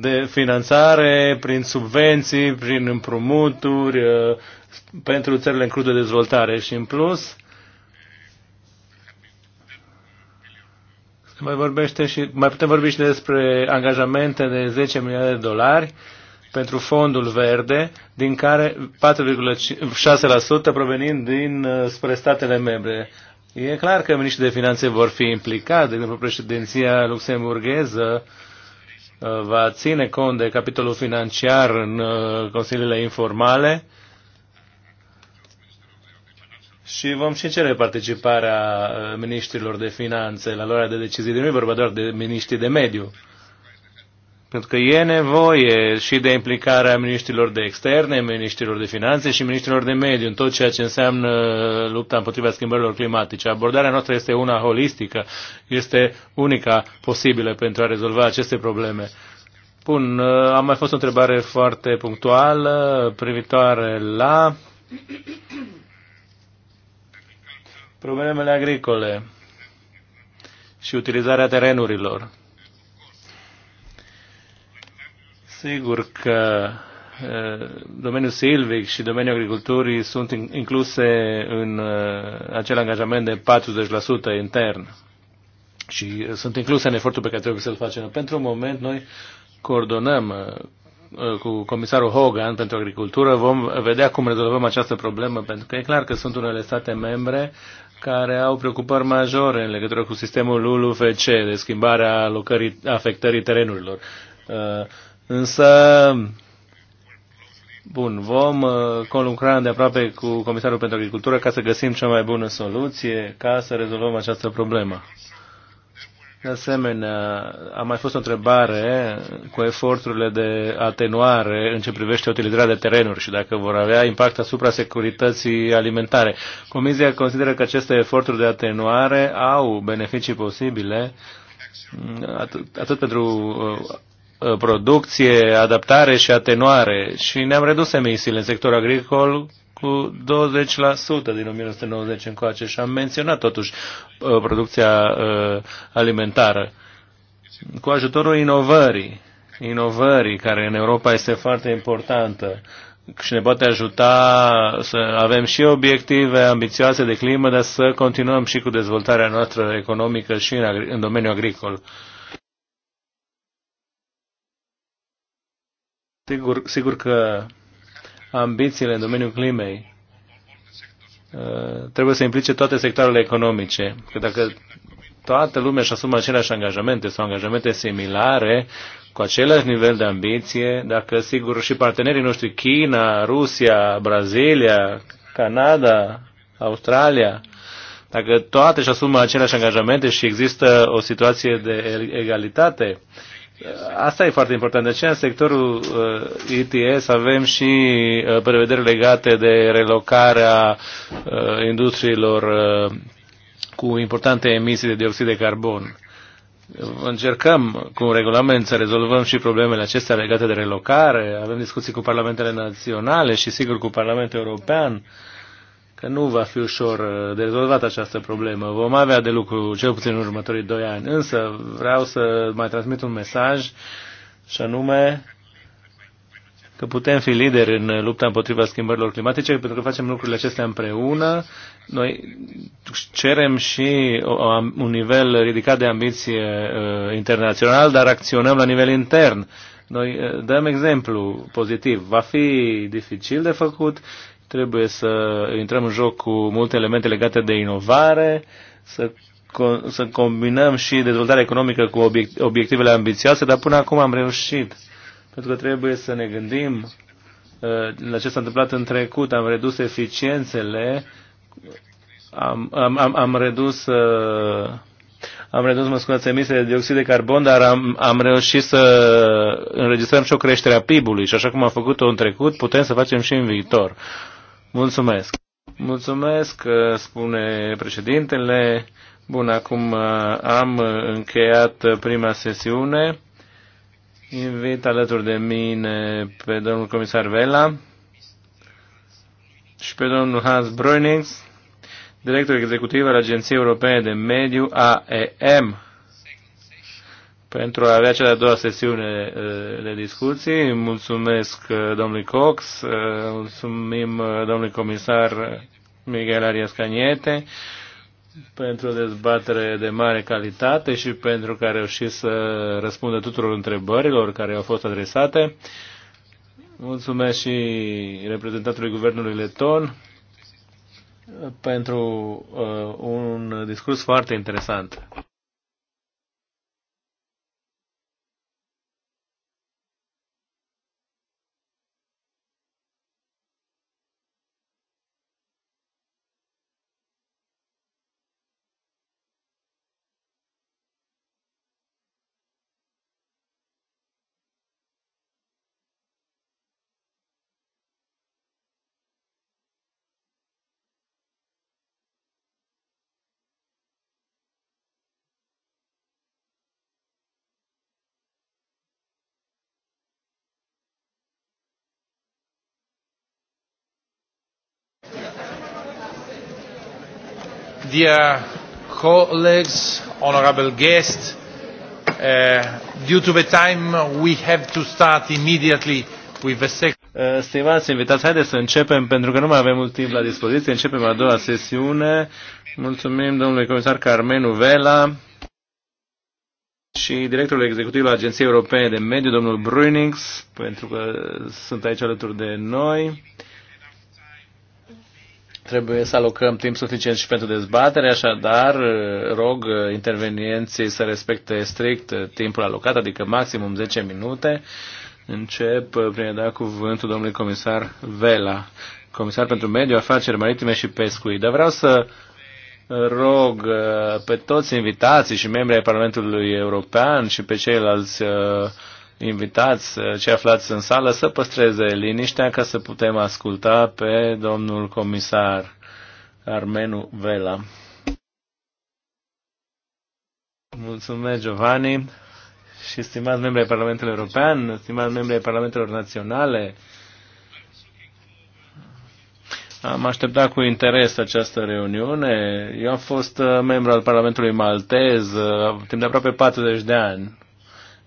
de finanțare prin subvenții, prin împrumuturi pentru țările în curs de dezvoltare și în plus Se mai vorbește și mai putem vorbi și despre angajamente de 10 milioane de dolari pentru fondul verde, din care 4,6% provenind din uh, spre statele membre. E clar că ministrii de finanțe vor fi implicați, de exemplu președinția luxemburgheză uh, va ține cont de capitolul financiar în uh, consiliile informale și vom și cere participarea uh, ministrilor de finanțe la luarea de decizii. De nu e vorba doar de miniștri de mediu. Pentru că e nevoie și de implicarea ministrilor de externe, ministrilor de finanțe și ministrilor de mediu în tot ceea ce înseamnă uh, lupta împotriva schimbărilor climatice. Abordarea noastră este una holistică, este unica posibilă pentru a rezolva aceste probleme. Bun, uh, am mai fost o întrebare foarte punctuală privitoare la problemele agricole și utilizarea terenurilor. Sigur că domeniul silvic și domeniul agriculturii sunt incluse în acel angajament de 40% intern și sunt incluse în efortul pe care trebuie să-l facem. Pentru un moment, noi coordonăm Uh, cu comisarul Hogan pentru agricultură vom vedea cum rezolvăm această problemă, pentru că e clar că sunt unele state membre care au preocupări majore în legătură cu sistemul LULUFC, de schimbarea locării, afectării terenurilor. Uh, însă, bun, vom uh, conlucra de aproape cu Comisarul pentru Agricultură ca să găsim cea mai bună soluție, ca să rezolvăm această problemă. De asemenea, a mai fost o întrebare cu eforturile de atenuare în ce privește utilizarea de terenuri și dacă vor avea impact asupra securității alimentare. Comisia consideră că aceste eforturi de atenuare au beneficii posibile atât, atât pentru uh, producție, adaptare și atenuare și ne-am redus emisiile în sectorul agricol cu 20% din 1990 încoace și am menționat totuși uh, producția uh, alimentară cu ajutorul inovării, inovării care în Europa este foarte importantă și ne poate ajuta să avem și obiective ambițioase de climă, dar să continuăm și cu dezvoltarea noastră economică și în, agri- în domeniul agricol. Sigur, sigur că ambițiile în domeniul climei. Uh, trebuie să implice toate sectoarele economice. Că dacă toată lumea își asumă aceleași angajamente sau angajamente similare, cu același nivel de ambiție, dacă sigur și partenerii noștri, China, Rusia, Brazilia, Canada, Australia, dacă toate își asumă aceleași angajamente și există o situație de egalitate, uh, Asta e foarte important. De aceea, în sectorul uh, ITS, avem și uh, prevederi legate de relocarea uh, industriilor cu importante emisii de dioxid de carbon. Încercăm cu un regulament să rezolvăm și problemele acestea legate de relocare. Avem discuții cu parlamentele naționale și, sigur, cu Parlamentul European că nu va fi ușor uh, de rezolvat această problemă. Vom avea de lucru cel puțin în următorii doi ani. Însă vreau să mai transmit un mesaj și anume că putem fi lideri în lupta împotriva schimbărilor climatice, pentru că facem lucrurile acestea împreună. Noi cerem și un nivel ridicat de ambiție uh, internațional, dar acționăm la nivel intern. Noi uh, dăm exemplu pozitiv. Va fi dificil de făcut trebuie să intrăm în joc cu multe elemente legate de inovare, să, co- să combinăm și dezvoltarea economică cu obiect- obiectivele ambițioase, dar până acum am reușit. Pentru că trebuie să ne gândim uh, la ce s-a întâmplat în trecut, am redus eficiențele, am, am, am, am redus uh, am redus, mă scuzați, emisiile de dioxid de carbon, dar am, am reușit să înregistrăm și o creștere a PIB-ului și așa cum am făcut-o în trecut, putem să facem și în viitor. Mulțumesc. Mulțumesc, uh, spune președintele. Bun, acum uh, am încheiat uh, prima sesiune. Invit alături de mine pe domnul comisar Vela și pe domnul Hans Brunings, director executiv al Agenției Europene de Mediu AEM pentru a avea cea de-a doua sesiune eh, de discuții. Mulțumesc eh, domnului Cox, eh, mulțumim domnului comisar Miguel Arias Caniete pentru o dezbatere de mare calitate și pentru că a reușit să răspundă tuturor întrebărilor care au fost adresate. Mulțumesc și reprezentantului Guvernului Leton pentru uh, un discurs foarte interesant. dear colleagues, honorable guests, uh, due to the time we have to start immediately with the second. Uh, stimați invitați, haideți să începem, pentru că nu mai avem mult timp la dispoziție. Începem a doua sesiune. Mulțumim domnului comisar Carmenu Vela și directorul executiv al Agenției Europene de Mediu, domnul Brunings, pentru că sunt aici alături de noi. Trebuie să alocăm timp suficient și pentru dezbatere, așadar rog uh, intervenienții să respecte strict uh, timpul alocat, adică maximum 10 minute. Încep uh, prin a da cuvântul domnului comisar Vela, comisar pentru mediu, afaceri maritime și pescuit. Dar vreau să rog pe toți invitații și membrii ai Parlamentului European și pe ceilalți invitați, eh, cei aflați în sală, să păstreze liniștea ca să putem asculta pe domnul comisar Armenu Vela. Mulțumesc, Giovanni, și stimați membri ai Parlamentului European, stimați membri ai Parlamentelor Naționale. Am așteptat cu interes această reuniune. Eu am fost eh, membru al Parlamentului Maltez eh, timp de aproape 40 de ani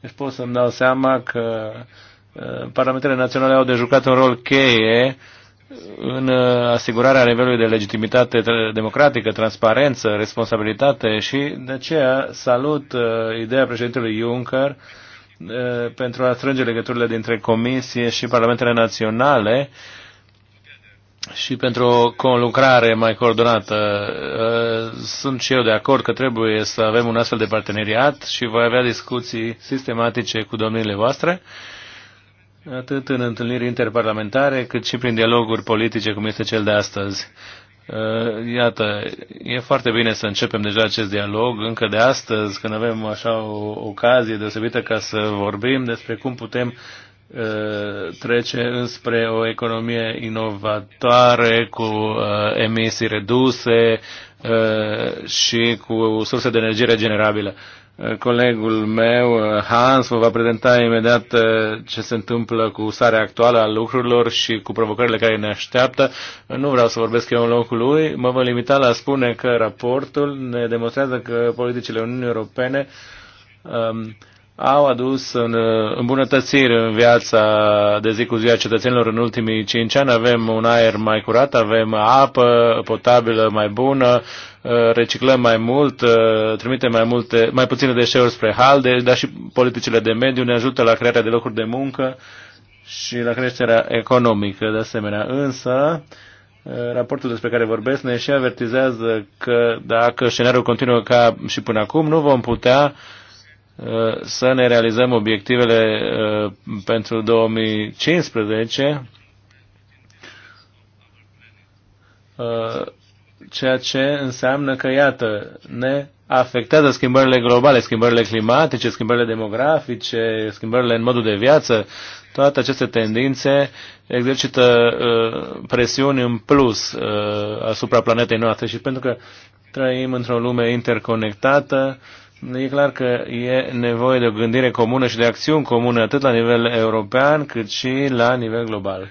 deci pot să-mi dau seama că uh, parlamentele naționale au de jucat un rol cheie în uh, asigurarea nivelului de legitimitate democratică, transparență, responsabilitate și de aceea salut uh, ideea președintelui Juncker pentru a strânge legăturile dintre Comisie și Parlamentele Naționale și pentru o conlucrare mai coordonată. Uh, sunt și eu de acord că trebuie să avem un astfel de parteneriat și voi avea discuții sistematice cu domniile voastre, atât în întâlniri interparlamentare, cât și prin dialoguri politice, cum este cel de astăzi. Uh, iată, e foarte bine să începem deja acest dialog încă de astăzi, când avem așa o ocazie deosebită ca să vorbim despre cum putem Uh, trece înspre o economie inovatoare cu uh, emisii reduse uh, și cu surse de energie regenerabilă. Colegul meu, Hans, vă va prezenta imediat ce se întâmplă cu starea actuală a lucrurilor și cu provocările care ne așteaptă. Nu vreau să vorbesc eu în locul lui, mă voi limita la spune că raportul ne demonstrează că politicile Uniunii Europene um, au adus în uh, îmbunătățiri în viața de zi cu zi a cetățenilor în ultimii cinci ani. Avem un aer mai curat, avem apă potabilă mai bună, uh, reciclăm mai mult, uh, trimitem mai, multe, mai puține deșeuri spre halde, dar și politicile de mediu ne ajută la crearea de locuri de muncă și la creșterea economică de asemenea. Însă, raportul despre care vorbesc ne și avertizează că dacă scenariul continuă ca și până acum, nu vom putea uh, Uh, să ne realizăm obiectivele uh, pentru 2015, uh, ceea ce înseamnă că, iată, ne afectează schimbările globale, schimbările climatice, schimbările demografice, schimbările în modul de viață, toate aceste tendințe exercită presiuni în plus asupra planetei noastre și pentru că trăim într-o lume interconectată, E clar că e nevoie de o gândire comună și de acțiuni comune, atât la nivel european, cât și la nivel global.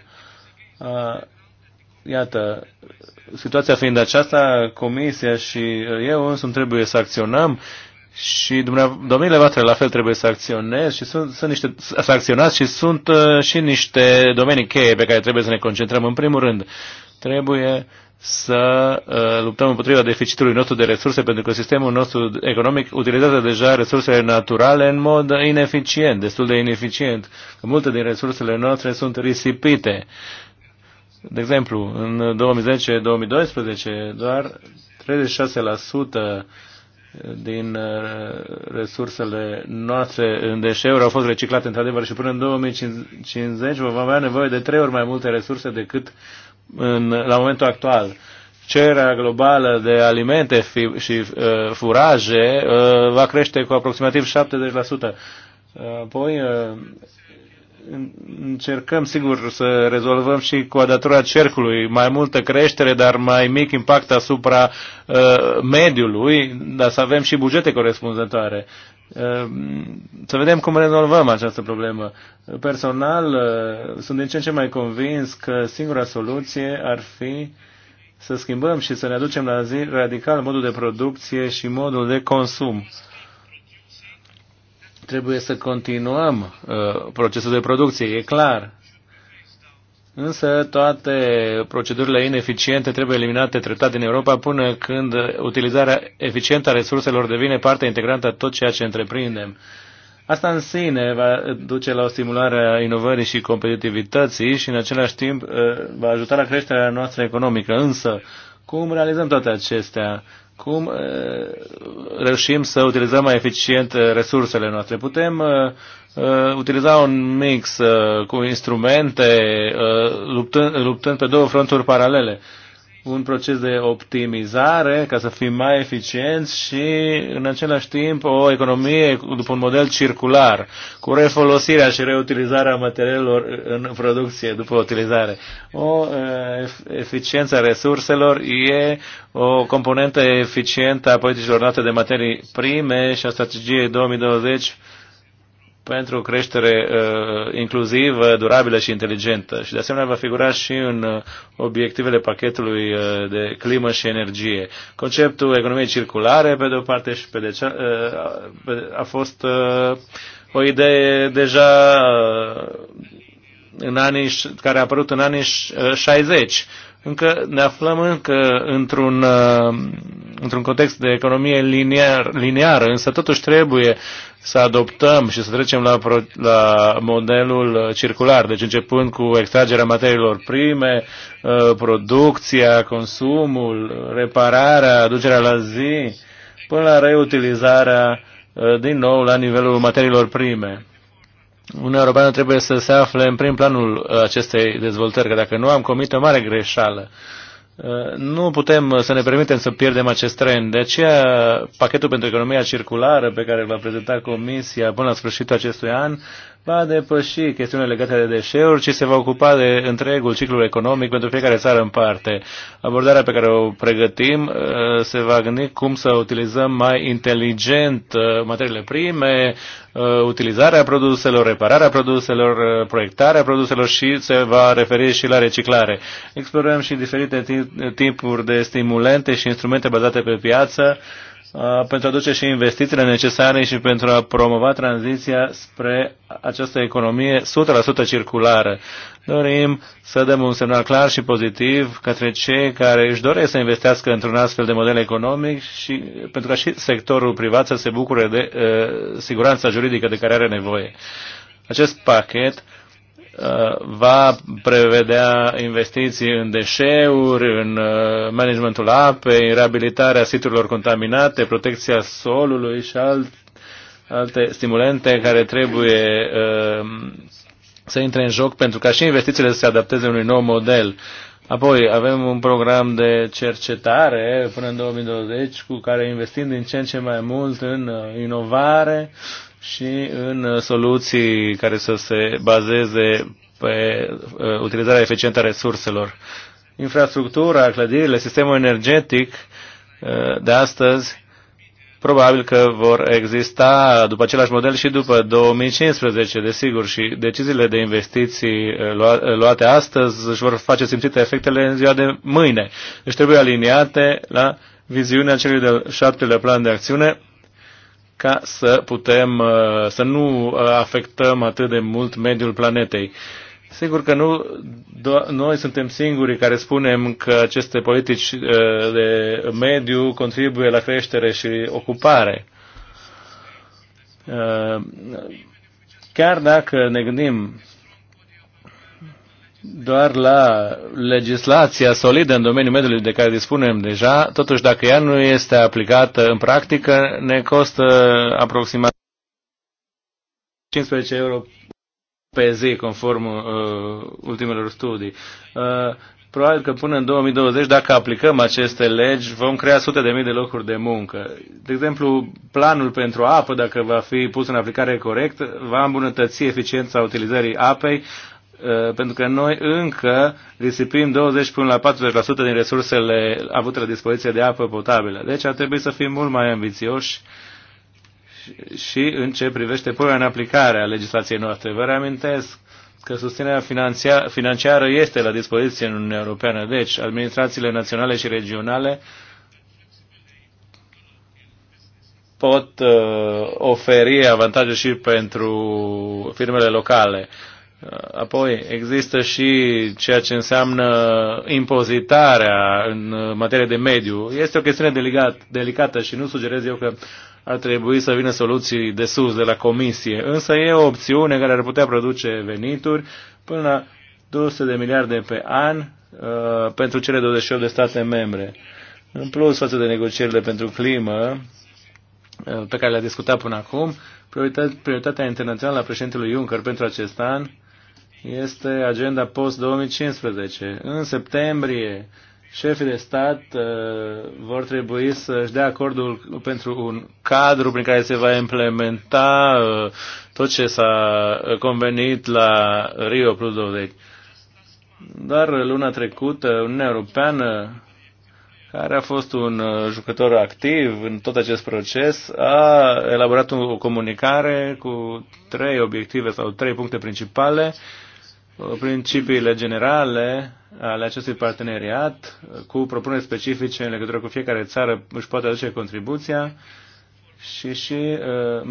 Iată, situația fiind aceasta, Comisia și eu însumi trebuie să acționăm și domnile voastre la fel trebuie să acționez și sunt, sunt niște, să acționați și sunt uh, și niște domenii cheie pe care trebuie să ne concentrăm. În primul rând, trebuie să uh, luptăm împotriva deficitului nostru de resurse, pentru că sistemul nostru economic utilizează deja resursele naturale în mod ineficient, destul de ineficient. Că multe din resursele noastre sunt risipite. De exemplu, în 2010-2012 doar 36% din uh, resursele noastre în deșeuri au fost reciclate într-adevăr și până în 2050 vom avea nevoie de trei ori mai multe resurse decât în, la momentul actual. Cererea globală de alimente fi, și uh, furaje uh, va crește cu aproximativ 70%. Apoi uh, încercăm, sigur, să rezolvăm și quadratura cercului. Mai multă creștere, dar mai mic impact asupra uh, mediului, dar să avem și bugete corespunzătoare. Ehm, să vedem cum rezolvăm această problemă. Personal, eh, sunt din ce în ce mai convins că singura soluție ar fi să schimbăm și să ne aducem la zi radical modul de producție și modul de consum. Trebuie să continuăm uh, procesul de producție, e clar, Însă toate procedurile ineficiente trebuie eliminate treptat din Europa până când utilizarea eficientă a resurselor devine parte integrantă a tot ceea ce întreprindem. Asta în sine va duce la o stimulare a inovării și competitivității și în același timp ă, va ajuta la creșterea noastră economică. Însă, cum realizăm toate acestea? Cum ă, reușim să utilizăm mai eficient ă, resursele noastre? Putem uh, utiliza un mix uh, cu instrumente, uh, luptând, luptând pe două fronturi paralele. Un proces de optimizare ca să fim mai eficienți și, în același timp, o economie după un model circular, cu refolosirea și reutilizarea materialelor în producție după utilizare. O uh, eficiență a resurselor e o componentă eficientă a politicilor date de materii prime și a strategiei 2020 pentru o creștere uh, inclusivă, durabilă și inteligentă. Și de asemenea va figura și în uh, obiectivele pachetului uh, de climă și energie. Conceptul economiei circulare, pe de o parte și pe de cea, uh, a fost uh, o idee deja uh, în anii, care a apărut în anii 60 încă ne aflăm încă într-un, uh, într-un context de economie linear, lineară, însă totuși trebuie să adoptăm și să trecem la, pro, la modelul uh, circular, deci începând cu extragerea materiilor prime, uh, producția, consumul, repararea, aducerea la zi, până la reutilizarea din nou la nivelul materiilor prime. Uniunea Europeană trebuie să se afle în prim planul uh, acestei dezvoltări, că dacă nu am comit o mare greșeală, uh, nu putem uh, să ne permitem să pierdem acest tren. De aceea, pachetul pentru economia circulară pe care l-a prezentat Comisia până la sfârșitul acestui an va depăși chestiunile legate de deșeuri, ci se va ocupa de întregul ciclu economic pentru fiecare țară în parte. Abordarea pe care o pregătim uh, se va gândi cum să utilizăm mai inteligent uh, materiile prime, uh, utilizarea produselor, repararea produselor, proiectarea produselor și se va referi și la reciclare. Explorăm și diferite tipuri de stimulente și instrumente bazate pe piață, Uh, pentru a duce și investițiile necesare și pentru a promova tranziția spre această economie 100% circulară. Dorim să dăm un semnal clar și pozitiv către cei care își doresc să investească într-un astfel de model economic și pentru ca și sectorul privat să se bucure de uh, siguranța juridică de care are nevoie. Acest pachet uh, va prevedea investiții în deșeuri, în uh, managementul apei, în reabilitarea siturilor contaminate, protecția solului și alt, alte stimulente care trebuie uh, să intre în joc pentru ca și investițiile să se adapteze unui nou model. Apoi avem un program de cercetare până în 2020 cu care investim din ce în ce mai mult în uh, inovare, și în uh, soluții care să se bazeze pe uh, utilizarea eficientă a resurselor. Infrastructura, clădirile, sistemul energetic uh, de astăzi probabil că vor exista după același model și după 2015, desigur, și deciziile de investiții luate astăzi își vor face simțite efectele în ziua de mâine. Deci trebuie aliniate la viziunea celui de șaptele plan de acțiune ca să putem uh, să nu uh, afectăm atât de mult mediul planetei. Sigur că nu noi suntem singurii care spunem că aceste politici uh, de mediu contribuie la creștere și ocupare. Chiar dacă ne gândim doar la legislația solidă în domeniul mediului de care dispunem deja, totuși dacă ea nu este aplicată în practică, ne costă aproximativ 15 euro pe zi, conform uh, ultimelor studii. Uh, probabil că până în 2020, dacă aplicăm aceste legi, vom crea sute de mii de locuri de muncă. De exemplu, planul pentru apă, dacă va fi pus în aplicare corect, va îmbunătăți eficiența utilizării apei, Uh, pentru că noi încă risipim 20 până la 40% din resursele avute la dispoziție de apă potabilă. Deci ar trebui să fim mult mai ambițioși și în ce privește punerea în aplicare a legislației noastre. Vă reamintesc că susținerea financiară este la dispoziție în Uniunea Europeană. Deci, administrațiile naționale și regionale pot uh, oferi avantaje și pentru firmele locale. Uh, Apoi există și ceea ce înseamnă impozitarea în materie de mediu. Este o chestiune delicat, delicată și nu sugerez eu că ar trebui să vină soluții de sus, de la comisie. Însă e o opțiune care ar putea produce venituri până la 200 de miliarde pe an uh, pentru cele 28 de state membre. În plus față de negocierile pentru climă uh, pe care le-a discutat până acum, prioritatea internațională a președintelui Juncker pentru acest an uh, este agenda post-2015. În septembrie, șefii de stat uh, vor trebui să-și dea acordul pentru un cadru prin care se va implementa uh, tot ce s-a uh, convenit la Rio Plus 20. Deci, dar luna trecută, Uniunea Europeană, care a fost un uh, jucător activ în tot acest proces, a elaborat o comunicare cu trei obiective sau trei puncte principale uh, principiile generale ale acestui parteneriat, cu propuneri specifice în legătură cu fiecare țară își poate aduce contribuția și și uh,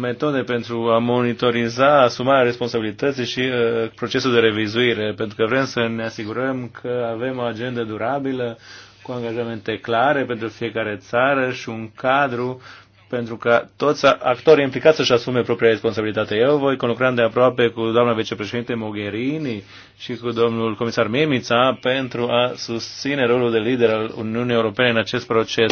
metode pentru a monitoriza asumarea responsabilității și uh, procesul de revizuire, pentru că vrem să ne asigurăm că avem o agendă durabilă cu angajamente clare pentru fiecare țară și un cadru pentru ca toți actorii implicați să-și asume propria responsabilitate. Eu voi conlucra de aproape cu doamna vicepreședinte Mogherini și cu domnul comisar Mimița pentru a susține rolul de lider al Uniunii Europene în acest proces.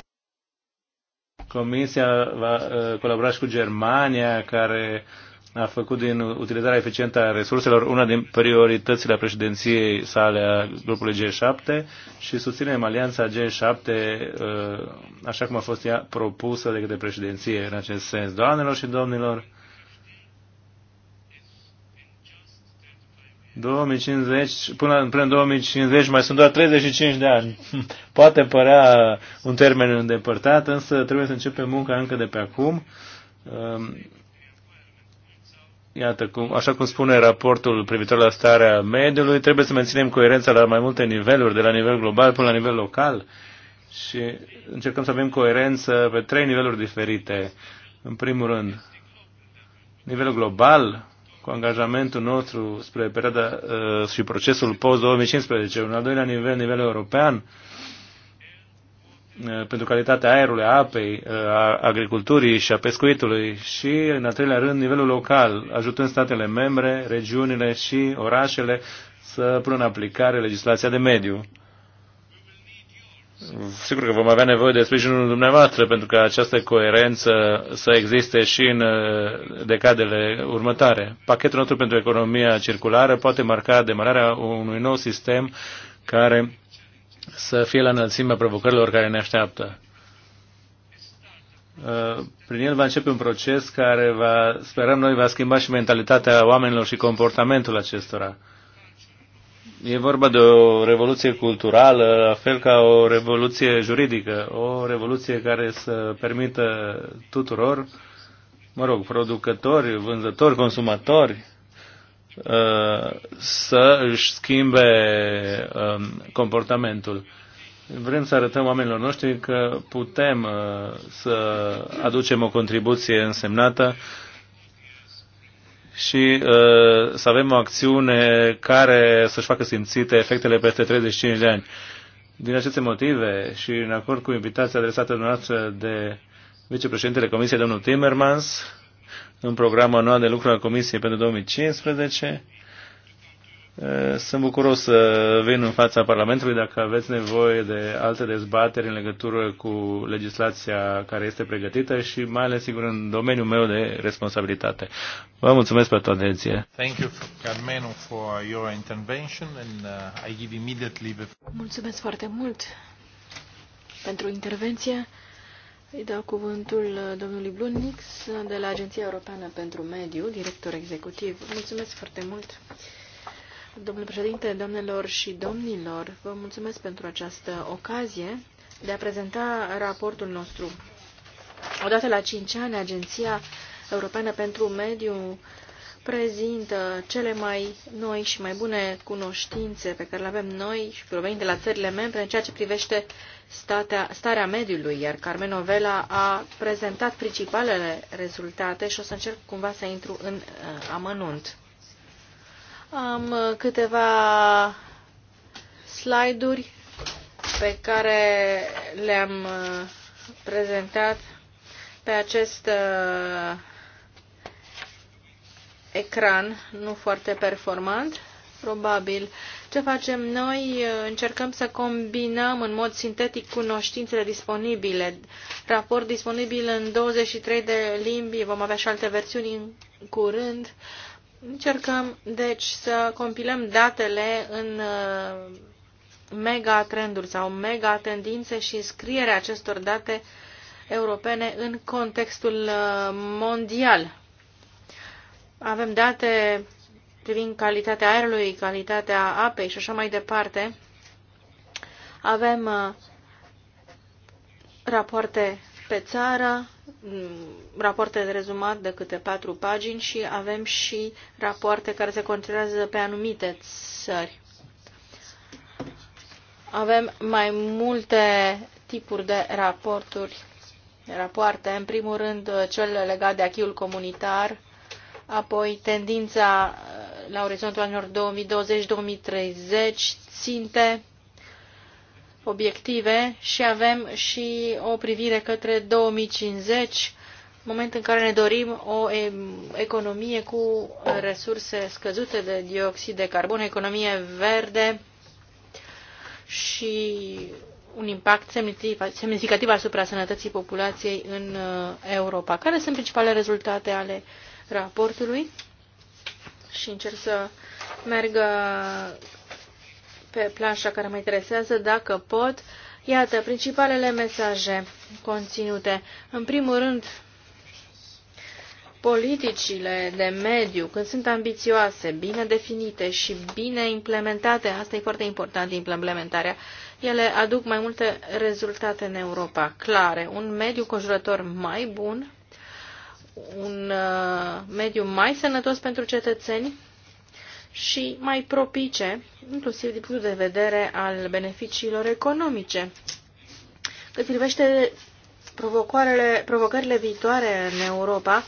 Comisia va uh, colabora și cu Germania, care uh, a făcut din utilizarea eficientă a resurselor una din prioritățile președinției sale a grupului G7 și susținem alianța G7 uh, așa cum a fost ea propusă de către președinție în acest sens. Doamnelor și domnilor, 2050, până, până în 2050 mai sunt doar 35 de ani. Poate părea un termen îndepărtat, însă trebuie să începem munca încă de pe acum um, Iată, cum, așa cum spune raportul privitor la starea mediului, trebuie să menținem coerența la mai multe niveluri, de la nivel global până la nivel local și încercăm să avem coerență pe trei niveluri diferite. În primul rând, nivelul global, cu angajamentul nostru spre perioada uh, și procesul post-2015. Un al doilea nivel, nivelul european, Uh, pentru calitatea aerului, a apei, uh, a agriculturii și a pescuitului și, în al treilea rând, nivelul local, ajutând statele membre, regiunile și orașele să pună în aplicare legislația de mediu. Sigur că vom avea nevoie de sprijinul dumneavoastră pentru că această coerență să existe și în uh, decadele următoare. Pachetul nostru pentru economia circulară poate marca demararea unui nou sistem care să fie la înălțimea provocărilor care ne așteaptă. Uh, prin el va începe un proces care va, sperăm noi, va schimba și mentalitatea oamenilor și comportamentul acestora. E vorba de o revoluție culturală, la fel ca o revoluție juridică, o revoluție care să permită tuturor, mă rog, producători, vânzători, consumatori, Uh, să își schimbe um, comportamentul. Vrem să arătăm oamenilor noștri că putem uh, să aducem o contribuție însemnată și uh, să avem o acțiune care să-și facă simțite efectele peste 35 de ani. Din aceste motive și în acord cu invitația adresată dumneavoastră de vicepreședintele Comisiei, domnul Timmermans, în programul anual de lucru al Comisiei pentru 2015. Sunt bucuros să vin în fața Parlamentului dacă aveți nevoie de alte dezbateri în legătură cu legislația care este pregătită și mai ales, sigur, în domeniul meu de responsabilitate. Vă mulțumesc pentru atenție. Uh, mulțumesc foarte mult pentru intervenție. Îi dau cuvântul uh, domnului Blunix de la Agenția Europeană pentru Mediu, director executiv. Mulțumesc foarte mult, domnule președinte, domnilor și domnilor. Vă mulțumesc pentru această ocazie de a prezenta raportul nostru. Odată la 5 ani, Agenția Europeană pentru Mediu prezintă cele mai noi și mai bune cunoștințe pe care le avem noi și provenind de la țările membre în ceea ce privește uh, statea, starea mediului, iar Carmen Novela a prezentat principalele rezultate și o să încerc cumva să intru în uh, amănunt. Am uh, câteva slide-uri pe care le-am uh, prezentat pe acest uh, ecran, nu foarte performant, probabil. Uh, ce facem noi? Încercăm să combinăm în mod sintetic cunoștințele disponibile. Raport disponibil în 23 de limbi, vom avea și alte versiuni în curând. Încercăm, deci, să compilăm datele în uh, mega sau mega tendințe și scrierea acestor date europene în contextul uh, mondial. Avem date privind calitatea aerului, calitatea apei și așa mai departe, avem uh, rapoarte pe țară, mm, rapoarte de rezumat de câte patru pagini și avem și rapoarte care se concentrează pe anumite țări. Avem mai multe tipuri de raporturi, rapoarte. În primul rând, cel legat de achiul comunitar, apoi tendința la orizontul anilor 2020-2030 ținte, obiective și avem și o privire către 2050, moment în care ne dorim o economie cu resurse scăzute de dioxid de carbon, economie verde și un impact semnificativ asupra sănătății populației în uh, Europa. Care sunt principalele rezultate ale raportului? și încerc să merg pe planșa care mă interesează, dacă pot. Iată, principalele mesaje conținute. În primul rând, politicile de mediu, când sunt ambițioase, bine definite și bine implementate, asta e foarte important, implementarea, ele aduc mai multe rezultate în Europa, clare. Un mediu conjurător mai bun, un uh, mediu mai sănătos pentru cetățeni și mai propice, inclusiv din punct de vedere al beneficiilor economice. Cât privește provocările, viitoare în Europa,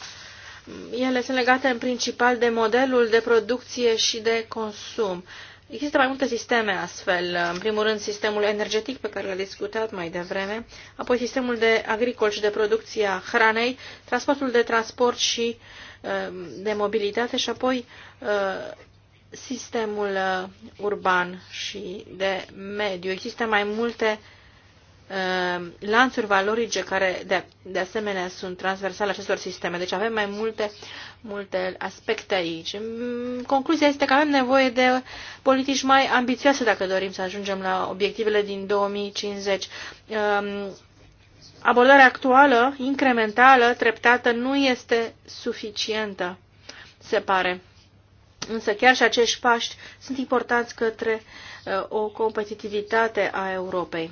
ele sunt legate în principal de modelul de producție și de consum. Există mai multe sisteme astfel. În primul rând, sistemul energetic pe care l-a discutat mai devreme, apoi sistemul de agricol și de producție a hranei, transportul de transport și uh, de mobilitate și apoi uh, sistemul uh, urban și de mediu. Există mai multe uh, Uh, lanțuri valorice care de, de asemenea sunt transversale acestor sisteme. Deci avem mai multe, multe aspecte aici. Mm, concluzia este că avem nevoie de politici mai ambițioase dacă dorim să ajungem la obiectivele din 2050. Um, abordarea actuală, incrementală, treptată, nu este suficientă, se pare. Însă chiar și acești pași sunt importanți către uh, o competitivitate a Europei.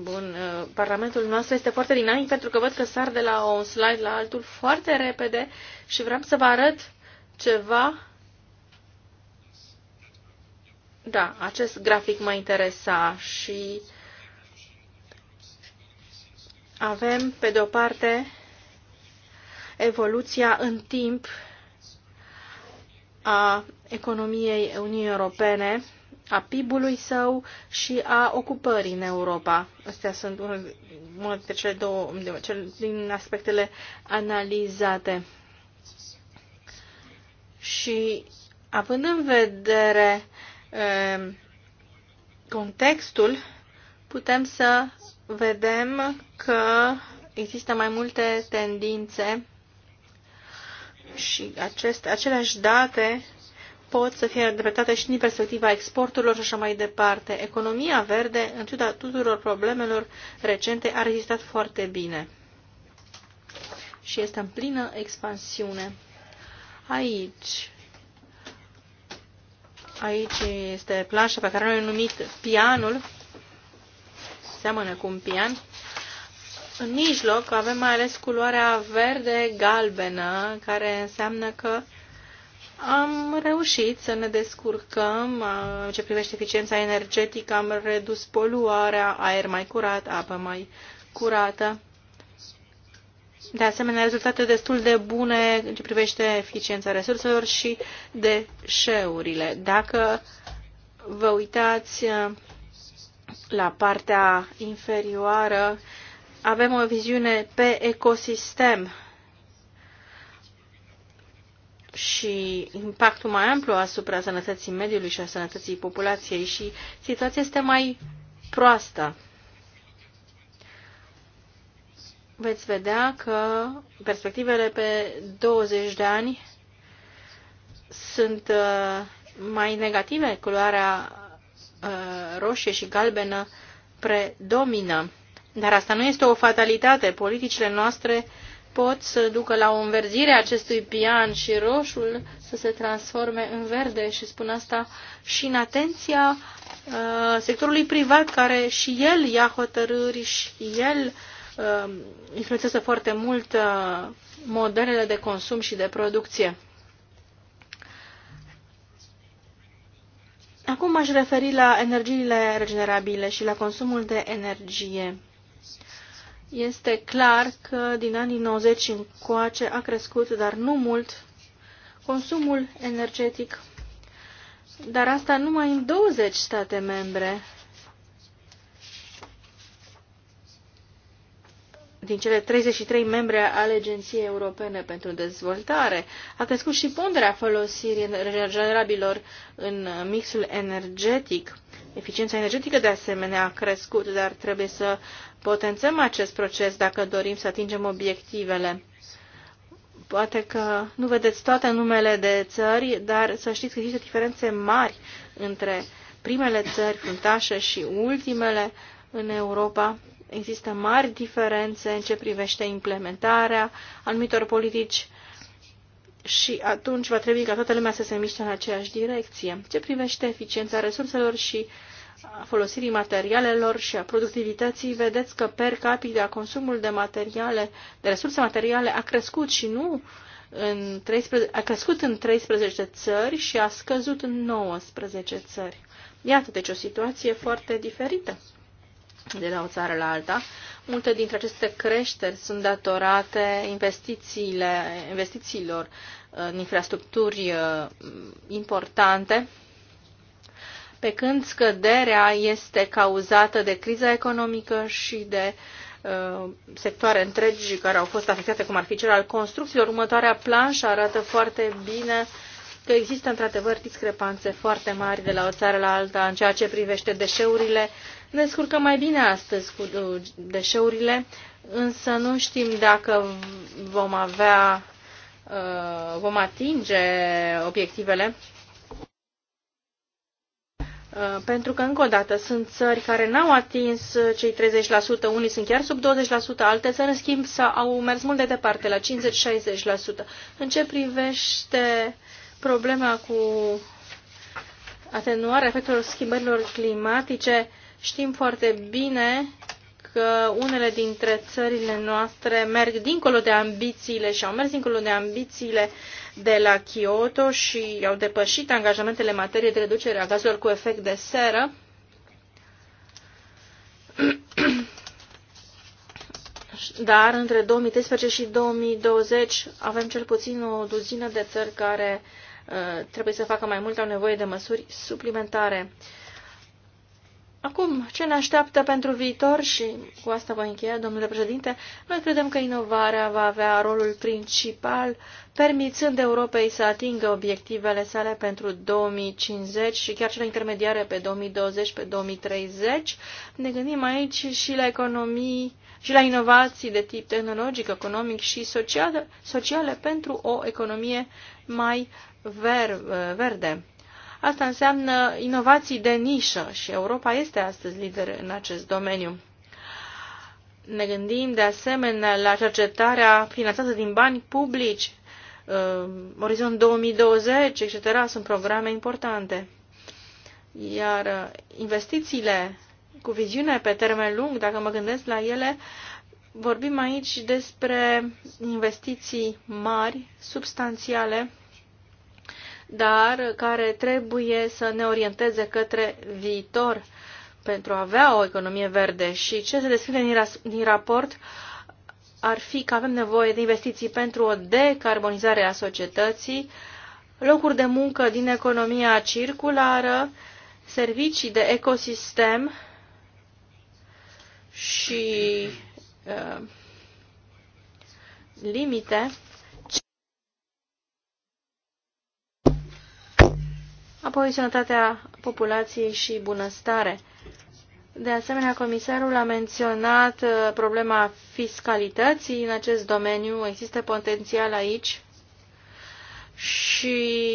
Bun, uh, Parlamentul nostru este foarte dinamic pentru că văd că sar de la un slide la altul foarte repede și vreau să vă arăt ceva. Da, acest grafic mă interesa și avem, pe de o parte, evoluția în timp a economiei Uniunii Europene a PIB-ului său și a ocupării în Europa. Astea sunt unul, unul dintre cele două cel, din aspectele analizate. Și având în vedere e, eh, contextul, putem să vedem că există mai multe tendințe și aceste, aceleași date pot să fie îndreptate și din perspectiva exporturilor și așa mai departe. Economia verde, în ciuda tuturor problemelor recente, a rezistat foarte bine și este în plină expansiune. Aici, aici este planșa pe care noi am numit pianul, seamănă cu un pian. În mijloc avem mai ales culoarea verde-galbenă, care înseamnă că am reușit să ne descurcăm uh, în ce privește eficiența energetică, am redus poluarea, aer mai curat, apă mai curată. De asemenea, rezultate destul de bune în ce privește eficiența resurselor și deșeurile. Dacă vă uitați uh, la partea inferioară, avem o viziune pe ecosistem și impactul mai amplu asupra sănătății mediului și a sănătății populației și situația este mai proastă. Veți vedea că perspectivele pe 20 de ani sunt uh, mai negative, culoarea uh, roșie și galbenă predomină. Dar asta nu este o fatalitate. Politicile noastre uh, pot să ducă la o înverzire a acestui pian și roșul să se transforme în verde și spun asta și în atenția uh, sectorului privat care și el ia hotărâri și el uh, influențează foarte mult uh, modelele de consum și de producție. Acum aș referi la energiile regenerabile și la consumul de energie. Este clar că din anii 90 încoace a crescut, dar nu mult, consumul energetic. Dar asta numai în 20 state membre din cele 33 membre ale Agenției Europene pentru Dezvoltare. A crescut și ponderea folosirii regenerabilor în mixul energetic. Eficiența energetică de asemenea a crescut, dar trebuie să potențăm acest proces dacă dorim să atingem obiectivele. Poate că nu vedeți toate numele de țări, dar să știți că există diferențe mari între primele țări fruntașe și ultimele în Europa. Există mari diferențe în ce privește implementarea anumitor politici și atunci va trebui ca toată lumea să se miște în aceeași direcție. Ce privește eficiența resurselor și uh, a folosirii materialelor și a productivității, vedeți că per capita consumul de materiale, de resurse materiale a crescut și nu în 13, a crescut în 13 țări și a scăzut în 19 țări. Iată, deci o situație foarte diferită de la o țară la alta. Multe dintre aceste creșteri sunt datorate investițiile, investițiilor în infrastructuri uh, importante pe când scăderea este cauzată de criza economică și de uh, sectoare întregi care au fost afectate, cum ar fi cel al construcțiilor. Următoarea planșă arată foarte bine că există într-adevăr discrepanțe foarte mari de la o țară la alta în ceea ce privește deșeurile. Ne descurcăm mai bine astăzi cu uh, deșeurile, însă nu știm dacă vom avea, uh, vom atinge obiectivele Uh, pentru că, încă o dată, sunt țări care n-au atins uh, cei 30%, unii sunt chiar sub 20%, alte țări, în schimb, au mers mult de departe, la 50-60%. În ce privește problema cu atenuarea efectelor schimbărilor climatice, știm foarte bine că unele dintre țările noastre merg dincolo de ambițiile și au mers dincolo de ambițiile de la Kyoto și au depășit angajamentele în materie de reducere a gazelor cu efect de seră. Dar între 2013 și 2020 avem cel puțin o duzină de țări care uh, trebuie să facă mai mult, au nevoie de măsuri suplimentare. Uh, Acum, ce ne așteaptă pentru viitor și cu asta voi încheia, domnule președinte, noi credem că inovarea va avea rolul principal, permițând Europei să atingă obiectivele sale pentru 2050 și chiar cele intermediare pe 2020, pe 2030. Ne gândim aici și la economii și la inovații de tip tehnologic, economic și social, sociale pentru o economie mai ver, verde. Asta înseamnă inovații de nișă și Europa este astăzi lider în acest domeniu. Ne gândim de asemenea la cercetarea finanțată din bani publici, uh, Orizont 2020, etc. Sunt programe importante. Iar uh, investițiile cu viziune pe termen lung, dacă mă gândesc la ele, vorbim aici despre investiții mari, substanțiale, dar care trebuie să ne orienteze către viitor pentru a avea o economie verde. Și ce se descrie din raport ar fi că avem nevoie de investiții pentru o decarbonizare a societății, locuri de muncă din economia circulară, servicii de ecosistem și uh, limite apoi sănătatea populației și bunăstare. De asemenea, comisarul a menționat uh, problema fiscalității în acest domeniu. Există potențial aici și,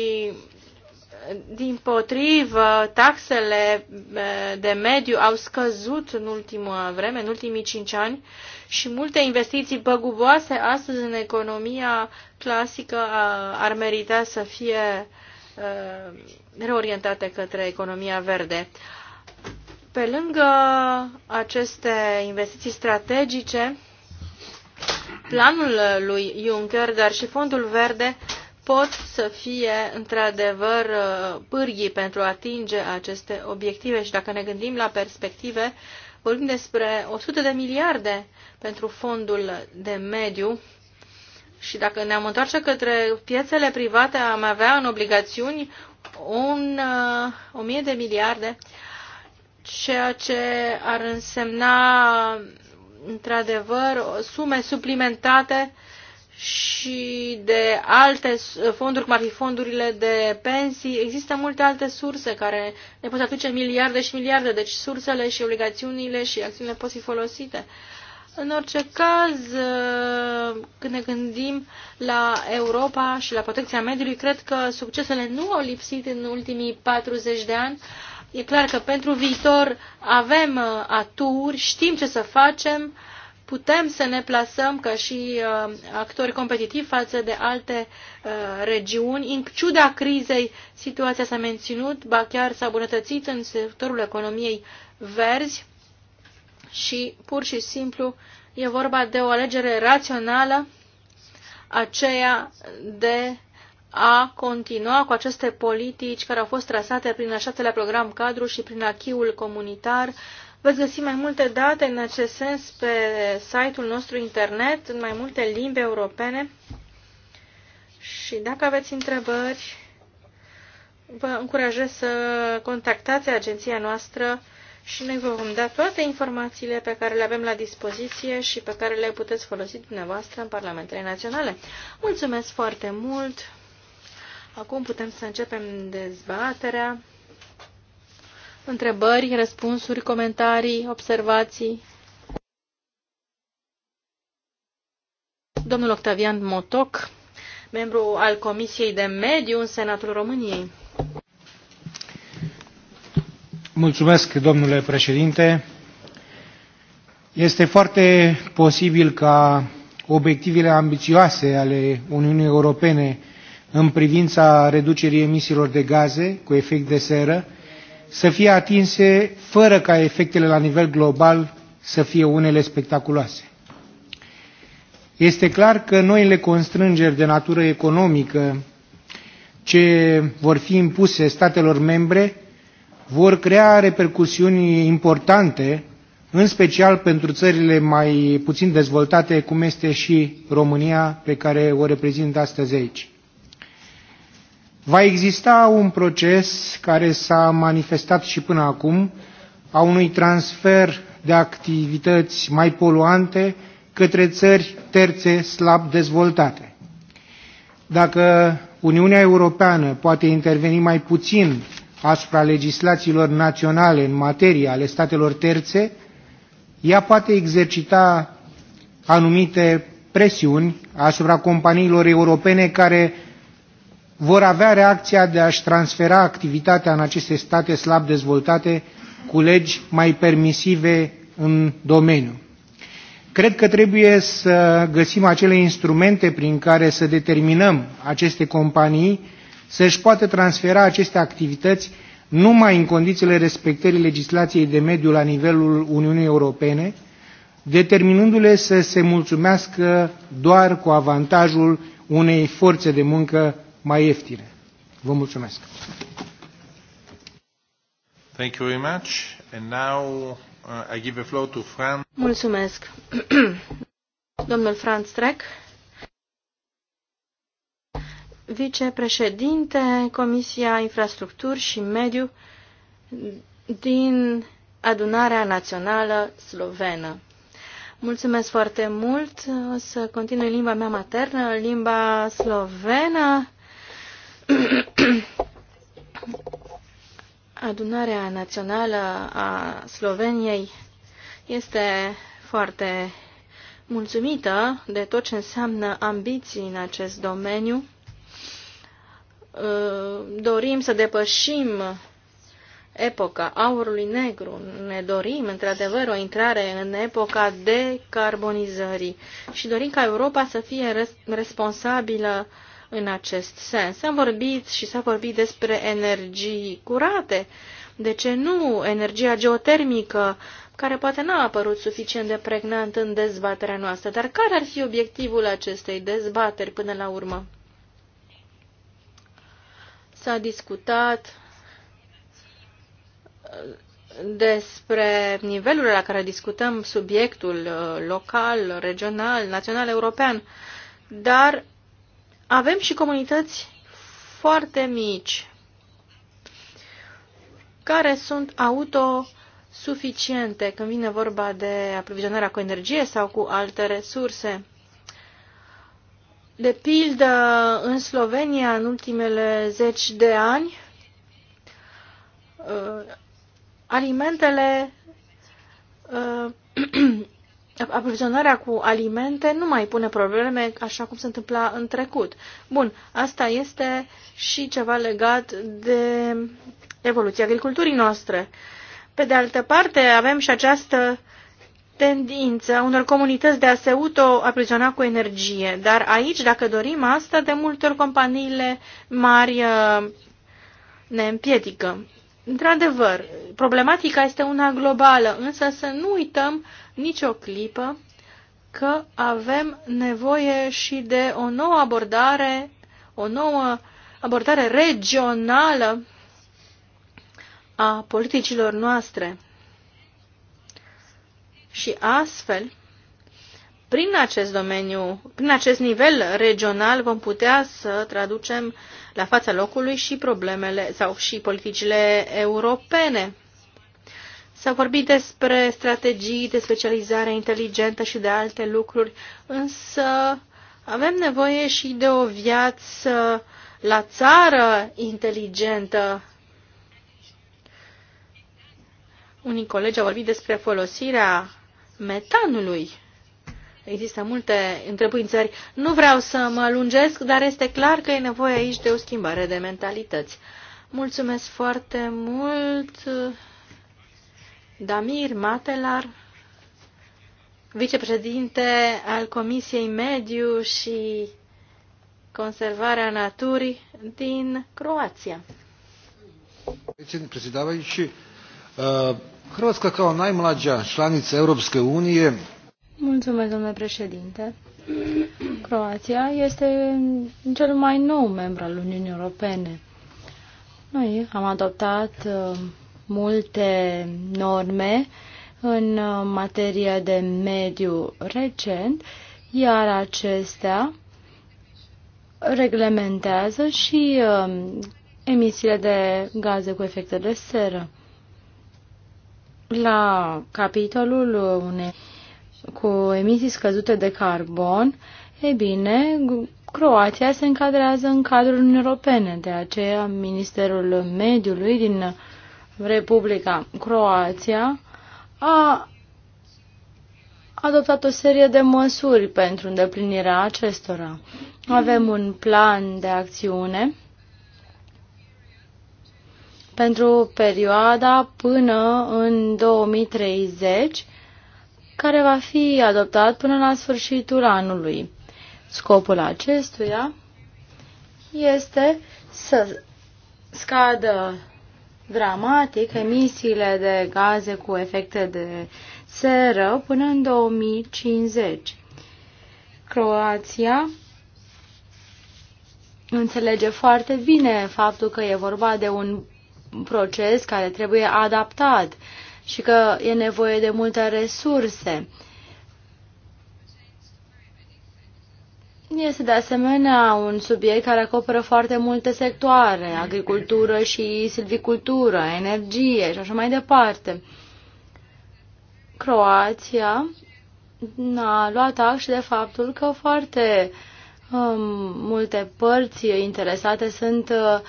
din potrivă, taxele uh, de mediu au scăzut în ultima vreme, în ultimii cinci ani și multe investiții băguboase astăzi în economia clasică uh, ar merita să fie uh, Uh, reorientate către economia verde. Pe lângă aceste investiții strategice, planul lui Juncker, dar și fondul verde pot să fie într-adevăr uh, pârghii pentru a atinge aceste obiective și dacă ne gândim la perspective, vorbim despre 100 de miliarde pentru fondul de mediu și dacă ne-am întoarce către piețele private, am avea în obligațiuni un, uh, o mie de miliarde, ceea ce ar însemna într-adevăr sume suplimentate și de alte fonduri, cum ar fi fondurile de pensii. Există multe alte surse care ne pot aduce miliarde și miliarde, deci sursele și obligațiunile și acțiunile pot fi folosite. Uh, în orice caz, uh, când ne gândim la Europa și la protecția mediului, cred că succesele nu au lipsit în ultimii 40 de ani. E clar că pentru viitor avem uh, aturi, știm ce să facem, putem să ne plasăm ca și uh, actori competitivi față de alte regiuni. În ciuda crizei, situația s-a menținut, ba chiar s-a bunătățit în sectorul economiei verzi și pur și simplu e vorba de o alegere rațională aceea de a continua cu aceste politici care au fost trasate prin al șaptelea program cadru și prin achiul comunitar. Veți găsi mai multe date în acest sens pe site-ul nostru internet, în mai multe limbi europene. Și dacă aveți întrebări, vă încurajez să contactați agenția noastră și noi vă vom da toate informațiile pe care le avem la dispoziție și pe care le puteți folosi dumneavoastră în Parlamentele Naționale. Mulțumesc foarte mult! Acum putem să începem dezbaterea. Întrebări, răspunsuri, comentarii, observații. Domnul Octavian Motoc, membru al Comisiei de Mediu în Senatul României. Mulțumesc, domnule președinte. Este foarte posibil ca obiectivele ambițioase ale Uniunii Europene în privința reducerii emisiilor de gaze cu efect de seră să fie atinse fără ca efectele la nivel global să fie unele spectaculoase. Este clar că noile constrângeri de natură economică ce vor fi impuse statelor membre vor crea repercusiuni importante, în special pentru țările mai puțin dezvoltate, cum este și România, pe care o reprezint astăzi aici. Va exista un proces care s-a manifestat și până acum, a unui transfer de activități mai poluante către țări terțe slab dezvoltate. Dacă Uniunea Europeană poate interveni mai puțin asupra legislațiilor naționale în materie ale statelor terțe, ea poate exercita anumite presiuni asupra companiilor europene care vor avea reacția de a-și transfera activitatea în aceste state slab dezvoltate cu legi mai permisive în domeniu. Cred că trebuie să găsim acele instrumente prin care să determinăm aceste companii să-și poată transfera aceste activități numai în condițiile respectării legislației de mediu la nivelul Uniunii Europene, determinându-le să se mulțumească doar cu avantajul unei forțe de muncă mai ieftine. Vă mulțumesc! Thank you very much. And now uh, I give the floor to Fran. Mulțumesc. Domnul Franz Trec vicepreședinte Comisia Infrastructuri și Mediu din Adunarea Națională Slovenă. Mulțumesc foarte mult. O să continui limba mea maternă, limba slovenă. Adunarea Națională a Sloveniei este foarte mulțumită de tot ce înseamnă ambiții în acest domeniu Uh, dorim să depășim epoca aurului negru. Ne dorim, într-adevăr, o intrare în epoca decarbonizării și dorim ca Europa să fie responsabilă în acest sens. Am vorbit și s-a vorbit despre energii curate. De ce nu energia geotermică, care poate n-a apărut suficient de pregnant în dezbaterea noastră, dar care ar fi obiectivul acestei dezbateri până la urmă? S-a discutat uh, despre nivelurile la care discutăm subiectul uh, local, regional, național, european, dar avem și comunități foarte mici care sunt autosuficiente când vine vorba de aprovizionarea cu energie sau cu alte resurse. De pildă, în Slovenia, în ultimele zeci de ani, uh, alimentele, uh, aprovizionarea cu alimente nu mai pune probleme așa cum se întâmpla în trecut. Bun, asta este și ceva legat de evoluția agriculturii noastre. Pe de altă parte, avem și această uh, tendință unor comunități de a se auto-apriziona cu energie. Dar aici, dacă dorim asta, de multe ori companiile mari uh, ne împiedică. Într-adevăr, problematica este una globală, însă să nu uităm nicio clipă că avem nevoie și de o nouă abordare, o nouă abordare regională a politicilor noastre și astfel, prin acest domeniu, prin acest nivel regional, vom putea să traducem la fața locului și problemele sau și politicile europene. S-a vorbit despre strategii de specializare inteligentă și de alte lucruri, însă avem nevoie și de o viață la țară inteligentă. Unii colegi au vorbit despre folosirea metanului. Există multe întrebări. Nu vreau să mă lungesc, dar este clar că e nevoie aici de o schimbare de mentalități. Mulțumesc foarte mult, Damir Matelar, vicepreședinte al Comisiei Mediu și Conservarea Naturii din Croația. Președinte, uh, Hrvatska kao najmlađa članica Europske unije Mulțumesc, domnule președinte. Croația este cel mai nou membru al Uniunii Europene. Noi am adoptat uh, multe norme în uh, materie de mediu recent, iar acestea reglementează și uh, emisiile de gaze cu efecte de seră la capitolul unei cu emisii scăzute de carbon, e bine, Croația se încadrează în cadrul Uniunii Europene, de aceea Ministerul Mediului din Republica Croația a adoptat o serie de măsuri pentru îndeplinirea acestora. Avem un plan de acțiune pentru perioada până în 2030, care va fi adoptat până la sfârșitul anului. Scopul acestuia este să scadă dramatic emisiile de gaze cu efecte de seră până în 2050. Croația înțelege foarte bine faptul că e vorba de un proces care trebuie adaptat și că e nevoie de multe resurse. Este de asemenea un subiect care acoperă foarte multe sectoare, agricultură și silvicultură, energie și așa mai departe. Croația a luat act și de faptul că foarte um, multe părți interesate sunt uh,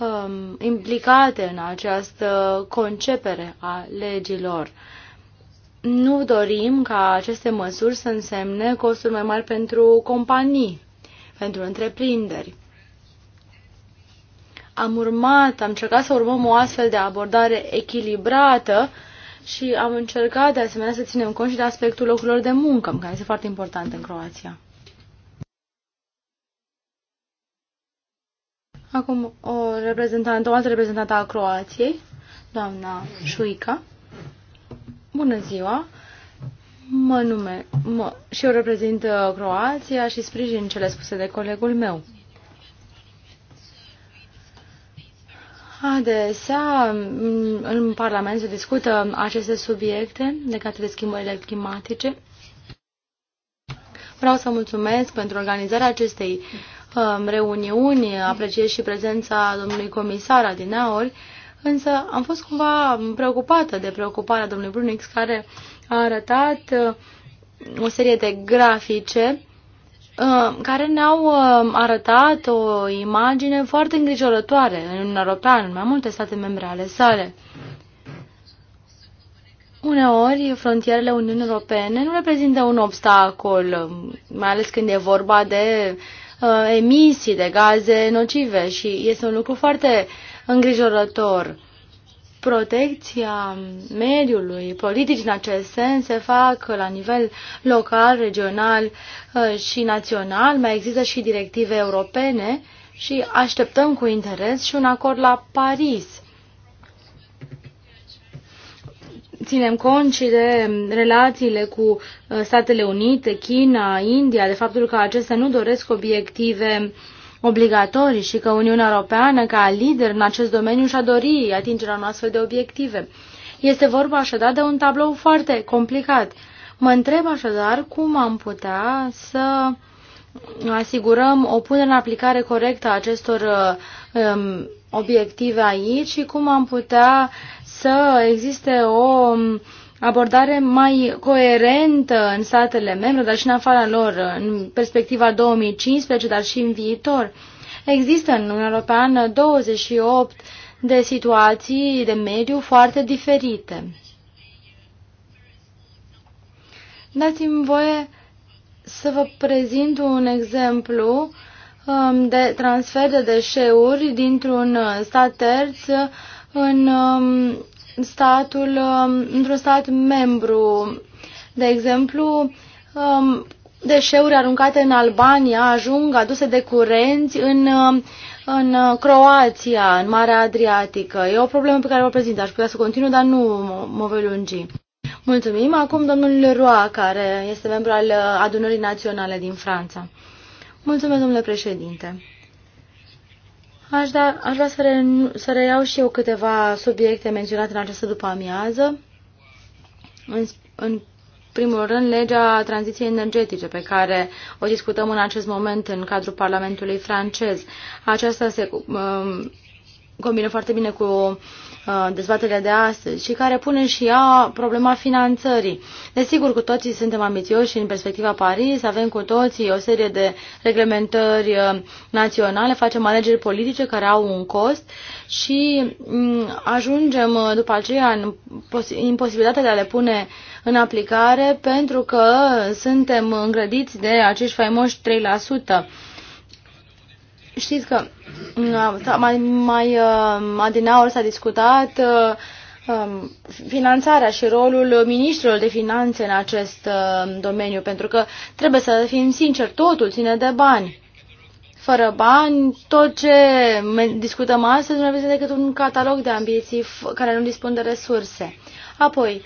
um, implicate în această concepere a legilor. Nu dorim ca aceste măsuri să însemne costuri mai mari pentru companii, pentru întreprinderi. Am urmat, am încercat să urmăm o astfel de abordare echilibrată și am încercat de asemenea să ținem cont și de aspectul locurilor de muncă, care este foarte important în Croația. Acum o reprezentantă, o altă reprezentantă a Croației, doamna Șuica. Bună ziua! Mă nume, mă, și eu reprezint uh, Croația și sprijin cele spuse de colegul meu. Adesea, în Parlament se discută aceste subiecte legate de schimbările climatice. Vreau să mulțumesc pentru organizarea acestei uh, reuniuni, apreciez și prezența domnului comisar Adinaori, însă am fost cumva preocupată de preocuparea domnului Brunix, care a arătat uh, o serie de grafice uh, care ne-au uh, arătat o imagine foarte îngrijorătoare în Uniunea Europeană, în mai multe state membre ale sale. Uneori, frontierele Uniunii Europene nu reprezintă un obstacol, mai ales când e vorba de uh, emisii de gaze nocive și este un lucru foarte îngrijorător. Protecția mediului, politici în acest sens, se fac la nivel local, regional uh, și național. Mai există și directive europene și așteptăm cu interes și un acord la Paris ținem cont și de relațiile cu uh, Statele Unite, China, India, de faptul că acestea nu doresc obiective obligatorii și că Uniunea Europeană, ca lider în acest domeniu, și-a dori atingerea unor astfel de obiective. Este vorba așadar de un tablou foarte complicat. Mă întreb așadar cum am putea să asigurăm o punere în aplicare corectă a acestor uh, um, obiective aici și cum am putea să existe o abordare mai coerentă în statele membre, dar și în afara lor, în perspectiva 2015, dar și în viitor. Există în Uniunea Europeană 28 de situații de mediu foarte diferite. Dați-mi voie să vă prezint un exemplu um, de transfer de deșeuri dintr-un stat terț în um, statul, um, într-un stat membru. De exemplu, um, deșeuri aruncate în Albania ajung aduse de curenți în, în Croația, în Marea Adriatică. E o problemă pe care o prezint. Aș putea să continu, dar nu mă voi lungi. Mulțumim. Acum domnul Leroy, care este membru al uh, Adunării Naționale din Franța. Mulțumesc, domnule președinte. Aș, da, aș vrea să, re, să reiau și eu câteva subiecte menționate în această după-amiază. În, în primul rând, legea tranziției energetice, pe care o discutăm în acest moment în cadrul Parlamentului francez. Aceasta se um, combină foarte bine cu Uh, dezbaterea de astăzi și care pune și ea problema finanțării. Desigur, cu toții suntem ambițioși în perspectiva Paris, avem cu toții o serie de reglementări uh, naționale, facem alegeri politice care au un cost și mm, ajungem uh, după aceea în imposibilitatea de a le pune în aplicare pentru că suntem îngrădiți de acești faimoși 3%. Știți că uh, da, mai, mai uh, adineaori s-a discutat uh, um, finanțarea și rolul ministrilor de finanțe în acest uh, domeniu, pentru că trebuie să fim sinceri, totul ține de bani. Fără bani, tot ce discutăm astăzi nu este decât un catalog de ambiții care nu dispun de resurse. Apoi,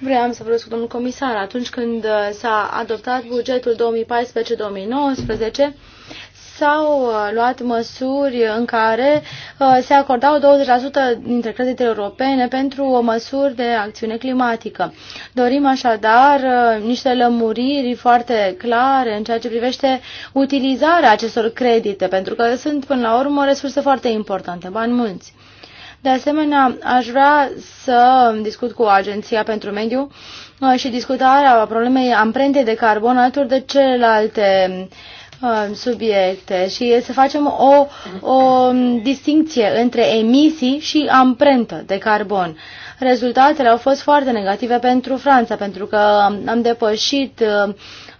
vreau să vorbesc cu domnul comisar, atunci când s-a adoptat bugetul 2014-2019, s-au uh, luat măsuri în care uh, se acordau 20% dintre creditele europene pentru o măsuri de acțiune climatică. Dorim așadar uh, niște lămuriri foarte clare în ceea ce privește utilizarea acestor credite, pentru că sunt până la urmă resurse foarte importante, bani mulți. De asemenea, aș vrea să discut cu Agenția pentru Mediu și discutarea problemei amprentei de carbon alături de celelalte uh, Um, subiecte și să facem o, o um, distinție între emisii și amprentă de carbon. Rezultatele au fost foarte negative pentru Franța, pentru că am depășit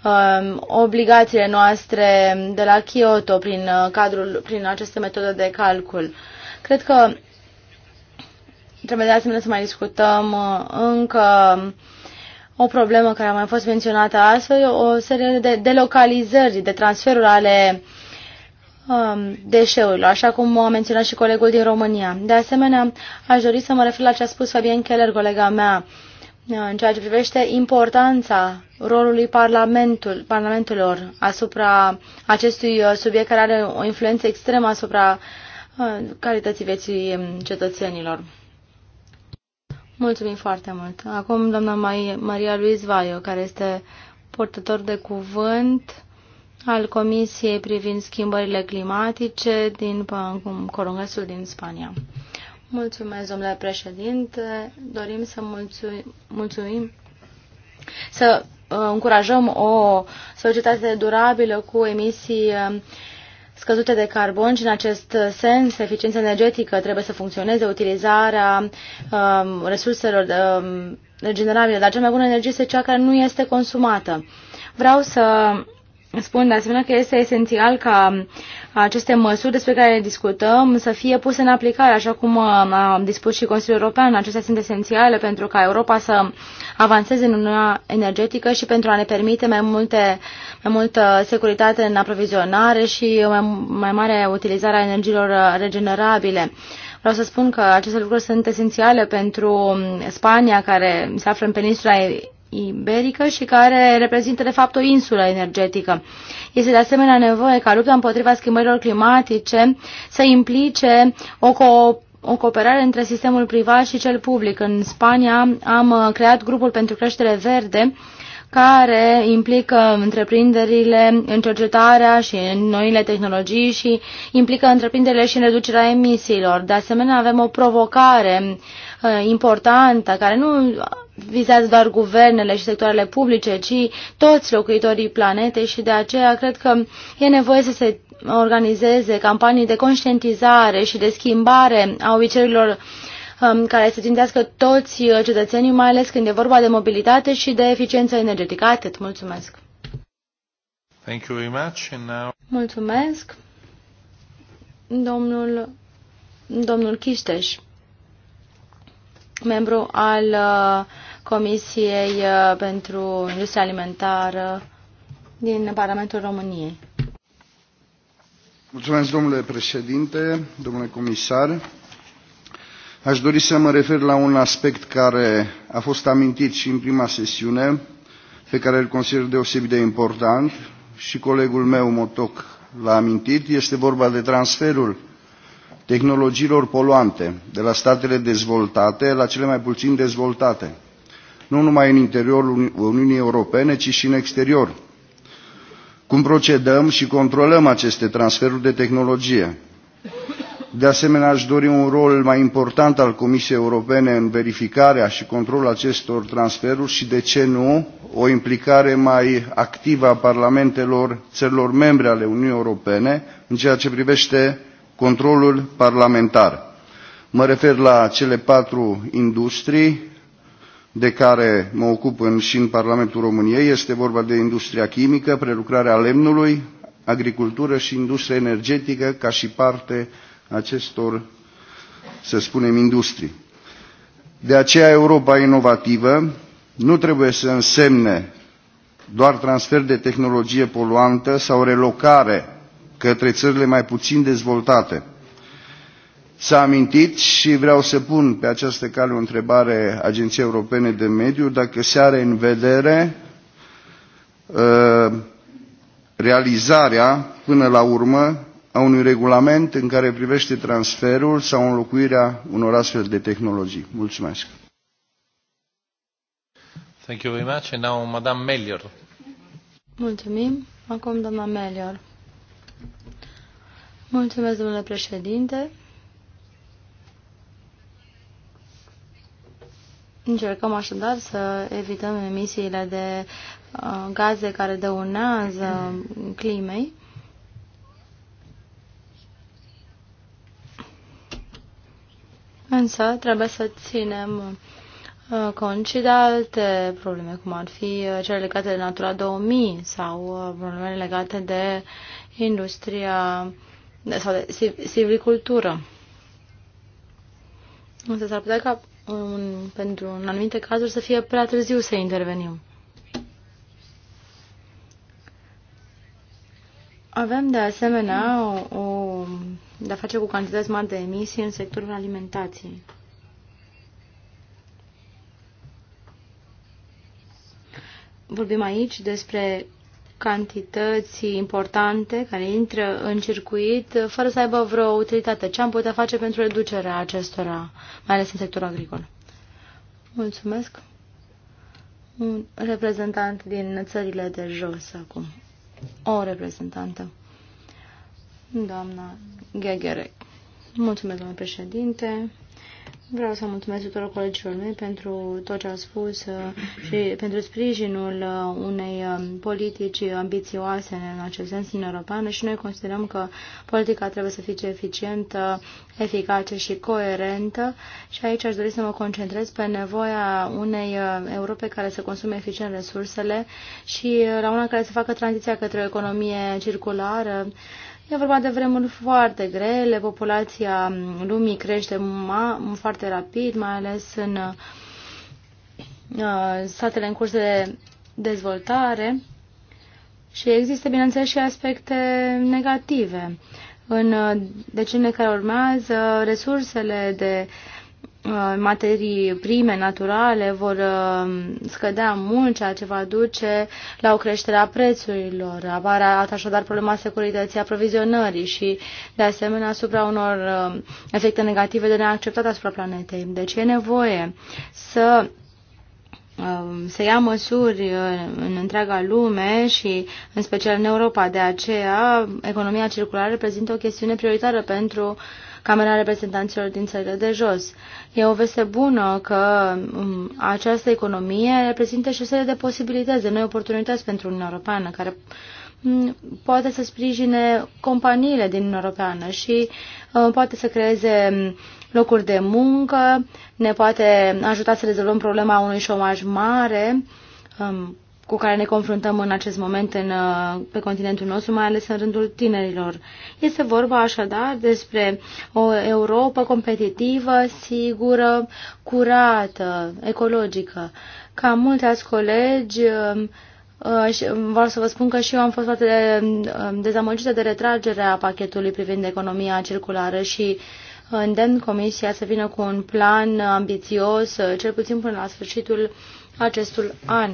um, obligațiile noastre de la Kyoto prin, uh, cadrul, prin aceste metode de calcul. Cred că trebuie de asemenea să mai discutăm uh, încă o problemă care a mai fost menționată astfel, o serie de delocalizări, de transferuri ale um, deșeurilor, așa cum a menționat și colegul din România. De asemenea, aș dori să mă refer la ce a spus Fabian Keller, colega mea, în ceea ce privește importanța rolului parlamentul, parlamentelor asupra acestui uh, subiect care are o influență extremă asupra uh, calității vieții um, cetățenilor. Mulțumim foarte mult. Acum doamna Maria Luiz Vaio, care este portător de cuvânt al Comisiei privind schimbările climatice din Corungasul din Spania. Mulțumesc, domnule președinte. Dorim să mulțumim, mulțumim să uh, încurajăm o societate durabilă cu emisii um, scăzute de carbon și în acest sens eficiența energetică trebuie să funcționeze, utilizarea um, resurselor um, regenerabile, dar cea mai bună energie este cea care nu este consumată. Vreau să spun de asemenea că este esențial ca aceste măsuri despre care le discutăm să fie puse în aplicare, așa cum uh, a dispus și Consiliul European. Acestea sunt esențiale pentru ca Europa să avanseze în Uniunea Energetică și pentru a ne permite mai, multe, mai multă securitate în aprovizionare și mai, mai mare utilizare a energiilor uh, regenerabile. Vreau să spun că aceste lucruri sunt esențiale pentru um, Spania, care se află în peninsula iberică și care reprezintă, de fapt, o insulă energetică. Este de asemenea nevoie ca lupta împotriva schimbărilor climatice să implice o cooperare o cooperare între sistemul privat și cel public. În Spania am uh, creat grupul pentru creștere verde care implică întreprinderile în cercetarea și în noile tehnologii și implică întreprinderile și în reducerea emisiilor. De asemenea, avem o provocare uh, importantă care nu vizează doar guvernele și sectoarele publice, ci toți locuitorii planetei și de aceea cred că e nevoie să se organizeze campanii de conștientizare și de schimbare a obiceiurilor um, care să țintească toți uh, cetățenii, mai ales când e vorba de mobilitate și de eficiență energetică. Atât. Mulțumesc. Thank you very much. And now... Mulțumesc. Domnul, domnul Chisteș, membru al uh, Comisiei uh, pentru Industria Alimentară din Parlamentul României. Mulțumesc, domnule președinte, domnule comisar. Aș dori să mă refer la un aspect care a fost amintit și în prima sesiune, pe care îl consider deosebit de important și colegul meu, Motoc, l-a amintit. Este vorba de transferul tehnologiilor poluante de la statele dezvoltate la cele mai puțin dezvoltate nu numai în interiorul Uniunii Europene, ci și în exterior. Cum procedăm și controlăm aceste transferuri de tehnologie? De asemenea, aș dori un rol mai important al Comisiei Europene în verificarea și controlul acestor transferuri și, de ce nu, o implicare mai activă a parlamentelor țărilor membre ale Uniunii Europene în ceea ce privește controlul parlamentar. Mă refer la cele patru industrii, de care mă ocup în, și în Parlamentul României. Este vorba de industria chimică, prelucrarea lemnului, agricultură și industria energetică ca și parte acestor, să spunem, industrii. De aceea Europa inovativă nu trebuie să însemne doar transfer de tehnologie poluantă sau relocare către țările mai puțin dezvoltate – S-a amintit și vreau să pun pe această cale o întrebare Agenției Europene de Mediu dacă se are în vedere uh, realizarea până la urmă a unui regulament în care privește transferul sau înlocuirea unor astfel de tehnologii. Mulțumesc. Thank you very much. And now, Madame Melior. Mulțumim. Acum, doamna Melior. Mulțumesc, domnule președinte. Încercăm așadar să evităm emisiile de uh, gaze care dăunează climei. Însă trebuie să ținem uh, cont și de alte probleme, cum ar fi uh, cele legate de Natura 2000 sau probleme legate de industria sau de silvicultură. Însă s-ar putea ca în, pentru în anumite cazuri să fie prea târziu să intervenim. Avem de asemenea o, o de a face cu cantități mari de emisii în sectorul alimentației. Vorbim aici despre cantități importante care intră în circuit fără să aibă vreo utilitate. Ce am putea face pentru reducerea acestora, mai ales în sectorul agricol? Mulțumesc. Un reprezentant din țările de jos acum. O reprezentantă. Doamna Gheghere. Mulțumesc, domnule președinte. Vreau să mulțumesc tuturor colegilor mei pentru tot ce au spus uh, și pentru sprijinul uh, unei um, politici ambițioase în acest sens în europeană și noi considerăm că politica trebuie să fie eficientă, eficace și coerentă și aici aș dori să mă concentrez pe nevoia unei uh, Europe care să consume eficient resursele și la una care să facă tranziția către o economie circulară, E vorba de vremuri foarte grele, populația lumii crește ma- foarte rapid, mai ales în uh, statele în curs de dezvoltare și există, bineînțeles, și aspecte negative. În uh, deceniile care urmează, resursele de uh, Uh, materii prime naturale vor uh, scădea mult, ceea ce va duce la o creștere a prețurilor. Apare așadar problema securității aprovizionării și, de asemenea, asupra unor uh, efecte negative de neacceptat asupra planetei. Deci e nevoie să um, se ia măsuri în întreaga lume și în special în Europa. De aceea, economia circulară reprezintă o chestiune prioritară pentru uh, Camera Reprezentanților din țările de jos. E o veste bună că um, această economie reprezintă și o serie de posibilități, de noi oportunități pentru Uniunea Europeană, care um, poate să sprijine companiile din Uniunea Europeană și uh, poate să creeze um, locuri de muncă, ne poate ajuta să rezolvăm problema unui șomaj mare, cu care ne confruntăm în acest moment în, uh, pe continentul nostru, mai ales în rândul tinerilor. Este vorba așadar despre o Europa competitivă, sigură, curată, ecologică. Ca mulți alți colegi, uh, uh, vreau să vă spun că și eu am fost foarte dezamăgită de retragerea pachetului privind economia circulară și îndemn Comisia să vină cu un plan ambițios, cel puțin până la sfârșitul acestul an.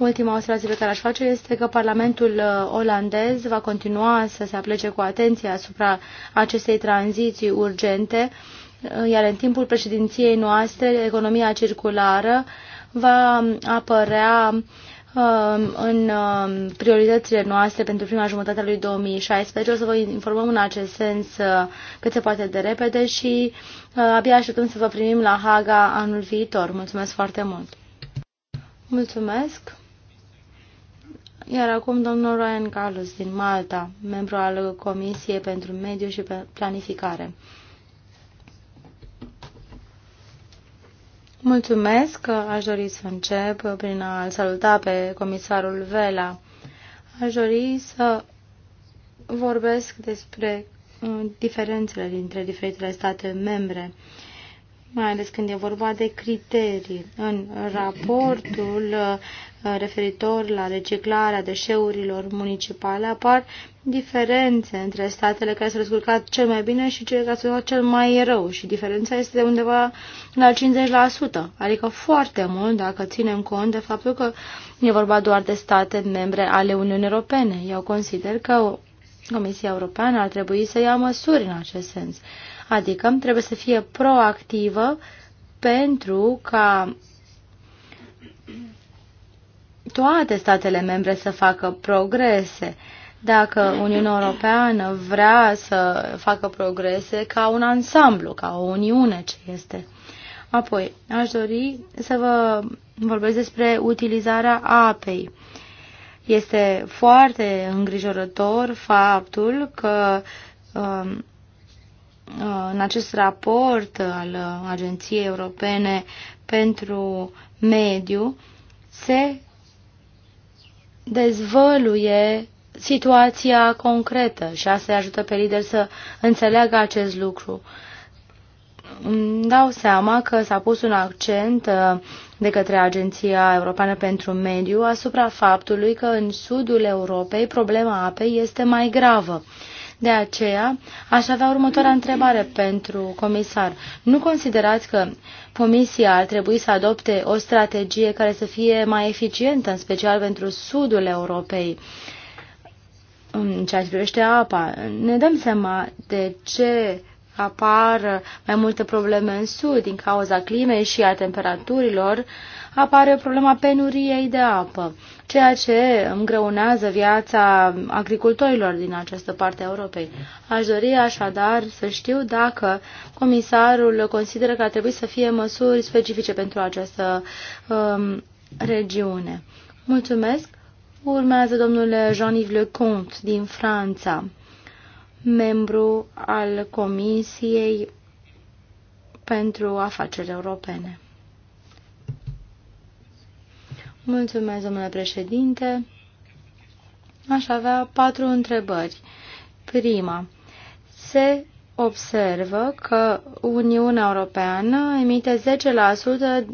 Ultima observație pe care aș face este că Parlamentul uh, olandez va continua să se aplece cu atenție asupra acestei tranziții urgente, uh, iar în timpul președinției noastre, economia circulară va apărea um, în um, prioritățile noastre pentru prima jumătate a lui 2016. O să vă informăm în acest sens uh, cât se poate de repede și abia așteptăm să vă primim la Haga anul viitor. Mulțumesc foarte mult! Mulțumesc! Iar acum domnul Ryan Carlos din Malta, membru al Comisiei pentru Mediu și Planificare. Mulțumesc, aș dori să încep prin a-l saluta pe comisarul Vela. Aș dori să vorbesc despre uh, diferențele dintre diferitele state membre. Uh, mai ales când e vorba de criterii. În raportul uh, referitor la reciclarea deșeurilor municipale apar diferențe între statele care s-au descurcat cel mai bine și cele care s-au cel mai rău și diferența este de undeva la 50%, adică foarte mult dacă ținem cont de faptul că e vorba doar de state membre ale Uniunii Europene. Eu consider că Comisia Europeană ar trebui să ia măsuri în acest sens. Adică trebuie să fie proactivă pentru ca toate statele membre să facă progrese. Dacă Uniunea Europeană vrea să facă progrese ca un ansamblu, ca o uniune ce este. Apoi, aș dori să vă vorbesc despre utilizarea apei. Este foarte îngrijorător faptul că um, Uh, în acest raport al uh, Agenției Europene pentru Mediu se dezvăluie situația concretă și asta îi ajută pe lider să înțeleagă acest lucru. Îmi dau seama că s-a pus un accent uh, de către Agenția Europeană pentru Mediu asupra faptului că în sudul Europei problema apei este mai gravă de aceea, aș avea următoarea întrebare pentru comisar. Nu considerați că Comisia ar trebui să adopte o strategie care să fie mai eficientă, în special pentru sudul Europei? în ceea ce privește apa, ne dăm seama de ce apar mai multe probleme în sud din cauza climei și a temperaturilor, apare problema penuriei de apă, ceea ce îngreunează viața agricultorilor din această parte a Europei. Aș dori așadar să știu dacă comisarul consideră că ar trebui să fie măsuri specifice pentru această um, regiune. Mulțumesc! Urmează domnul Jean-Yves Lecomte din Franța membru al Comisiei pentru Afaceri Europene. Mulțumesc, domnule președinte. Aș avea patru întrebări. Prima. Se observă că Uniunea Europeană emite 10%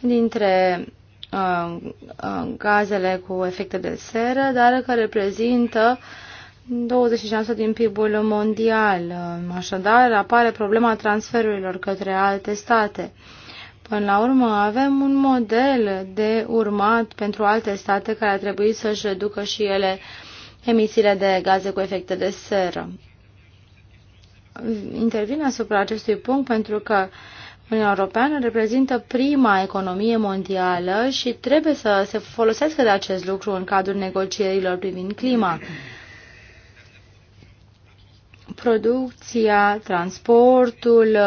dintre uh, uh, gazele cu efecte de seră, dar că reprezintă uh, 26% din PIB-ul mondial. Așadar, apare problema transferurilor către alte state. Până la urmă, avem un model de urmat pentru alte state care ar trebui să-și reducă și ele emisiile de gaze cu efecte de seră. Intervin asupra acestui punct pentru că Uniunea Europeană reprezintă prima economie mondială și trebuie să se folosească de acest lucru în cadrul negocierilor privind clima producția, transportul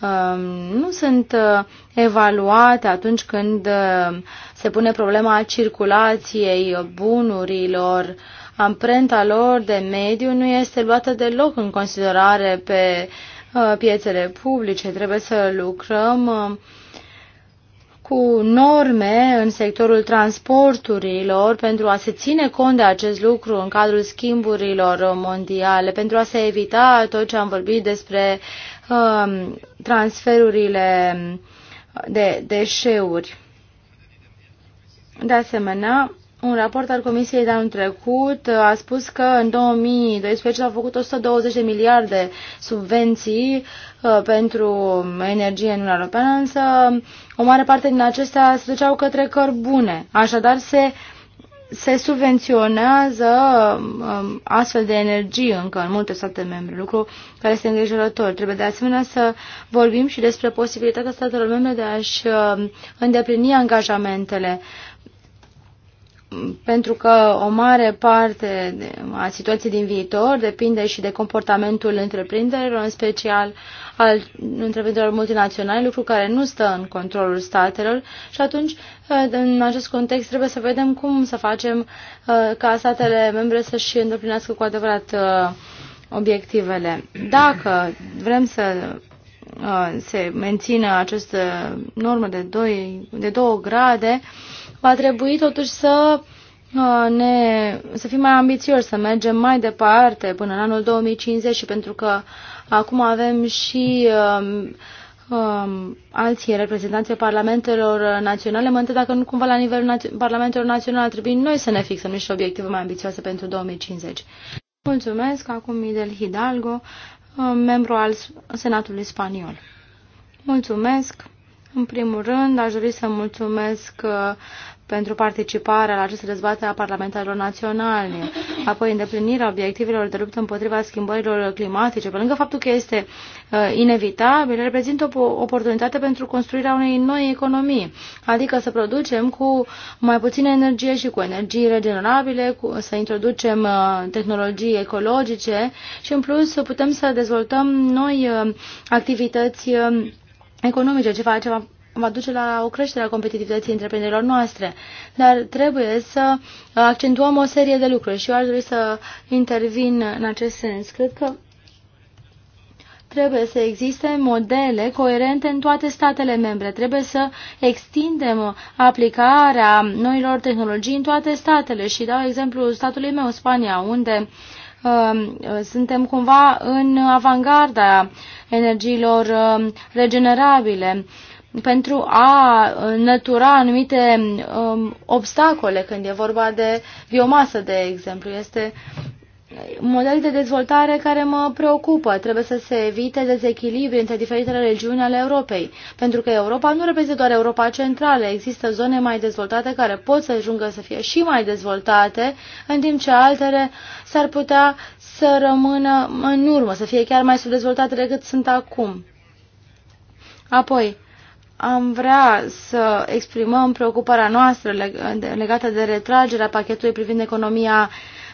um, nu sunt uh, evaluate atunci când uh, se pune problema circulației bunurilor, amprenta lor de mediu nu este luată deloc în considerare pe uh, piețele publice. Trebuie să lucrăm uh, cu norme în sectorul transporturilor pentru a se ține cont de acest lucru în cadrul schimburilor mondiale, pentru a se evita tot ce am vorbit despre um, transferurile de deșeuri. De asemenea, un raport al Comisiei de anul trecut a spus că în 2012 au făcut 120 de miliarde subvenții uh, pentru energie în Uniunea Europeană, însă o mare parte din acestea se duceau către cărbune. Așadar, se, se subvenționează um, astfel de energie încă în multe state membre, lucru care este îngrijorător. Trebuie de asemenea să vorbim și despre posibilitatea statelor membre de a-și uh, îndeplini angajamentele pentru că o mare parte a situației din viitor depinde și de comportamentul întreprinderilor, în special al întreprinderilor multinaționale, lucru care nu stă în controlul statelor și atunci, eh, în acest context, trebuie să vedem cum să facem eh, ca statele membre să-și îndeplinească cu adevărat eh, obiectivele. Dacă vrem să se mențină această normă de 2, de 2 grade, va trebui totuși să uh, ne, să fim mai ambițioși, să mergem mai departe până în anul 2050 și pentru că acum avem și um, um, alții reprezentanții parlamentelor naționale. Mă întreb dacă nu cumva la nivelul naț- parlamentelor naționale ar trebui noi să ne fixăm niște obiective mai ambițioase pentru 2050. Mulțumesc. Acum Miguel Hidalgo, uh, membru al Senatului Spaniol. Mulțumesc. În primul rând, aș dori să mulțumesc uh, pentru participarea la aceste dezbatere a parlamentarilor naționale, apoi îndeplinirea obiectivelor de luptă împotriva schimbărilor climatice, pe lângă faptul că este uh, inevitabil, reprezintă o oportunitate pentru construirea unei noi economii, adică să producem cu mai puțină energie și cu energii regenerabile, cu, să introducem uh, tehnologii ecologice și în plus putem să dezvoltăm noi uh, activități uh, economice, ce, va va duce la o creștere a competitivității întreprinderilor noastre. Dar trebuie să accentuăm o serie de lucruri și eu aș dori să intervin în acest sens. Cred că trebuie să existe modele coerente în toate statele membre. Trebuie să extindem aplicarea noilor tehnologii în toate statele și dau exemplu statului meu, Spania, unde um, suntem cumva în avangarda energiilor um, regenerabile pentru a uh, nătura anumite um, obstacole când e vorba de biomasă, de exemplu. Este un model de dezvoltare care mă preocupă. Trebuie să se evite dezechilibri între diferitele regiuni ale Europei, pentru că Europa nu reprezintă doar Europa centrală. Există zone mai dezvoltate care pot să ajungă să fie și mai dezvoltate, în timp ce altele s-ar putea să rămână în urmă, să fie chiar mai subdezvoltate decât sunt acum. Apoi, am vrea să exprimăm preocuparea noastră legată de retragerea pachetului privind economia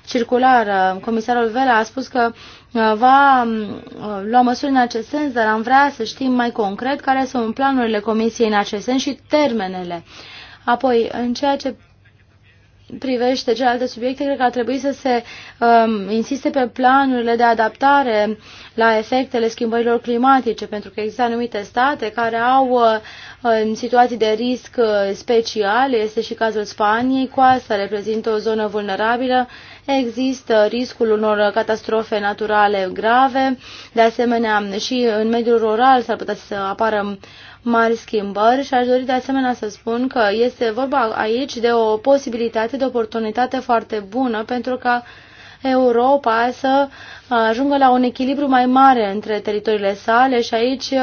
circulară. Comisarul Vela a spus că uh, va mm, uh, lua măsuri în acest sens, dar am vrea să știm mai concret care sunt planurile Comisiei în acest sens și termenele. Apoi, în ceea ce privește celelalte subiecte, cred că ar trebui să se um, insiste pe planurile de adaptare la efectele schimbărilor climatice, pentru că există anumite state care au uh, situații de risc uh, speciale, este și cazul Spaniei, coasta reprezintă o zonă vulnerabilă, există riscul unor catastrofe naturale grave, de asemenea și în mediul rural s-ar putea să apară mari schimbări și aș dori de asemenea să spun că este vorba aici de o posibilitate, de oportunitate foarte bună pentru ca Europa să uh, ajungă la un echilibru mai mare între teritoriile sale și aici uh,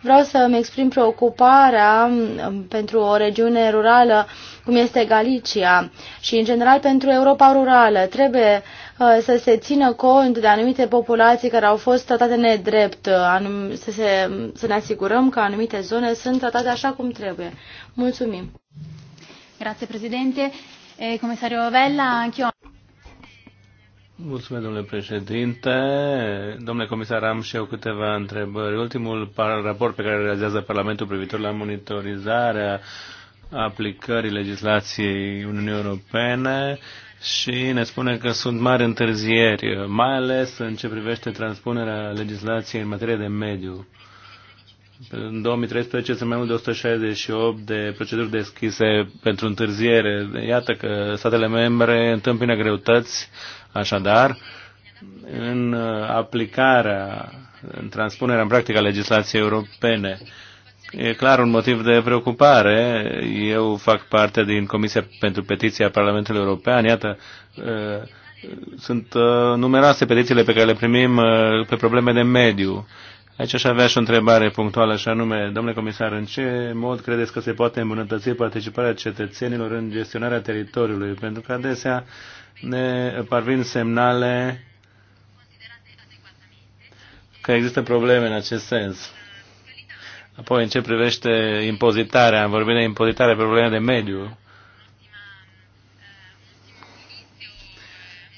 vreau să-mi exprim preocuparea um, pentru o regiune rurală cum este Galicia și, în general, pentru Europa rurală. Trebuie Uh, să se țină cont de anumite populații care au fost tratate nedrept, uh, anum, să, se, să ne asigurăm că anumite zone sunt tratate așa cum trebuie. Mulțumim. Grazie, Presidente. Comisariu Ovella, anch'io. Mulțumesc, domnule președinte. Domnule comisar, am și eu câteva întrebări. Ultimul raport pe care realizează Parlamentul privitor la monitorizarea aplicării legislației Uniunii Europene și ne spune că sunt mari întârzieri, mai ales în ce privește transpunerea legislației în materie de mediu. În 2013 sunt mai mult de 168 de proceduri deschise pentru întârziere. Iată că statele membre întâmpină greutăți, așadar, în aplicarea, în transpunerea în practică a legislației europene. E clar un motiv de preocupare. Eu fac parte din Comisia pentru Petiția Parlamentului European. Iată, uh, sunt uh, numeroase petițiile pe care le primim uh, pe probleme de mediu. Aici aș avea și o întrebare punctuală, și anume, domnule comisar, în ce mod credeți că se poate îmbunătăți participarea cetățenilor în gestionarea teritoriului? Pentru că adesea ne parvin semnale că există probleme în acest sens. Apoi, în ce privește impozitarea, am vorbit de impozitare pe probleme de mediu.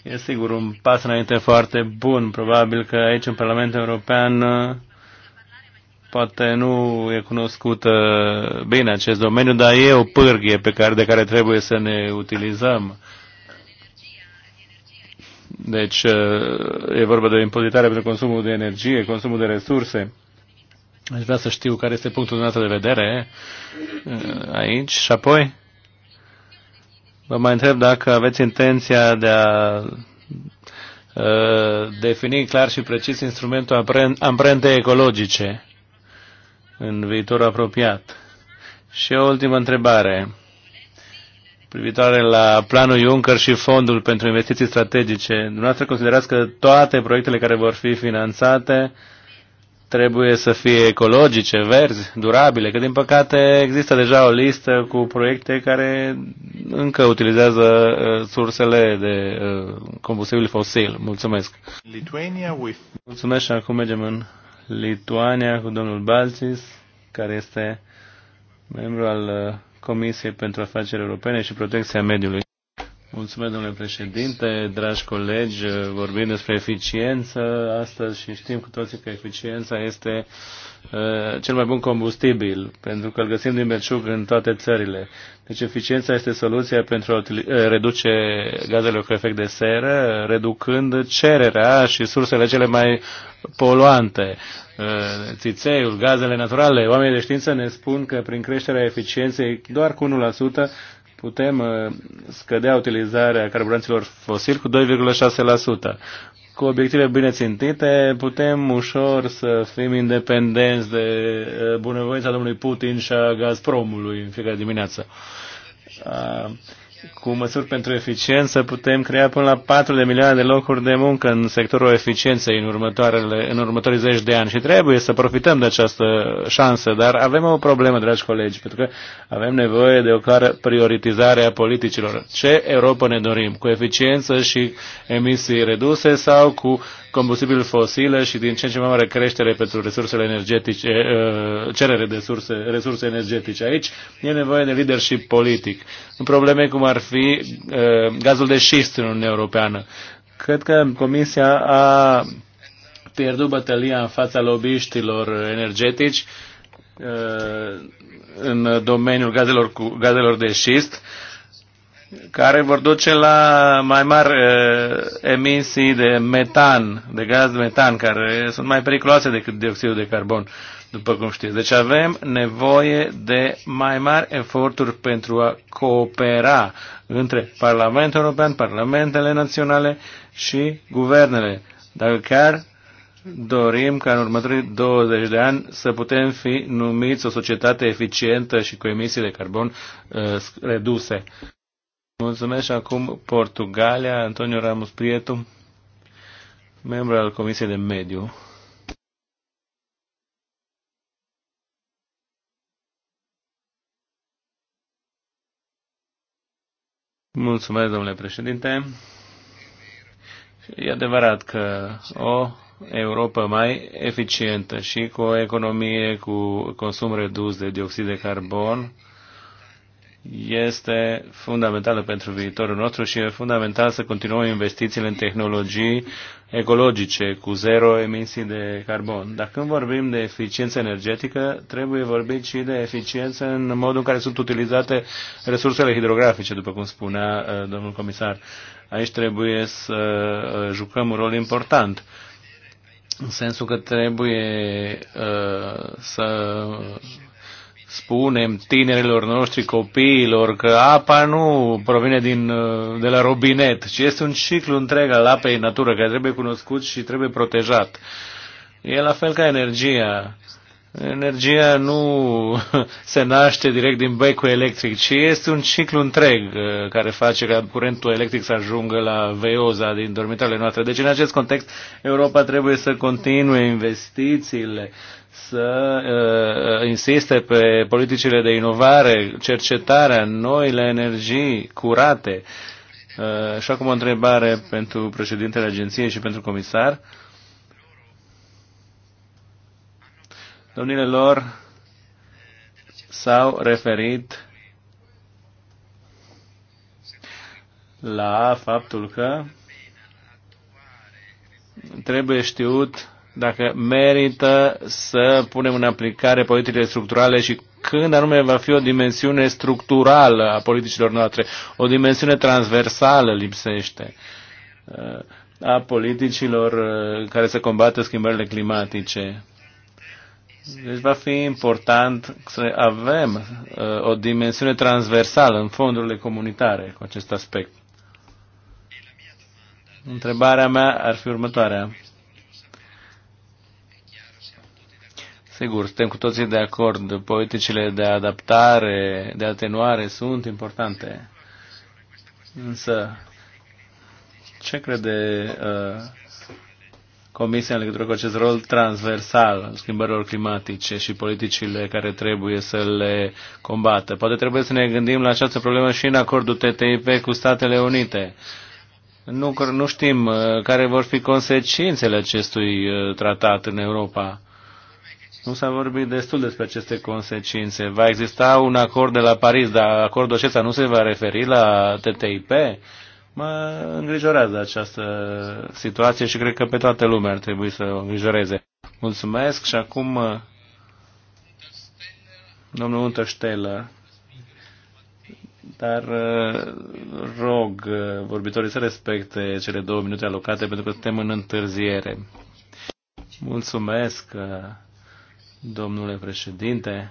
E sigur un pas înainte foarte bun. Probabil că aici, în Parlamentul European, poate nu e cunoscută uh, bine acest domeniu, dar e o pârghie pe care, de care trebuie să ne utilizăm. Deci uh, e vorba de impozitare pentru consumul de energie, consumul de resurse. Aș vrea să știu care este punctul dumneavoastră de vedere uh, aici și apoi vă mai întreb dacă aveți intenția de a uh, defini clar și precis instrumentul amprente ecologice în viitor apropiat. Și o ultimă întrebare privitoare la planul Juncker și fondul pentru investiții strategice. Dumneavoastră considerați că toate proiectele care vor fi finanțate uh, trebuie să fie ecologice, verzi, durabile, că din păcate există deja o listă cu proiecte care încă utilizează uh, sursele de uh, combustibil fosil. Mulțumesc! Lituania with... Mulțumesc și acum mergem în Lituania cu domnul Balcis, care este membru al uh, Comisiei pentru Afaceri Europene și Protecția Mediului. Mulțumesc, domnule președinte, dragi colegi, vorbim despre eficiență astăzi și știm cu toții că eficiența este uh, cel mai bun combustibil, pentru că îl găsim din belciug în toate țările. Deci eficiența este soluția pentru a uh, reduce gazele cu efect de seră, reducând cererea și sursele cele mai poluante, uh, țițeiul, gazele naturale. Oamenii de știință ne spun că prin creșterea eficienței doar cu 1% putem uh, scădea utilizarea carburanților fosili cu 2,6%. Cu obiective bine țintite, putem ușor să fim independenți de uh, bunăvoința domnului Putin și a Gazpromului în fiecare dimineață. Uh, cu măsuri pentru eficiență putem crea până la 4 de milioane de locuri de muncă în sectorul eficienței în, următoarele, în următorii zeci de ani și trebuie să profităm de această șansă, dar avem o problemă, dragi colegi, pentru că avem nevoie de o clară prioritizare a politicilor. Ce Europa ne dorim? Cu eficiență și emisii reduse sau cu combustibilul fosile și din ce în ce mai mare creștere pentru resursele energetice, uh, cerere de surse, resurse energetice. Aici e nevoie de leadership politic. În probleme cum ar fi uh, gazul de șist în Uniunea Europeană. Cred că Comisia a pierdut bătălia în fața lobbyiștilor energetici uh, în domeniul gazelor, cu, gazelor de șist care vor duce la mai mari uh, emisii de metan, de gaz de metan, care sunt mai periculoase decât dioxidul de carbon, după cum știți. Deci avem nevoie de mai mari eforturi pentru a coopera între Parlamentul European, Parlamentele Naționale și guvernele. Dacă chiar dorim ca în următorii 20 de ani să putem fi numiți o societate eficientă și cu emisii de carbon uh, reduse. Mulțumesc și acum Portugalia, Antonio Ramos Prieto, membru al Comisiei de Mediu. Mulțumesc, domnule președinte. E adevărat că o Europa mai eficientă și cu o economie cu consum redus de dioxid de carbon este fundamentală pentru viitorul nostru și e fundamental să continuăm investițiile în tehnologii ecologice cu zero emisii de carbon. Dar când vorbim de eficiență energetică, trebuie vorbit și de eficiență în modul în care sunt utilizate resursele hidrografice, după cum spunea uh, domnul comisar. Aici trebuie să uh, jucăm un rol important în sensul că trebuie uh, să spunem tinerilor noștri, copiilor, că apa nu provine din, uh, de la robinet, ci este un ciclu întreg al apei în natură, care trebuie cunoscut și trebuie protejat. E la fel ca energia. Energia nu se naște direct din becul electric, ci este un ciclu întreg uh, care face ca curentul electric să ajungă la veioza din dormitoarele noastre. Deci, în acest context, Europa trebuie să continue investițiile să uh, insiste pe politicile de inovare, cercetarea, noile energii curate. Uh, și acum o întrebare pentru președintele agenției și pentru comisar. Domnile lor s-au referit la faptul că trebuie știut dacă merită să punem în aplicare politicile structurale și când anume va fi o dimensiune structurală a politicilor noastre, o dimensiune transversală lipsește uh, a politicilor uh, care să combată schimbările climatice. Deci va fi important să avem uh, o dimensiune transversală în fondurile comunitare cu acest aspect. Întrebarea mea ar fi următoarea Sigur, suntem cu toții de acord, politicile de adaptare, de atenuare sunt importante. Însă, ce crede uh, Comisia în legătură cu acest rol transversal al schimbărilor climatice și politicile care trebuie să le combată? Poate trebuie să ne gândim la această problemă și în acordul TTIP cu Statele Unite. Nu, nu știm uh, care vor fi consecințele acestui uh, tratat în Europa nu s-a vorbit destul despre aceste consecințe. Va exista un acord de la Paris, dar acordul acesta nu se va referi la TTIP? Mă îngrijorează această situație și cred că pe toată lumea ar trebui să o îngrijoreze. Mulțumesc și acum domnul Untersteller. Dar rog vorbitorii să respecte cele două minute alocate pentru că suntem în întârziere. Mulțumesc Domnule președinte,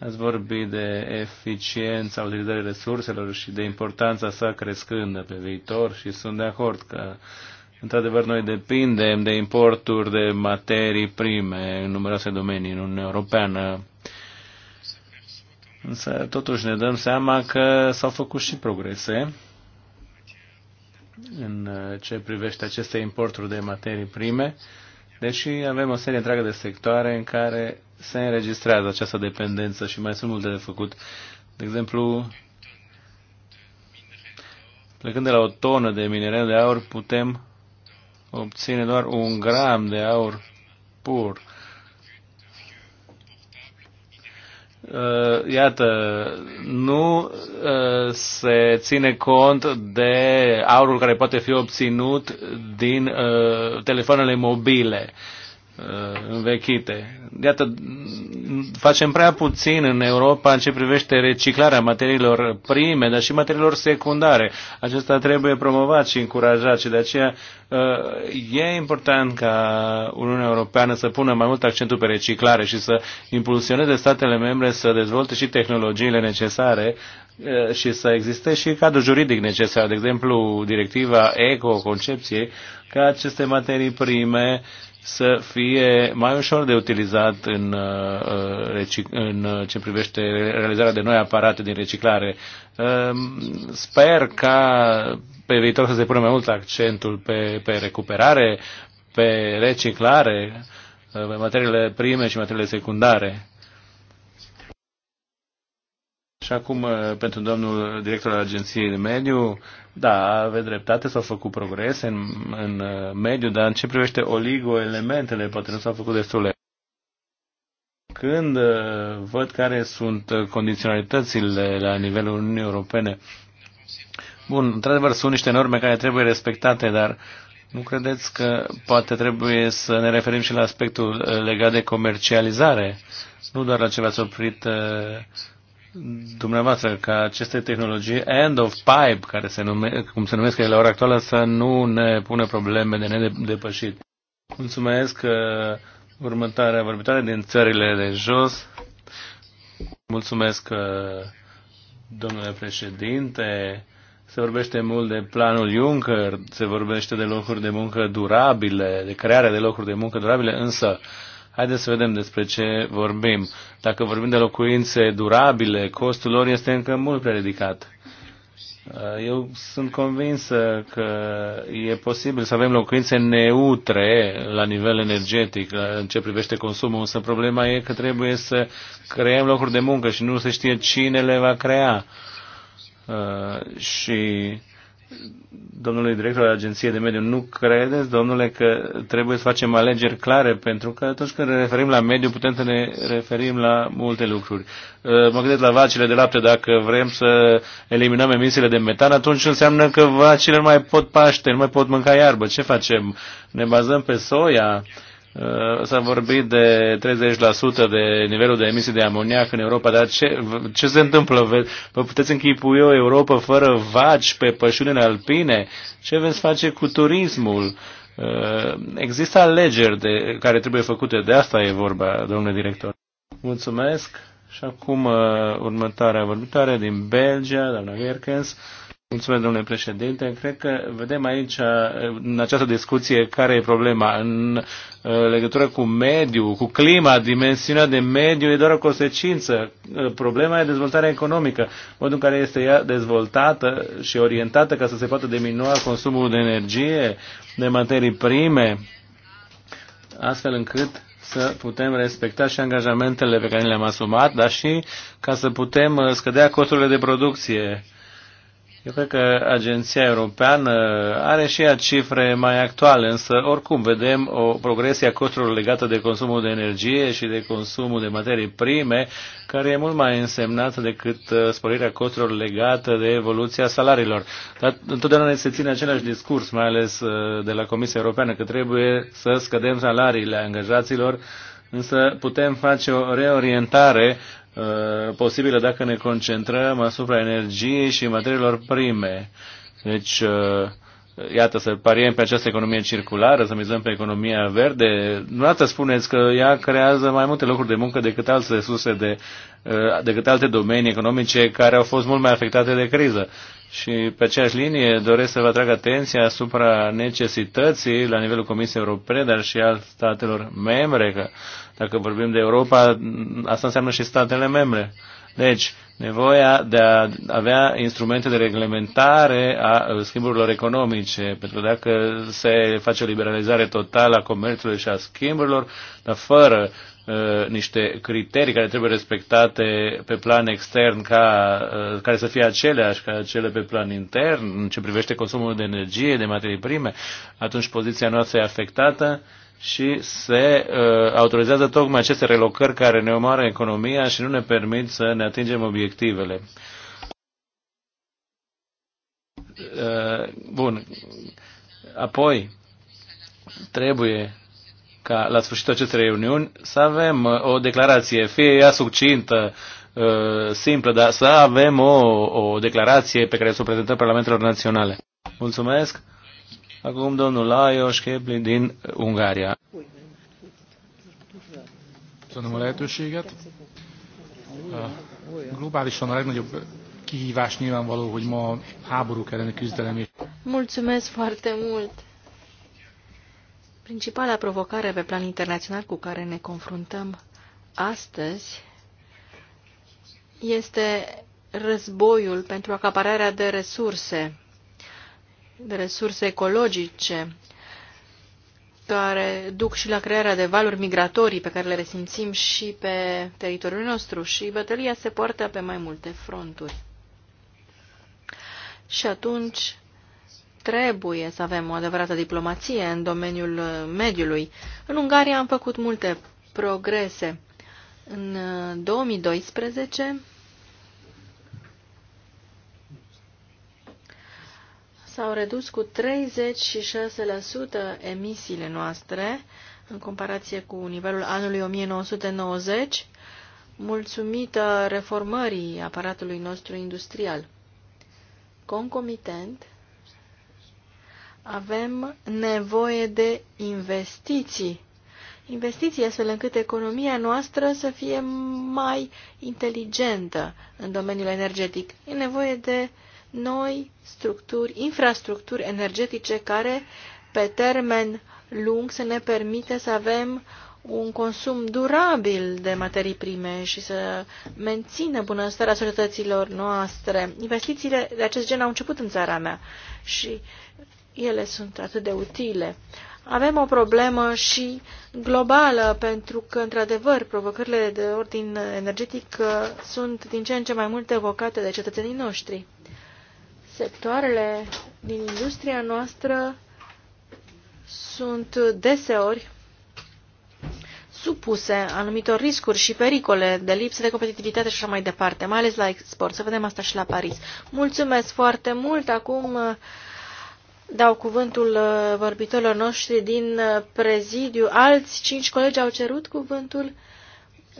ați vorbit de eficiența utilizării resurselor și de importanța sa crescândă pe viitor și sunt de acord că Într-adevăr, noi depindem de importuri de materii prime în numeroase domenii în Uniunea Europeană. Însă, totuși, ne dăm seama că s-au făcut și progrese în ce privește aceste importuri de materii prime deși avem o serie întreagă de sectoare în care se înregistrează această dependență și mai sunt multe de făcut. De exemplu, plecând de la o tonă de minerale de aur, putem obține doar un gram de aur pur. Uh, iată, nu uh, se ține cont de aurul care poate fi obținut din uh, telefoanele mobile. Uh, învechite. Iată, facem prea puțin în Europa în ce privește reciclarea materiilor prime, dar și materiilor secundare. Acesta trebuie promovat și încurajat și de aceea uh, e important ca Uniunea Europeană să pună mai mult accentul pe reciclare și să impulsioneze statele membre să dezvolte și tehnologiile necesare uh, și să existe și cadrul juridic necesar, de exemplu directiva eco-concepției, ca aceste materii prime uh, să fie mai ușor de utilizat în, uh, uh, în uh, ce privește realizarea de noi aparate din reciclare. Um, sper ca pe viitor să se pună mai mult accentul pe, pe recuperare, pe reciclare, pe materiile prime și materiile secundare. Și acum, uh, pentru domnul director al Agenției de Mediu, da, aveți dreptate, s-au făcut progrese în, în uh, mediu, dar în ce privește elementele, poate nu s-au făcut destule. Când uh, văd care sunt condiționalitățile la nivelul Uniunii Europene, bun, într-adevăr sunt niște norme care trebuie respectate, dar nu credeți că poate trebuie să ne referim și la aspectul legat de comercializare, nu doar la ce v-ați oprit dumneavoastră ca aceste tehnologii end of pipe, care se nume, cum se numesc la ora actuală, să nu ne pună probleme de nedepășit. Mulțumesc uh, următoarea vorbitoare din țările de jos. Mulțumesc, uh, domnule președinte. Se vorbește mult de planul Juncker, se vorbește de locuri de muncă durabile, de crearea de locuri de muncă durabile, însă uh, Haideți să vedem despre ce vorbim. Dacă vorbim de locuințe durabile, costul lor este încă mult prea ridicat. Uh, eu sunt convins că e posibil să avem locuințe neutre la nivel energetic în ce privește consumul, însă problema e că trebuie să creăm locuri de muncă și nu se știe cine le va crea. Uh, și domnului director al Agenției de Mediu, nu credeți, domnule, că trebuie să facem alegeri clare? Pentru că atunci când ne referim la mediu, putem să ne referim la multe lucruri. Uh, mă gândesc la vacile de lapte. Dacă vrem să eliminăm emisiile de metan, atunci înseamnă că vacile nu mai pot paște, nu mai pot mânca iarbă. Ce facem? Ne bazăm pe soia? Uh, s-a vorbit de 30% de nivelul de emisii de amoniac în Europa, dar ce, ce se întâmplă? Vă puteți închipui o Europa fără vaci pe pășunile alpine? Ce veți face cu turismul? Uh, există alegeri de, care trebuie făcute, de asta e vorba, domnule director. Mulțumesc. Și acum uh, următoarea vorbitoare din Belgia, doamna Gerkens. Mulțumesc, domnule președinte. Cred că vedem aici, în această discuție, care e problema. În uh, legătură cu mediu, cu clima, dimensiunea de mediu e doar o consecință. Uh, problema e dezvoltarea economică, modul în care este ea dezvoltată și orientată ca să se poată diminua consumul de energie, de materii prime, astfel încât să putem respecta și angajamentele pe care le-am asumat, dar și ca să putem uh, scădea costurile de producție eu cred că Agenția Europeană are și ea cifre mai actuale, însă oricum vedem o progresie a costurilor legată de consumul de energie și de consumul de materii prime, care e mult mai însemnată decât uh, sporirea costurilor legată de evoluția salariilor. Dar întotdeauna se ține același discurs, mai ales uh, de la Comisia Europeană, că trebuie să scădem salariile angajaților, însă putem face o reorientare Uh, posibilă dacă ne concentrăm asupra energiei și materiilor prime. Deci, uh, iată, să pariem pe această economie circulară, să mizăm pe economia verde. Nu Dumneavoastră spuneți că ea creează mai multe locuri de muncă decât alte resurse, de, uh, decât alte domenii economice care au fost mult mai afectate de criză. Și pe aceeași linie doresc să vă atrag atenția asupra necesității la nivelul Comisiei Europene, dar și al statelor membre, că dacă vorbim de Europa, asta înseamnă și statele membre. Deci, nevoia de a avea instrumente de reglementare a schimburilor economice, pentru că dacă se face o liberalizare totală a comerțului și a schimburilor, dar fără uh, niște criterii care trebuie respectate pe plan extern ca, uh, care să fie aceleași ca cele pe plan intern în ce privește consumul de energie, de materii prime, atunci poziția noastră e afectată și se uh, autorizează tocmai aceste relocări care ne omoară economia și nu ne permit să ne atingem obiectivele. Uh, bun. Apoi, trebuie ca la sfârșitul acestei reuniuni să avem uh, o declarație, fie ea succintă, uh, simplă, dar să avem o, o declarație pe care să o prezentăm Parlamentelor Naționale. Mulțumesc! Acum domnul Lajos Kepli din Ungaria. Köszönöm a lehetőséget. Globálisan a legnagyobb kihívás nyilvánvaló, hogy ma háború elleni küzdelem Mulțumesc foarte mult! Principala provocare pe plan internațional cu care ne confruntăm astăzi este războiul pentru acapararea de resurse de resurse ecologice care duc și la crearea de valuri migratorii pe care le resimțim și pe teritoriul nostru și bătălia se poartă pe mai multe fronturi. Și atunci trebuie să avem o adevărată diplomație în domeniul mediului. În Ungaria am făcut multe progrese. În 2012 uh, s-au redus cu 36% emisiile noastre în comparație cu nivelul anului 1990, mulțumită reformării aparatului nostru industrial. Concomitent, avem nevoie de investiții. Investiții astfel încât economia noastră să fie mai inteligentă în domeniul energetic. E nevoie de noi structuri, infrastructuri energetice care pe termen lung să ne permite să avem un consum durabil de materii prime și să mențină bunăstarea societăților noastre. Investițiile de acest gen au început în țara mea și ele sunt atât de utile. Avem o problemă și globală, pentru că, într-adevăr, provocările de ordin energetic uh, sunt din ce în ce mai mult evocate de cetățenii noștri sectoarele din industria noastră sunt deseori supuse anumitor riscuri și pericole de lipsă de competitivitate și așa mai departe, mai ales la export. Să vedem asta și la Paris. Mulțumesc foarte mult. Acum uh, dau cuvântul uh, vorbitorilor noștri din uh, prezidiu. Alți cinci colegi au cerut cuvântul,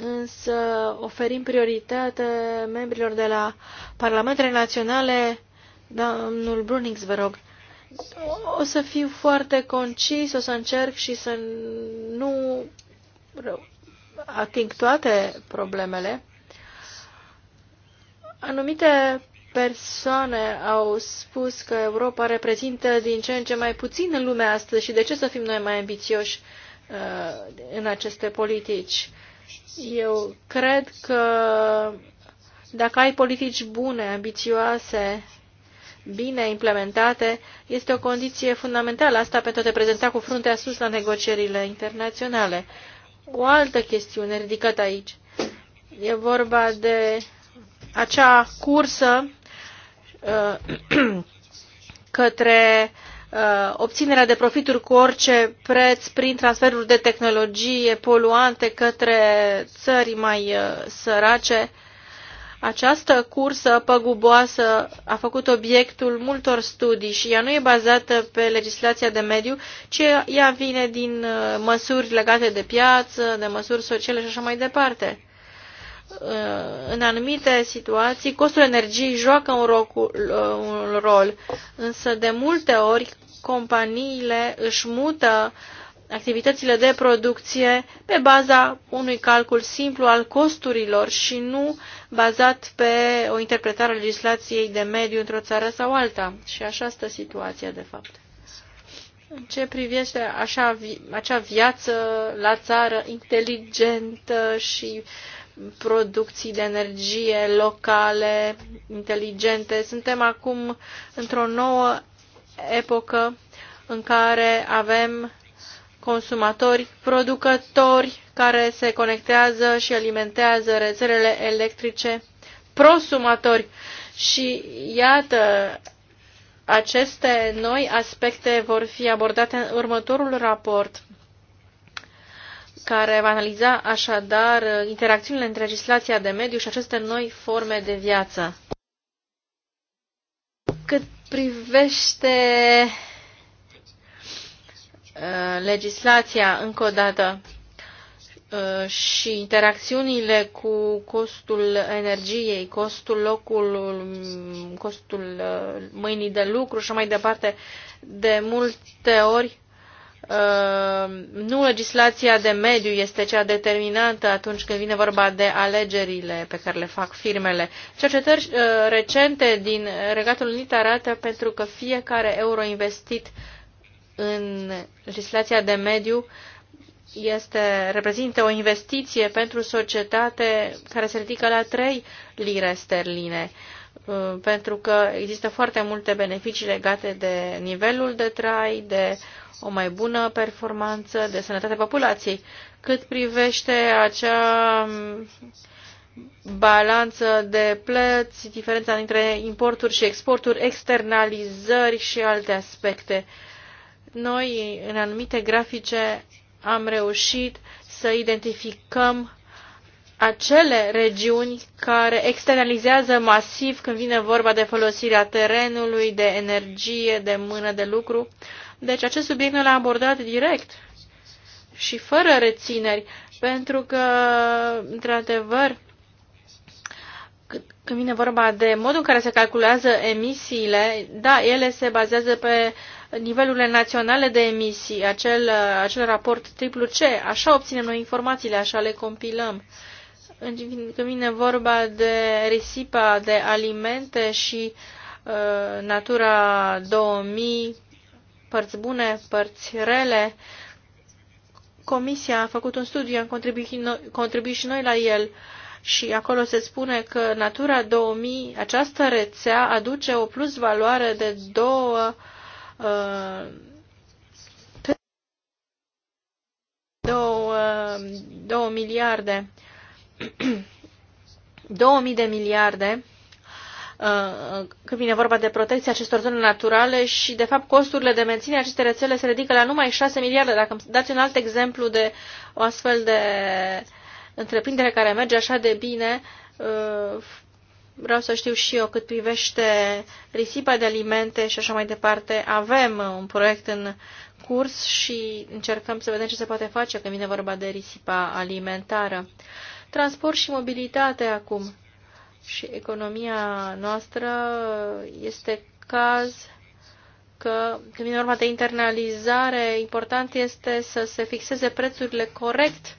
însă oferim prioritate membrilor de la Parlamentele Naționale Domnul Brunix, vă rog. O să fiu foarte concis, o să încerc și să nu ating toate problemele. Anumite persoane au spus că Europa reprezintă din ce în ce mai puțin în lumea astăzi și de ce să fim noi mai ambițioși uh, în aceste politici. Eu cred că dacă ai politici bune, ambițioase, bine implementate este o condiție fundamentală asta pentru a te prezenta cu fruntea sus la negocierile internaționale. O altă chestiune ridicată aici e vorba de acea cursă uh, către uh, obținerea de profituri cu orice preț prin transferuri de tehnologie poluante către țări mai uh, sărace această cursă păguboasă a făcut obiectul multor studii și ea nu e bazată pe legislația de mediu, ci ea vine din uh, măsuri legate de piață, de măsuri sociale și așa mai departe. Uh, în anumite situații, costul energiei joacă un, uh, un rol, însă de multe ori companiile își mută uh, activitățile de producție pe baza unui calcul simplu al costurilor și nu bazat pe o interpretare a legislației de mediu într-o țară sau alta. Și așa stă situația, de fapt. În ce privește așa, acea viață la țară inteligentă și producții de energie locale, inteligente, suntem acum într-o nouă epocă în care avem consumatori, producători care se conectează și alimentează rețelele electrice, prosumatori. Și iată, aceste noi aspecte vor fi abordate în următorul raport care va analiza așadar interacțiunile între legislația de mediu și aceste noi forme de viață. Cât privește Uh, legislația încă o dată uh, și interacțiunile cu costul energiei, costul locului, costul uh, mâinii de lucru și mai departe, de multe ori nu legislația de mediu este cea determinantă atunci când vine vorba de alegerile pe care le fac firmele. Cercetări recente din Regatul Unit arată pentru că fiecare euro investit în legislația de mediu este, reprezintă o investiție pentru societate care se ridică la 3 lire sterline, uh, pentru că există foarte multe beneficii legate de nivelul de trai, de o mai bună performanță, de sănătatea populației. Cât privește acea um, balanță de plăți, diferența dintre importuri și exporturi, externalizări și alte aspecte. Uh, noi, în anumite grafice, am reușit să identificăm acele regiuni care externalizează masiv când vine vorba de folosirea terenului, de energie, de mână de lucru. Deci acest subiect noi l-am abordat direct și fără rețineri, pentru că, într-adevăr, când vine vorba de modul în care se calculează emisiile, da, ele se bazează pe uh, nivelurile naționale de emisii, acel, acel raport triplu C, așa obținem noi informațiile, așa le compilăm. Când vine vorba de risipa de alimente și uh, Natura 2000, părți bune, părți rele, Comisia a făcut un studiu, am contribuit, contribuit și noi la el. și acolo se spune că Natura 2000, această rețea aduce o plus valoare de 2 2, miliarde, 2000 de miliarde uh, când vine vorba de protecția acestor zone naturale și, de fapt, costurile de menținere a acestei rețele se ridică la numai 6 miliarde. Dacă îmi dați un alt exemplu de o astfel de întreprindere care merge așa de bine, uh, vreau să știu și eu cât privește risipa de alimente și așa mai departe. Avem un proiect în curs și încercăm să vedem ce se poate face când vine vorba de risipa alimentară. Transport și mobilitate acum. Și economia noastră este caz că când vine vorba de internalizare, important este să se fixeze prețurile corect,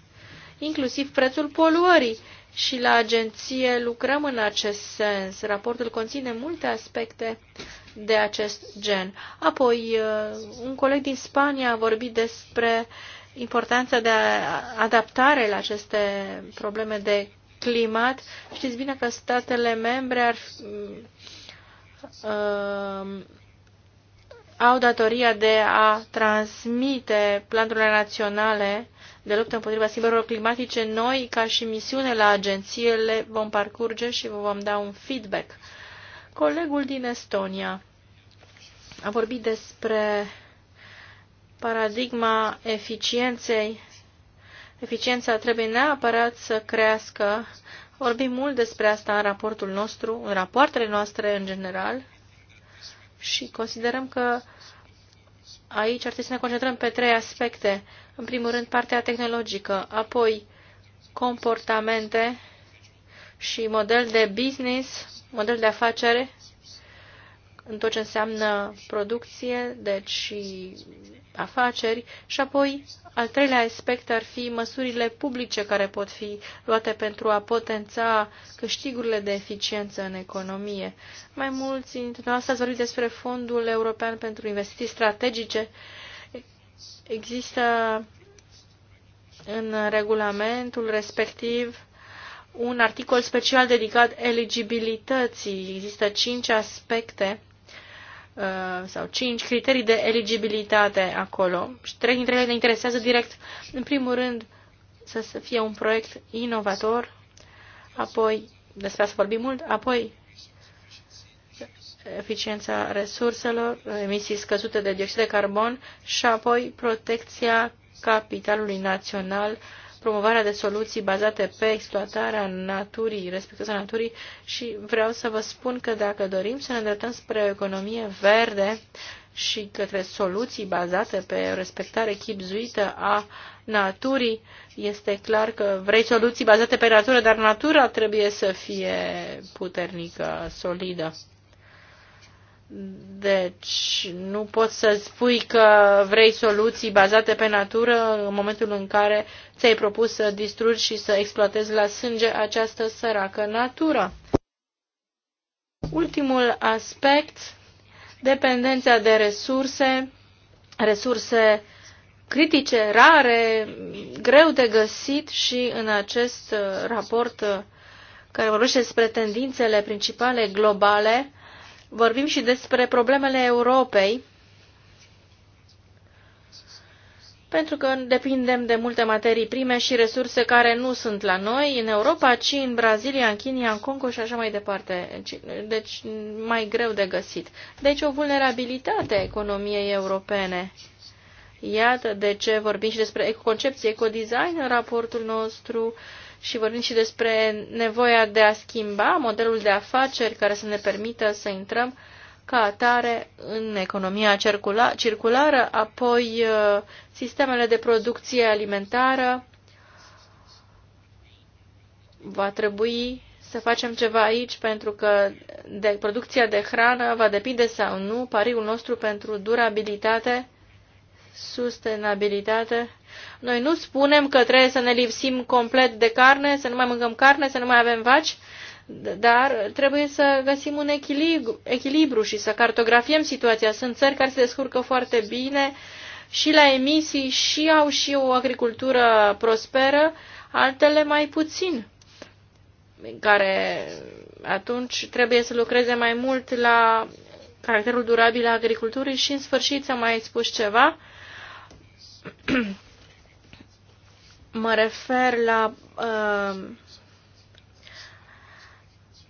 inclusiv prețul poluării și la agenție lucrăm în acest sens. Raportul conține multe aspecte de acest gen. Apoi, uh, un coleg din Spania a vorbit despre importanța de adaptare la aceste probleme de climat. Știți bine că statele membre ar, uh, au datoria de a transmite planurile naționale uh, de luptă împotriva schimbărilor climatice, noi, ca și misiune la agenție, le vom parcurge și vă vom da un feedback. Colegul din Estonia a vorbit despre paradigma eficienței. Eficiența trebuie neapărat să crească. Vorbim mult despre asta în raportul nostru, în rapoartele noastre în general și considerăm că aici ar trebui să ne concentrăm pe trei aspecte în primul rând, partea tehnologică, apoi comportamente și model de business, model de afacere, în tot ce înseamnă producție, deci și afaceri, și apoi al treilea aspect ar fi măsurile publice care pot fi luate pentru a potența câștigurile de eficiență în economie. Mai mulți dintre noastre ați vorbit despre Fondul European pentru Investiții Strategice Există în regulamentul respectiv un articol special dedicat eligibilității. Există cinci aspecte uh, sau cinci criterii de eligibilitate acolo și trei dintre ele ne interesează direct. În primul rând, să fie un proiect inovator, apoi, despre asta vorbim mult, apoi eficiența resurselor, emisii scăzute de dioxid de carbon și apoi protecția capitalului național, promovarea de soluții bazate pe exploatarea naturii, respectarea naturii și vreau să vă spun că dacă dorim să ne îndreptăm spre o economie verde și către soluții bazate pe respectare chipzuită a naturii, este clar că vrei soluții bazate pe natură, dar natura trebuie să fie puternică, solidă. Deci nu poți să spui că vrei soluții bazate pe natură în momentul în care ți-ai propus să distrugi și să exploatezi la sânge această săracă natură. Ultimul aspect, dependența de resurse, resurse critice, rare, greu de găsit și în acest uh, raport uh, care vorbește despre tendințele principale globale, vorbim și despre problemele Europei, pentru că depindem de multe materii prime și resurse care nu sunt la noi în Europa, ci în Brazilia, în China, în Congo și așa mai departe. Deci, deci mai greu de găsit. Deci o vulnerabilitate a economiei europene. Iată de ce vorbim și despre ecoconcepție, ecodesign în raportul nostru. Uh, și vorbim și despre nevoia de a schimba modelul de afaceri care să ne permită să intrăm ca atare în economia circula circulară, apoi uh, sistemele de producție alimentară. Va trebui să facem ceva aici pentru că de producția de hrană va depinde sau nu pariul nostru pentru durabilitate, sustenabilitate noi nu spunem că trebuie să ne lipsim complet de carne, să nu mai mâncăm carne, să nu mai avem vaci, dar trebuie să găsim un echilibru, echilibru și să cartografiem situația. Sunt țări care se descurcă foarte bine și la emisii și au și o agricultură prosperă, altele mai puțin, care atunci trebuie să lucreze mai mult la caracterul durabil al agriculturii și în sfârșit să mai spus ceva. Mă refer la uh,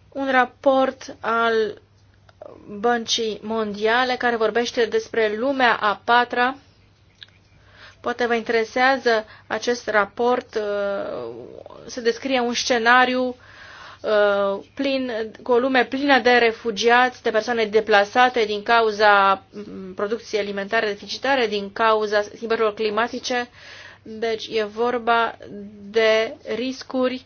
un raport al Băncii Mondiale care vorbește despre lumea a patra. Poate vă interesează acest raport. Uh, se descrie un scenariu uh, plin, cu o lume plină de refugiați, de persoane deplasate din cauza mm, producției alimentare deficitare, din cauza schimbărilor climatice deci e vorba de riscuri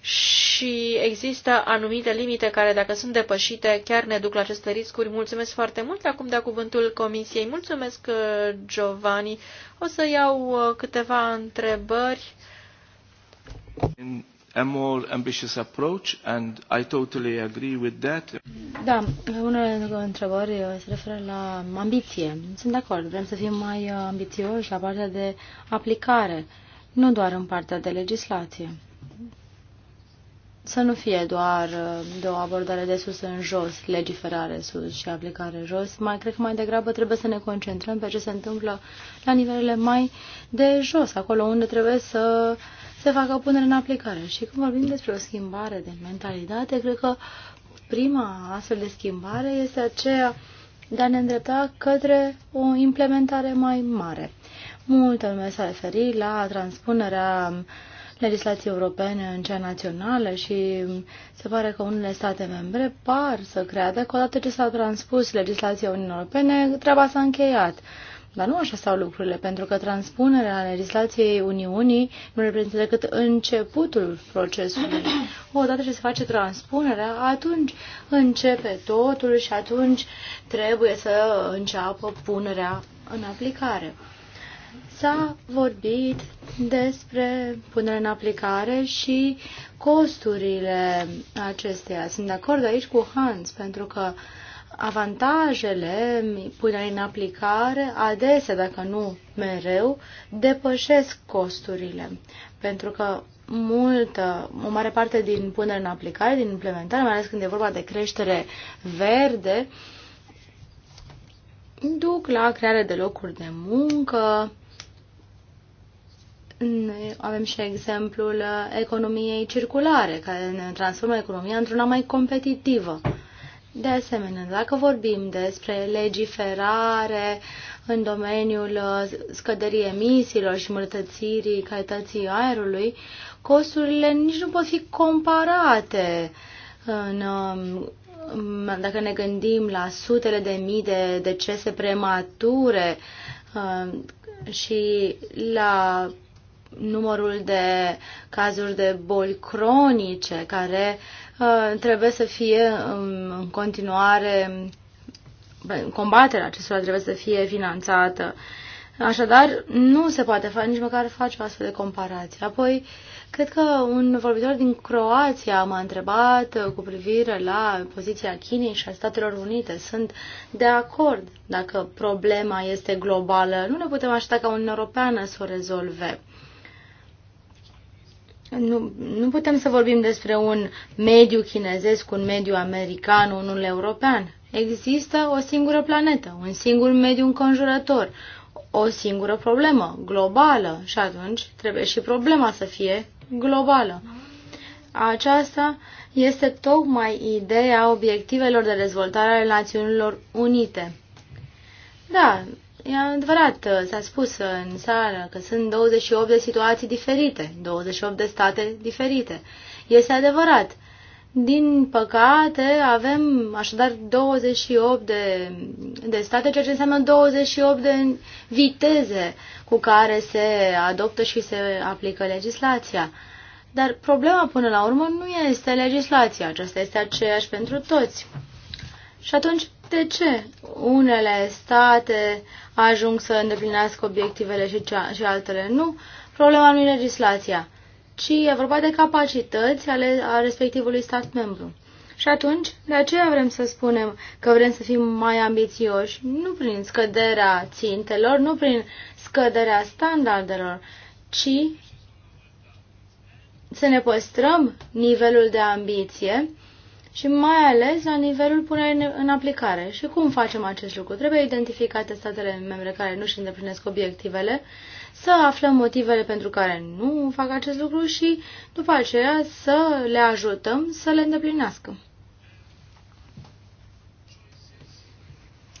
și există anumite limite care, dacă sunt depășite, chiar ne duc la aceste riscuri. Mulțumesc foarte mult. Acum de cuvântul Comisiei. Mulțumesc, uh, Giovanni. O să iau uh, câteva întrebări a more ambitious approach and I totally agree with that. Da, unele întrebări uh, se referă la ambiție. Sunt de acord, vrem să fim mai uh, ambițioși la partea de aplicare, nu doar în partea de legislație. Să nu fie doar uh, de o abordare de sus în jos, legiferare sus și aplicare jos. Mai cred că mai degrabă trebuie să ne concentrăm pe ce se întâmplă la nivelele mai de jos, acolo unde trebuie să uh, se facă punere în aplicare. Și când vorbim despre o schimbare de mentalitate, cred că prima astfel de schimbare este aceea de a ne îndrepta către o implementare mai mare. Multă lume s-a referit la transpunerea legislației europene în cea națională și se pare că unele state membre par să creadă că odată ce s-a transpus legislația Uniunii Europene, treaba s-a încheiat. Dar nu așa stau lucrurile, pentru că transpunerea legislației Uniunii nu reprezintă decât începutul procesului. Odată ce se face transpunerea, atunci începe totul și atunci trebuie să înceapă punerea în aplicare. S-a vorbit despre punerea în aplicare și costurile acesteia. Sunt de acord aici cu Hans, pentru că uh, avantajele punerii în aplicare adesea, dacă nu mereu, depășesc costurile, pentru că multă, o mare parte din punere în aplicare, din implementare, mai ales când e vorba de creștere verde, duc la crearea de locuri de muncă. Avem și exemplul economiei circulare, care ne transformă economia într-una mai competitivă. De asemenea, dacă vorbim despre legiferare în domeniul uh, scăderii emisiilor și îmbunătățirii calității aerului, costurile nici nu pot fi comparate în, um, dacă ne gândim la sutele de mii de decese premature uh, și la numărul de cazuri de boli cronice care uh, Uh, trebuie să fie um, în continuare, um, combaterea acestora trebuie să fie finanțată. Așadar, nu se poate face, nici măcar face o astfel de comparație. Apoi, cred că un vorbitor din Croația m-a întrebat uh, cu privire la poziția Chinei și a Statelor Unite. Sunt de acord dacă problema este globală. Nu ne putem aștepta ca un Europeană să o rezolve. Nu, nu putem să vorbim despre un mediu chinezesc, un mediu american, unul european. Există o singură planetă, un singur mediu înconjurător, o singură problemă globală și atunci trebuie și problema să fie globală. Aceasta este tocmai ideea obiectivelor de dezvoltare ale Națiunilor Unite. Da, E adevărat, s-a spus în țară că sunt 28 de situații diferite, 28 de state diferite. Este adevărat. Din păcate, avem așadar 28 de, de state, ceea ce înseamnă 28 de viteze cu care se adoptă și se aplică legislația. Dar problema până la urmă nu este legislația, aceasta este aceeași pentru toți. Și atunci, de ce unele state ajung să îndeplinească obiectivele și, cea, și altele nu. Problema nu e legislația, ci e vorba de capacități ale a respectivului stat membru. Și atunci, de aceea vrem să spunem că vrem să fim mai ambițioși, nu prin scăderea țintelor, nu prin scăderea standardelor, ci să ne păstrăm nivelul de ambiție și mai ales la nivelul punerii în aplicare. Și cum facem acest lucru? Trebuie identificate statele membre care nu își îndeplinesc obiectivele, să aflăm motivele pentru care nu fac acest lucru și după aceea să le ajutăm să le îndeplinească.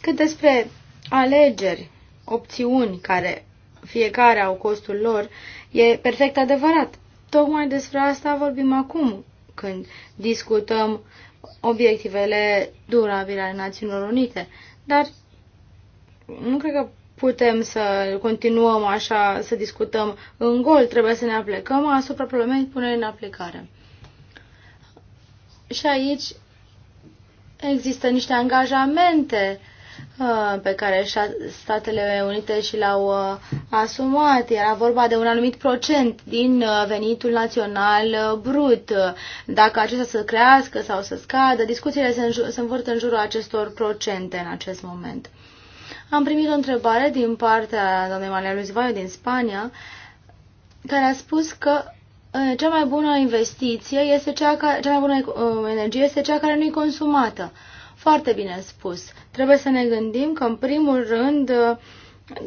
Cât despre alegeri, opțiuni care fiecare au costul lor, e perfect adevărat. Tocmai despre asta vorbim acum, când discutăm obiectivele durabile ale Națiunilor Unite. Dar nu cred că putem să continuăm așa, să discutăm în gol, trebuie să ne aplecăm asupra problemei punerii în aplicare. Și aici există niște angajamente uh, Uh, pe care Statele Unite și l-au uh, asumat. Era vorba de un anumit procent din uh, venitul național brut. Dacă acesta să crească sau să scadă, discuțiile se, se învârt în jurul acestor procente în acest moment. Am primit o întrebare din partea doamnei Maria Luzivoiu din Spania, care a spus că cea mai bună investiție este cea, care, cea mai bună energie este cea care nu e consumată. Foarte bine spus trebuie să ne gândim că, în primul rând,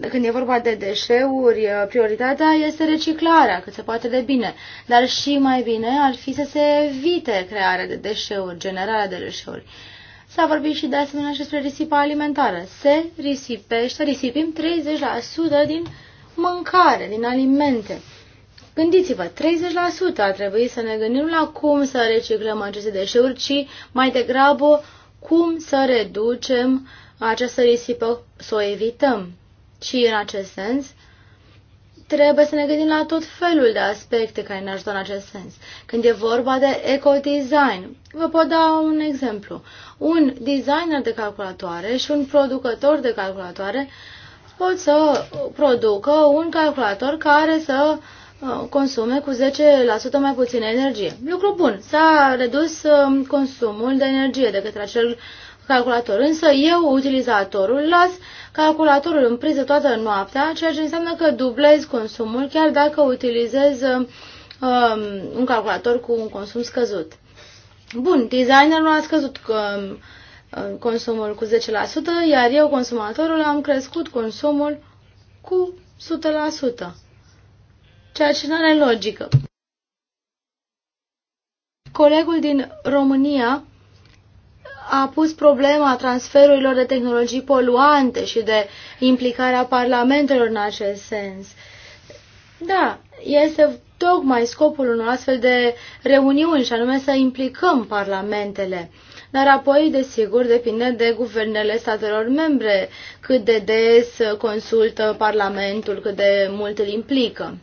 când e vorba de deșeuri, prioritatea este reciclarea, cât se poate de bine. Dar și mai bine ar fi să se evite crearea de deșeuri, generarea de deșeuri. S-a vorbit și de asemenea și despre risipa alimentară. Se risipește, risipim 30% din mâncare, din alimente. Gândiți-vă, 30% ar trebui să ne gândim la cum să reciclăm aceste deșeuri, ci mai degrabă cum să reducem această risipă, să o evităm. Și în acest sens, trebuie să ne gândim la tot felul de aspecte care ne ajută în acest sens. Când e vorba de ecodesign, vă pot da un exemplu. Un designer de calculatoare și un producător de calculatoare pot să producă un calculator care să Uh, consume cu 10% mai puțină energie. Lucru bun, s-a redus um, consumul de energie de către acel calculator, însă eu, utilizatorul, las calculatorul în priză toată noaptea, ceea ce înseamnă că dublez consumul chiar dacă utilizez um, um un calculator cu un consum scăzut. Bun, designerul a scăzut um, uh, consumul cu 10%, iar eu, consumatorul, am crescut consumul cu 100% ceea ce nu are logică. Colegul din România a pus problema transferurilor de tehnologii poluante și de implicarea parlamentelor în acest sens. Da, este tocmai scopul unor astfel de reuniuni și anume să implicăm parlamentele. Dar apoi, desigur, depinde de guvernele statelor membre, cât de des consultă Parlamentul, cât de mult îl implică.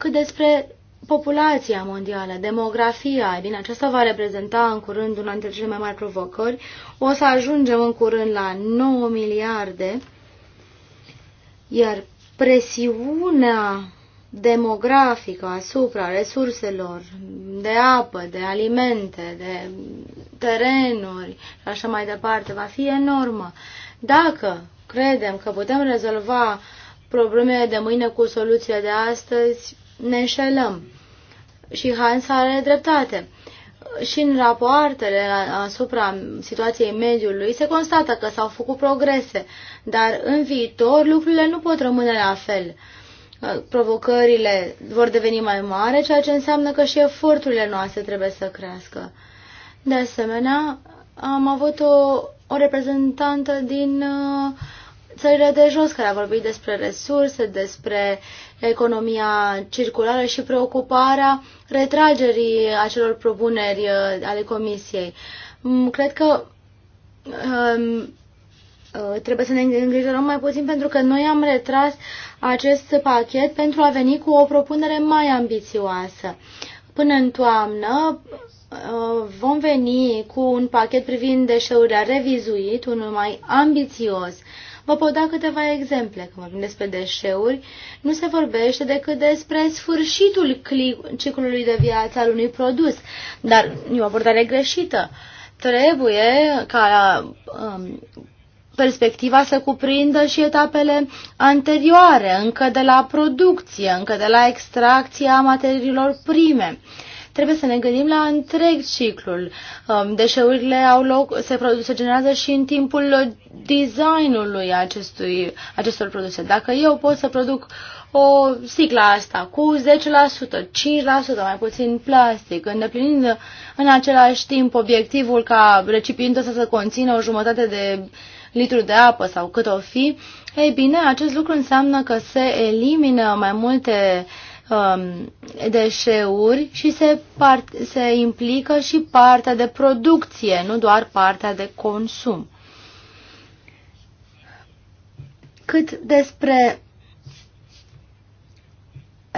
Cât despre populația mondială, demografia, e bine, aceasta va reprezenta în curând una dintre cele mai mari provocări. O să ajungem în curând la 9 miliarde, iar presiunea demografică asupra resurselor de apă, de alimente, de terenuri și așa mai departe va fi enormă. Dacă credem că putem rezolva problemele de mâine cu soluția de astăzi, ne înșelăm. Și Hans are dreptate. Și în rapoartele asupra situației mediului se constată că s-au făcut progrese, dar în viitor lucrurile nu pot rămâne la fel. Provocările vor deveni mai mari, ceea ce înseamnă că și eforturile noastre trebuie să crească. De asemenea, am avut o, o reprezentantă din uh, țările de jos, care a vorbit despre resurse, despre economia circulară și preocuparea retragerii acelor propuneri uh, ale Comisiei. Mm, cred că um, uh, trebuie să ne îngrijorăm mai puțin pentru că noi am retras acest pachet pentru a veni cu o propunere mai ambițioasă. Până în toamnă uh, vom veni cu un pachet privind deșeurile revizuit, unul mai ambițios. Vă pot da câteva exemple. Când vorbim despre deșeuri, nu se vorbește decât despre sfârșitul ciclului de viață al unui produs, dar e o abordare greșită. Trebuie ca um, perspectiva să cuprindă și etapele anterioare, încă de la producție, încă de la extracția materiilor prime. Uh, trebuie să ne gândim la întreg ciclul. Um, deșeurile au loc, se, produc, se generează și în timpul designului acestui, acestor produse. Dacă eu pot să produc o sigla asta cu 10%, 5% mai puțin plastic, îndeplinind în același timp obiectivul ca recipientul să conțină o jumătate de litru de apă sau cât o fi, ei bine, acest lucru înseamnă că se elimină mai multe uh, um, deșeuri și se, part- se implică și partea de producție, nu doar partea de consum. Cât despre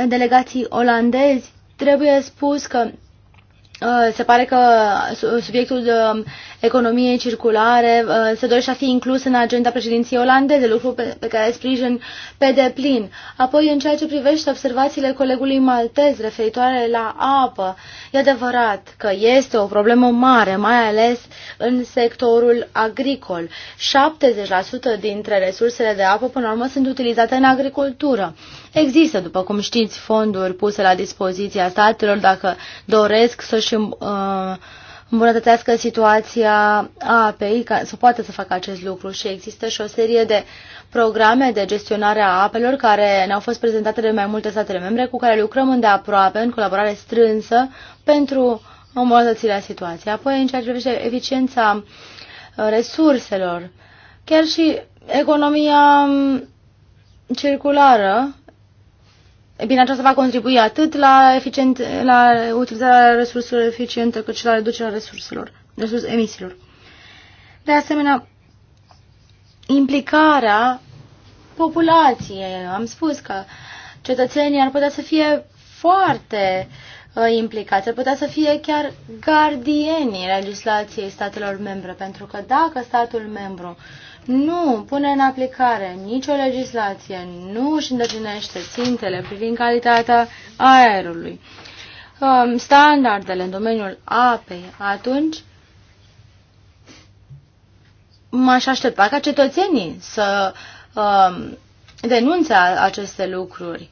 delegații olandezi, trebuie spus că uh, se pare că subiectul um, economiei circulare uh, se dorește a fi inclus în agenda președinției olandeze, lucru pe, pe care sprijin pe deplin. Apoi, în ceea ce privește observațiile colegului maltez referitoare la apă, e adevărat că este o problemă mare, mai ales în sectorul agricol. 70% dintre resursele de apă, până la urmă, sunt utilizate în agricultură. Există, după cum știți, fonduri puse la dispoziția statelor dacă doresc să-și uh, îmbunătățească situația apei, ca să poată să facă acest lucru și există și o serie de programe de gestionare a apelor care ne-au fost prezentate de mai multe statele membre cu care lucrăm îndeaproape, în colaborare strânsă, pentru îmbunătățirea situației. Apoi, în ceea ce privește eficiența uh, resurselor, chiar și economia mm, circulară E bine, aceasta va contribui atât la, eficient, la utilizarea resurselor eficientă, cât și la reducerea resurselor, resurs, emisiilor. De asemenea, implicarea populației. Am spus că cetățenii ar putea să fie foarte uh, implicați, ar putea să fie chiar gardienii legislației statelor membre, pentru că dacă statul membru uh, nu pune în aplicare nicio legislație, nu își îndeplinește țintele privind calitatea aerului, um, standardele în domeniul apei, atunci m-aș aștepta ca cetățenii să um, denunțe aceste lucruri.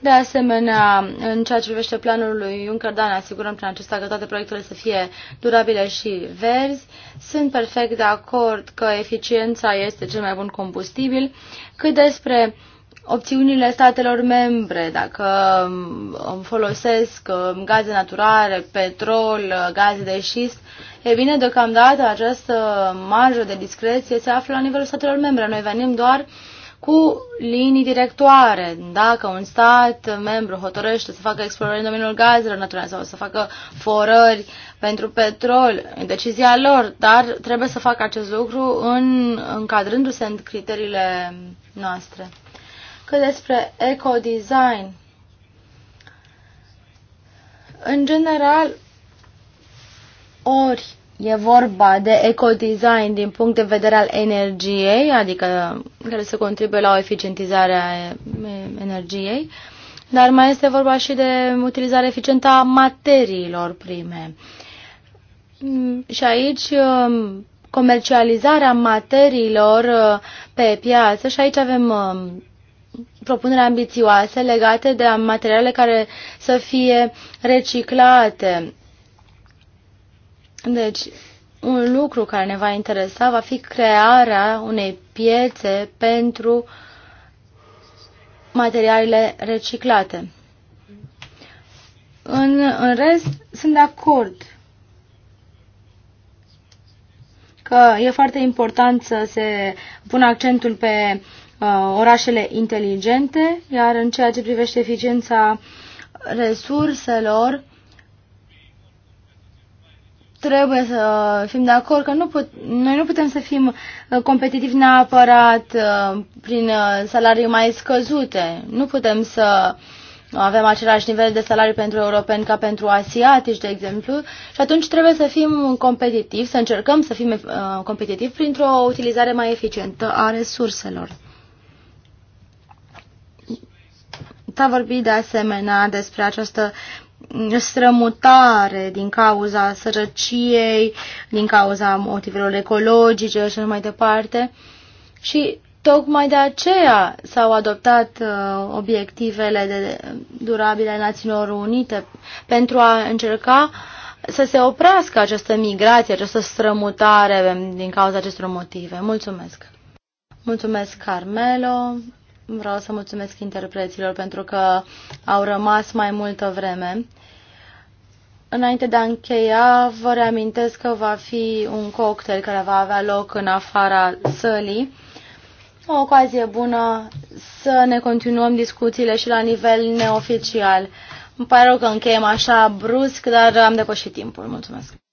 De asemenea, în ceea ce privește planul lui Juncker, da, ne asigurăm prin acesta că toate proiectele să fie durabile și verzi. Sunt perfect de acord că eficiența este cel mai bun combustibil. Cât despre opțiunile statelor membre, dacă um, folosesc um, gaze naturale, petrol, gaze de șist, E bine, deocamdată această marjă de discreție se află la nivelul statelor membre. Noi venim doar cu linii directoare. Dacă un stat membru hotărăște să facă explorări în domeniul gazelor naturale sau să facă forări pentru petrol, decizia lor, dar trebuie să facă acest lucru în, încadrându-se în criteriile noastre. Că despre ecodesign, în general, ori E vorba de ecodesign din punct de vedere al energiei, adică care să contribuie la o eficientizare a energiei, dar mai este vorba și de utilizare eficientă a materiilor prime. Și aici um, comercializarea materiilor uh, pe piață și aici avem um, propuneri ambițioase legate de materiale care să fie reciclate deci, un lucru care ne va interesa va fi crearea unei piețe pentru materialele reciclate. În, în rest, sunt de acord că e foarte important să se pună accentul pe uh, orașele inteligente, iar în ceea ce privește eficiența resurselor, uh, trebuie să fim de acord că nu put, noi nu putem să fim uh, competitivi neapărat uh, prin uh, salarii mai scăzute. Nu putem să avem același nivel de salarii pentru europeni ca pentru asiatici, de exemplu, și atunci trebuie să fim competitivi, să încercăm să fim competitivi printr-o utilizare mai eficientă a resurselor. S-a vorbit de asemenea despre această strămutare din cauza sărăciei, din cauza motivelor ecologice și mai departe. Și tocmai de aceea s-au adoptat uh, obiectivele de durabile ale Națiunilor Unite pentru a încerca să se oprească această migrație, această strămutare din cauza acestor motive. Mulțumesc! Mulțumesc, Carmelo. Vreau să mulțumesc interpreților pentru că au rămas mai multă vreme. Înainte de a încheia, vă reamintesc că va fi un cocktail care va avea loc în afara sălii. O ocazie bună să ne continuăm discuțiile și la nivel neoficial. Îmi pare rău că încheiem așa brusc, dar am depășit timpul. Mulțumesc!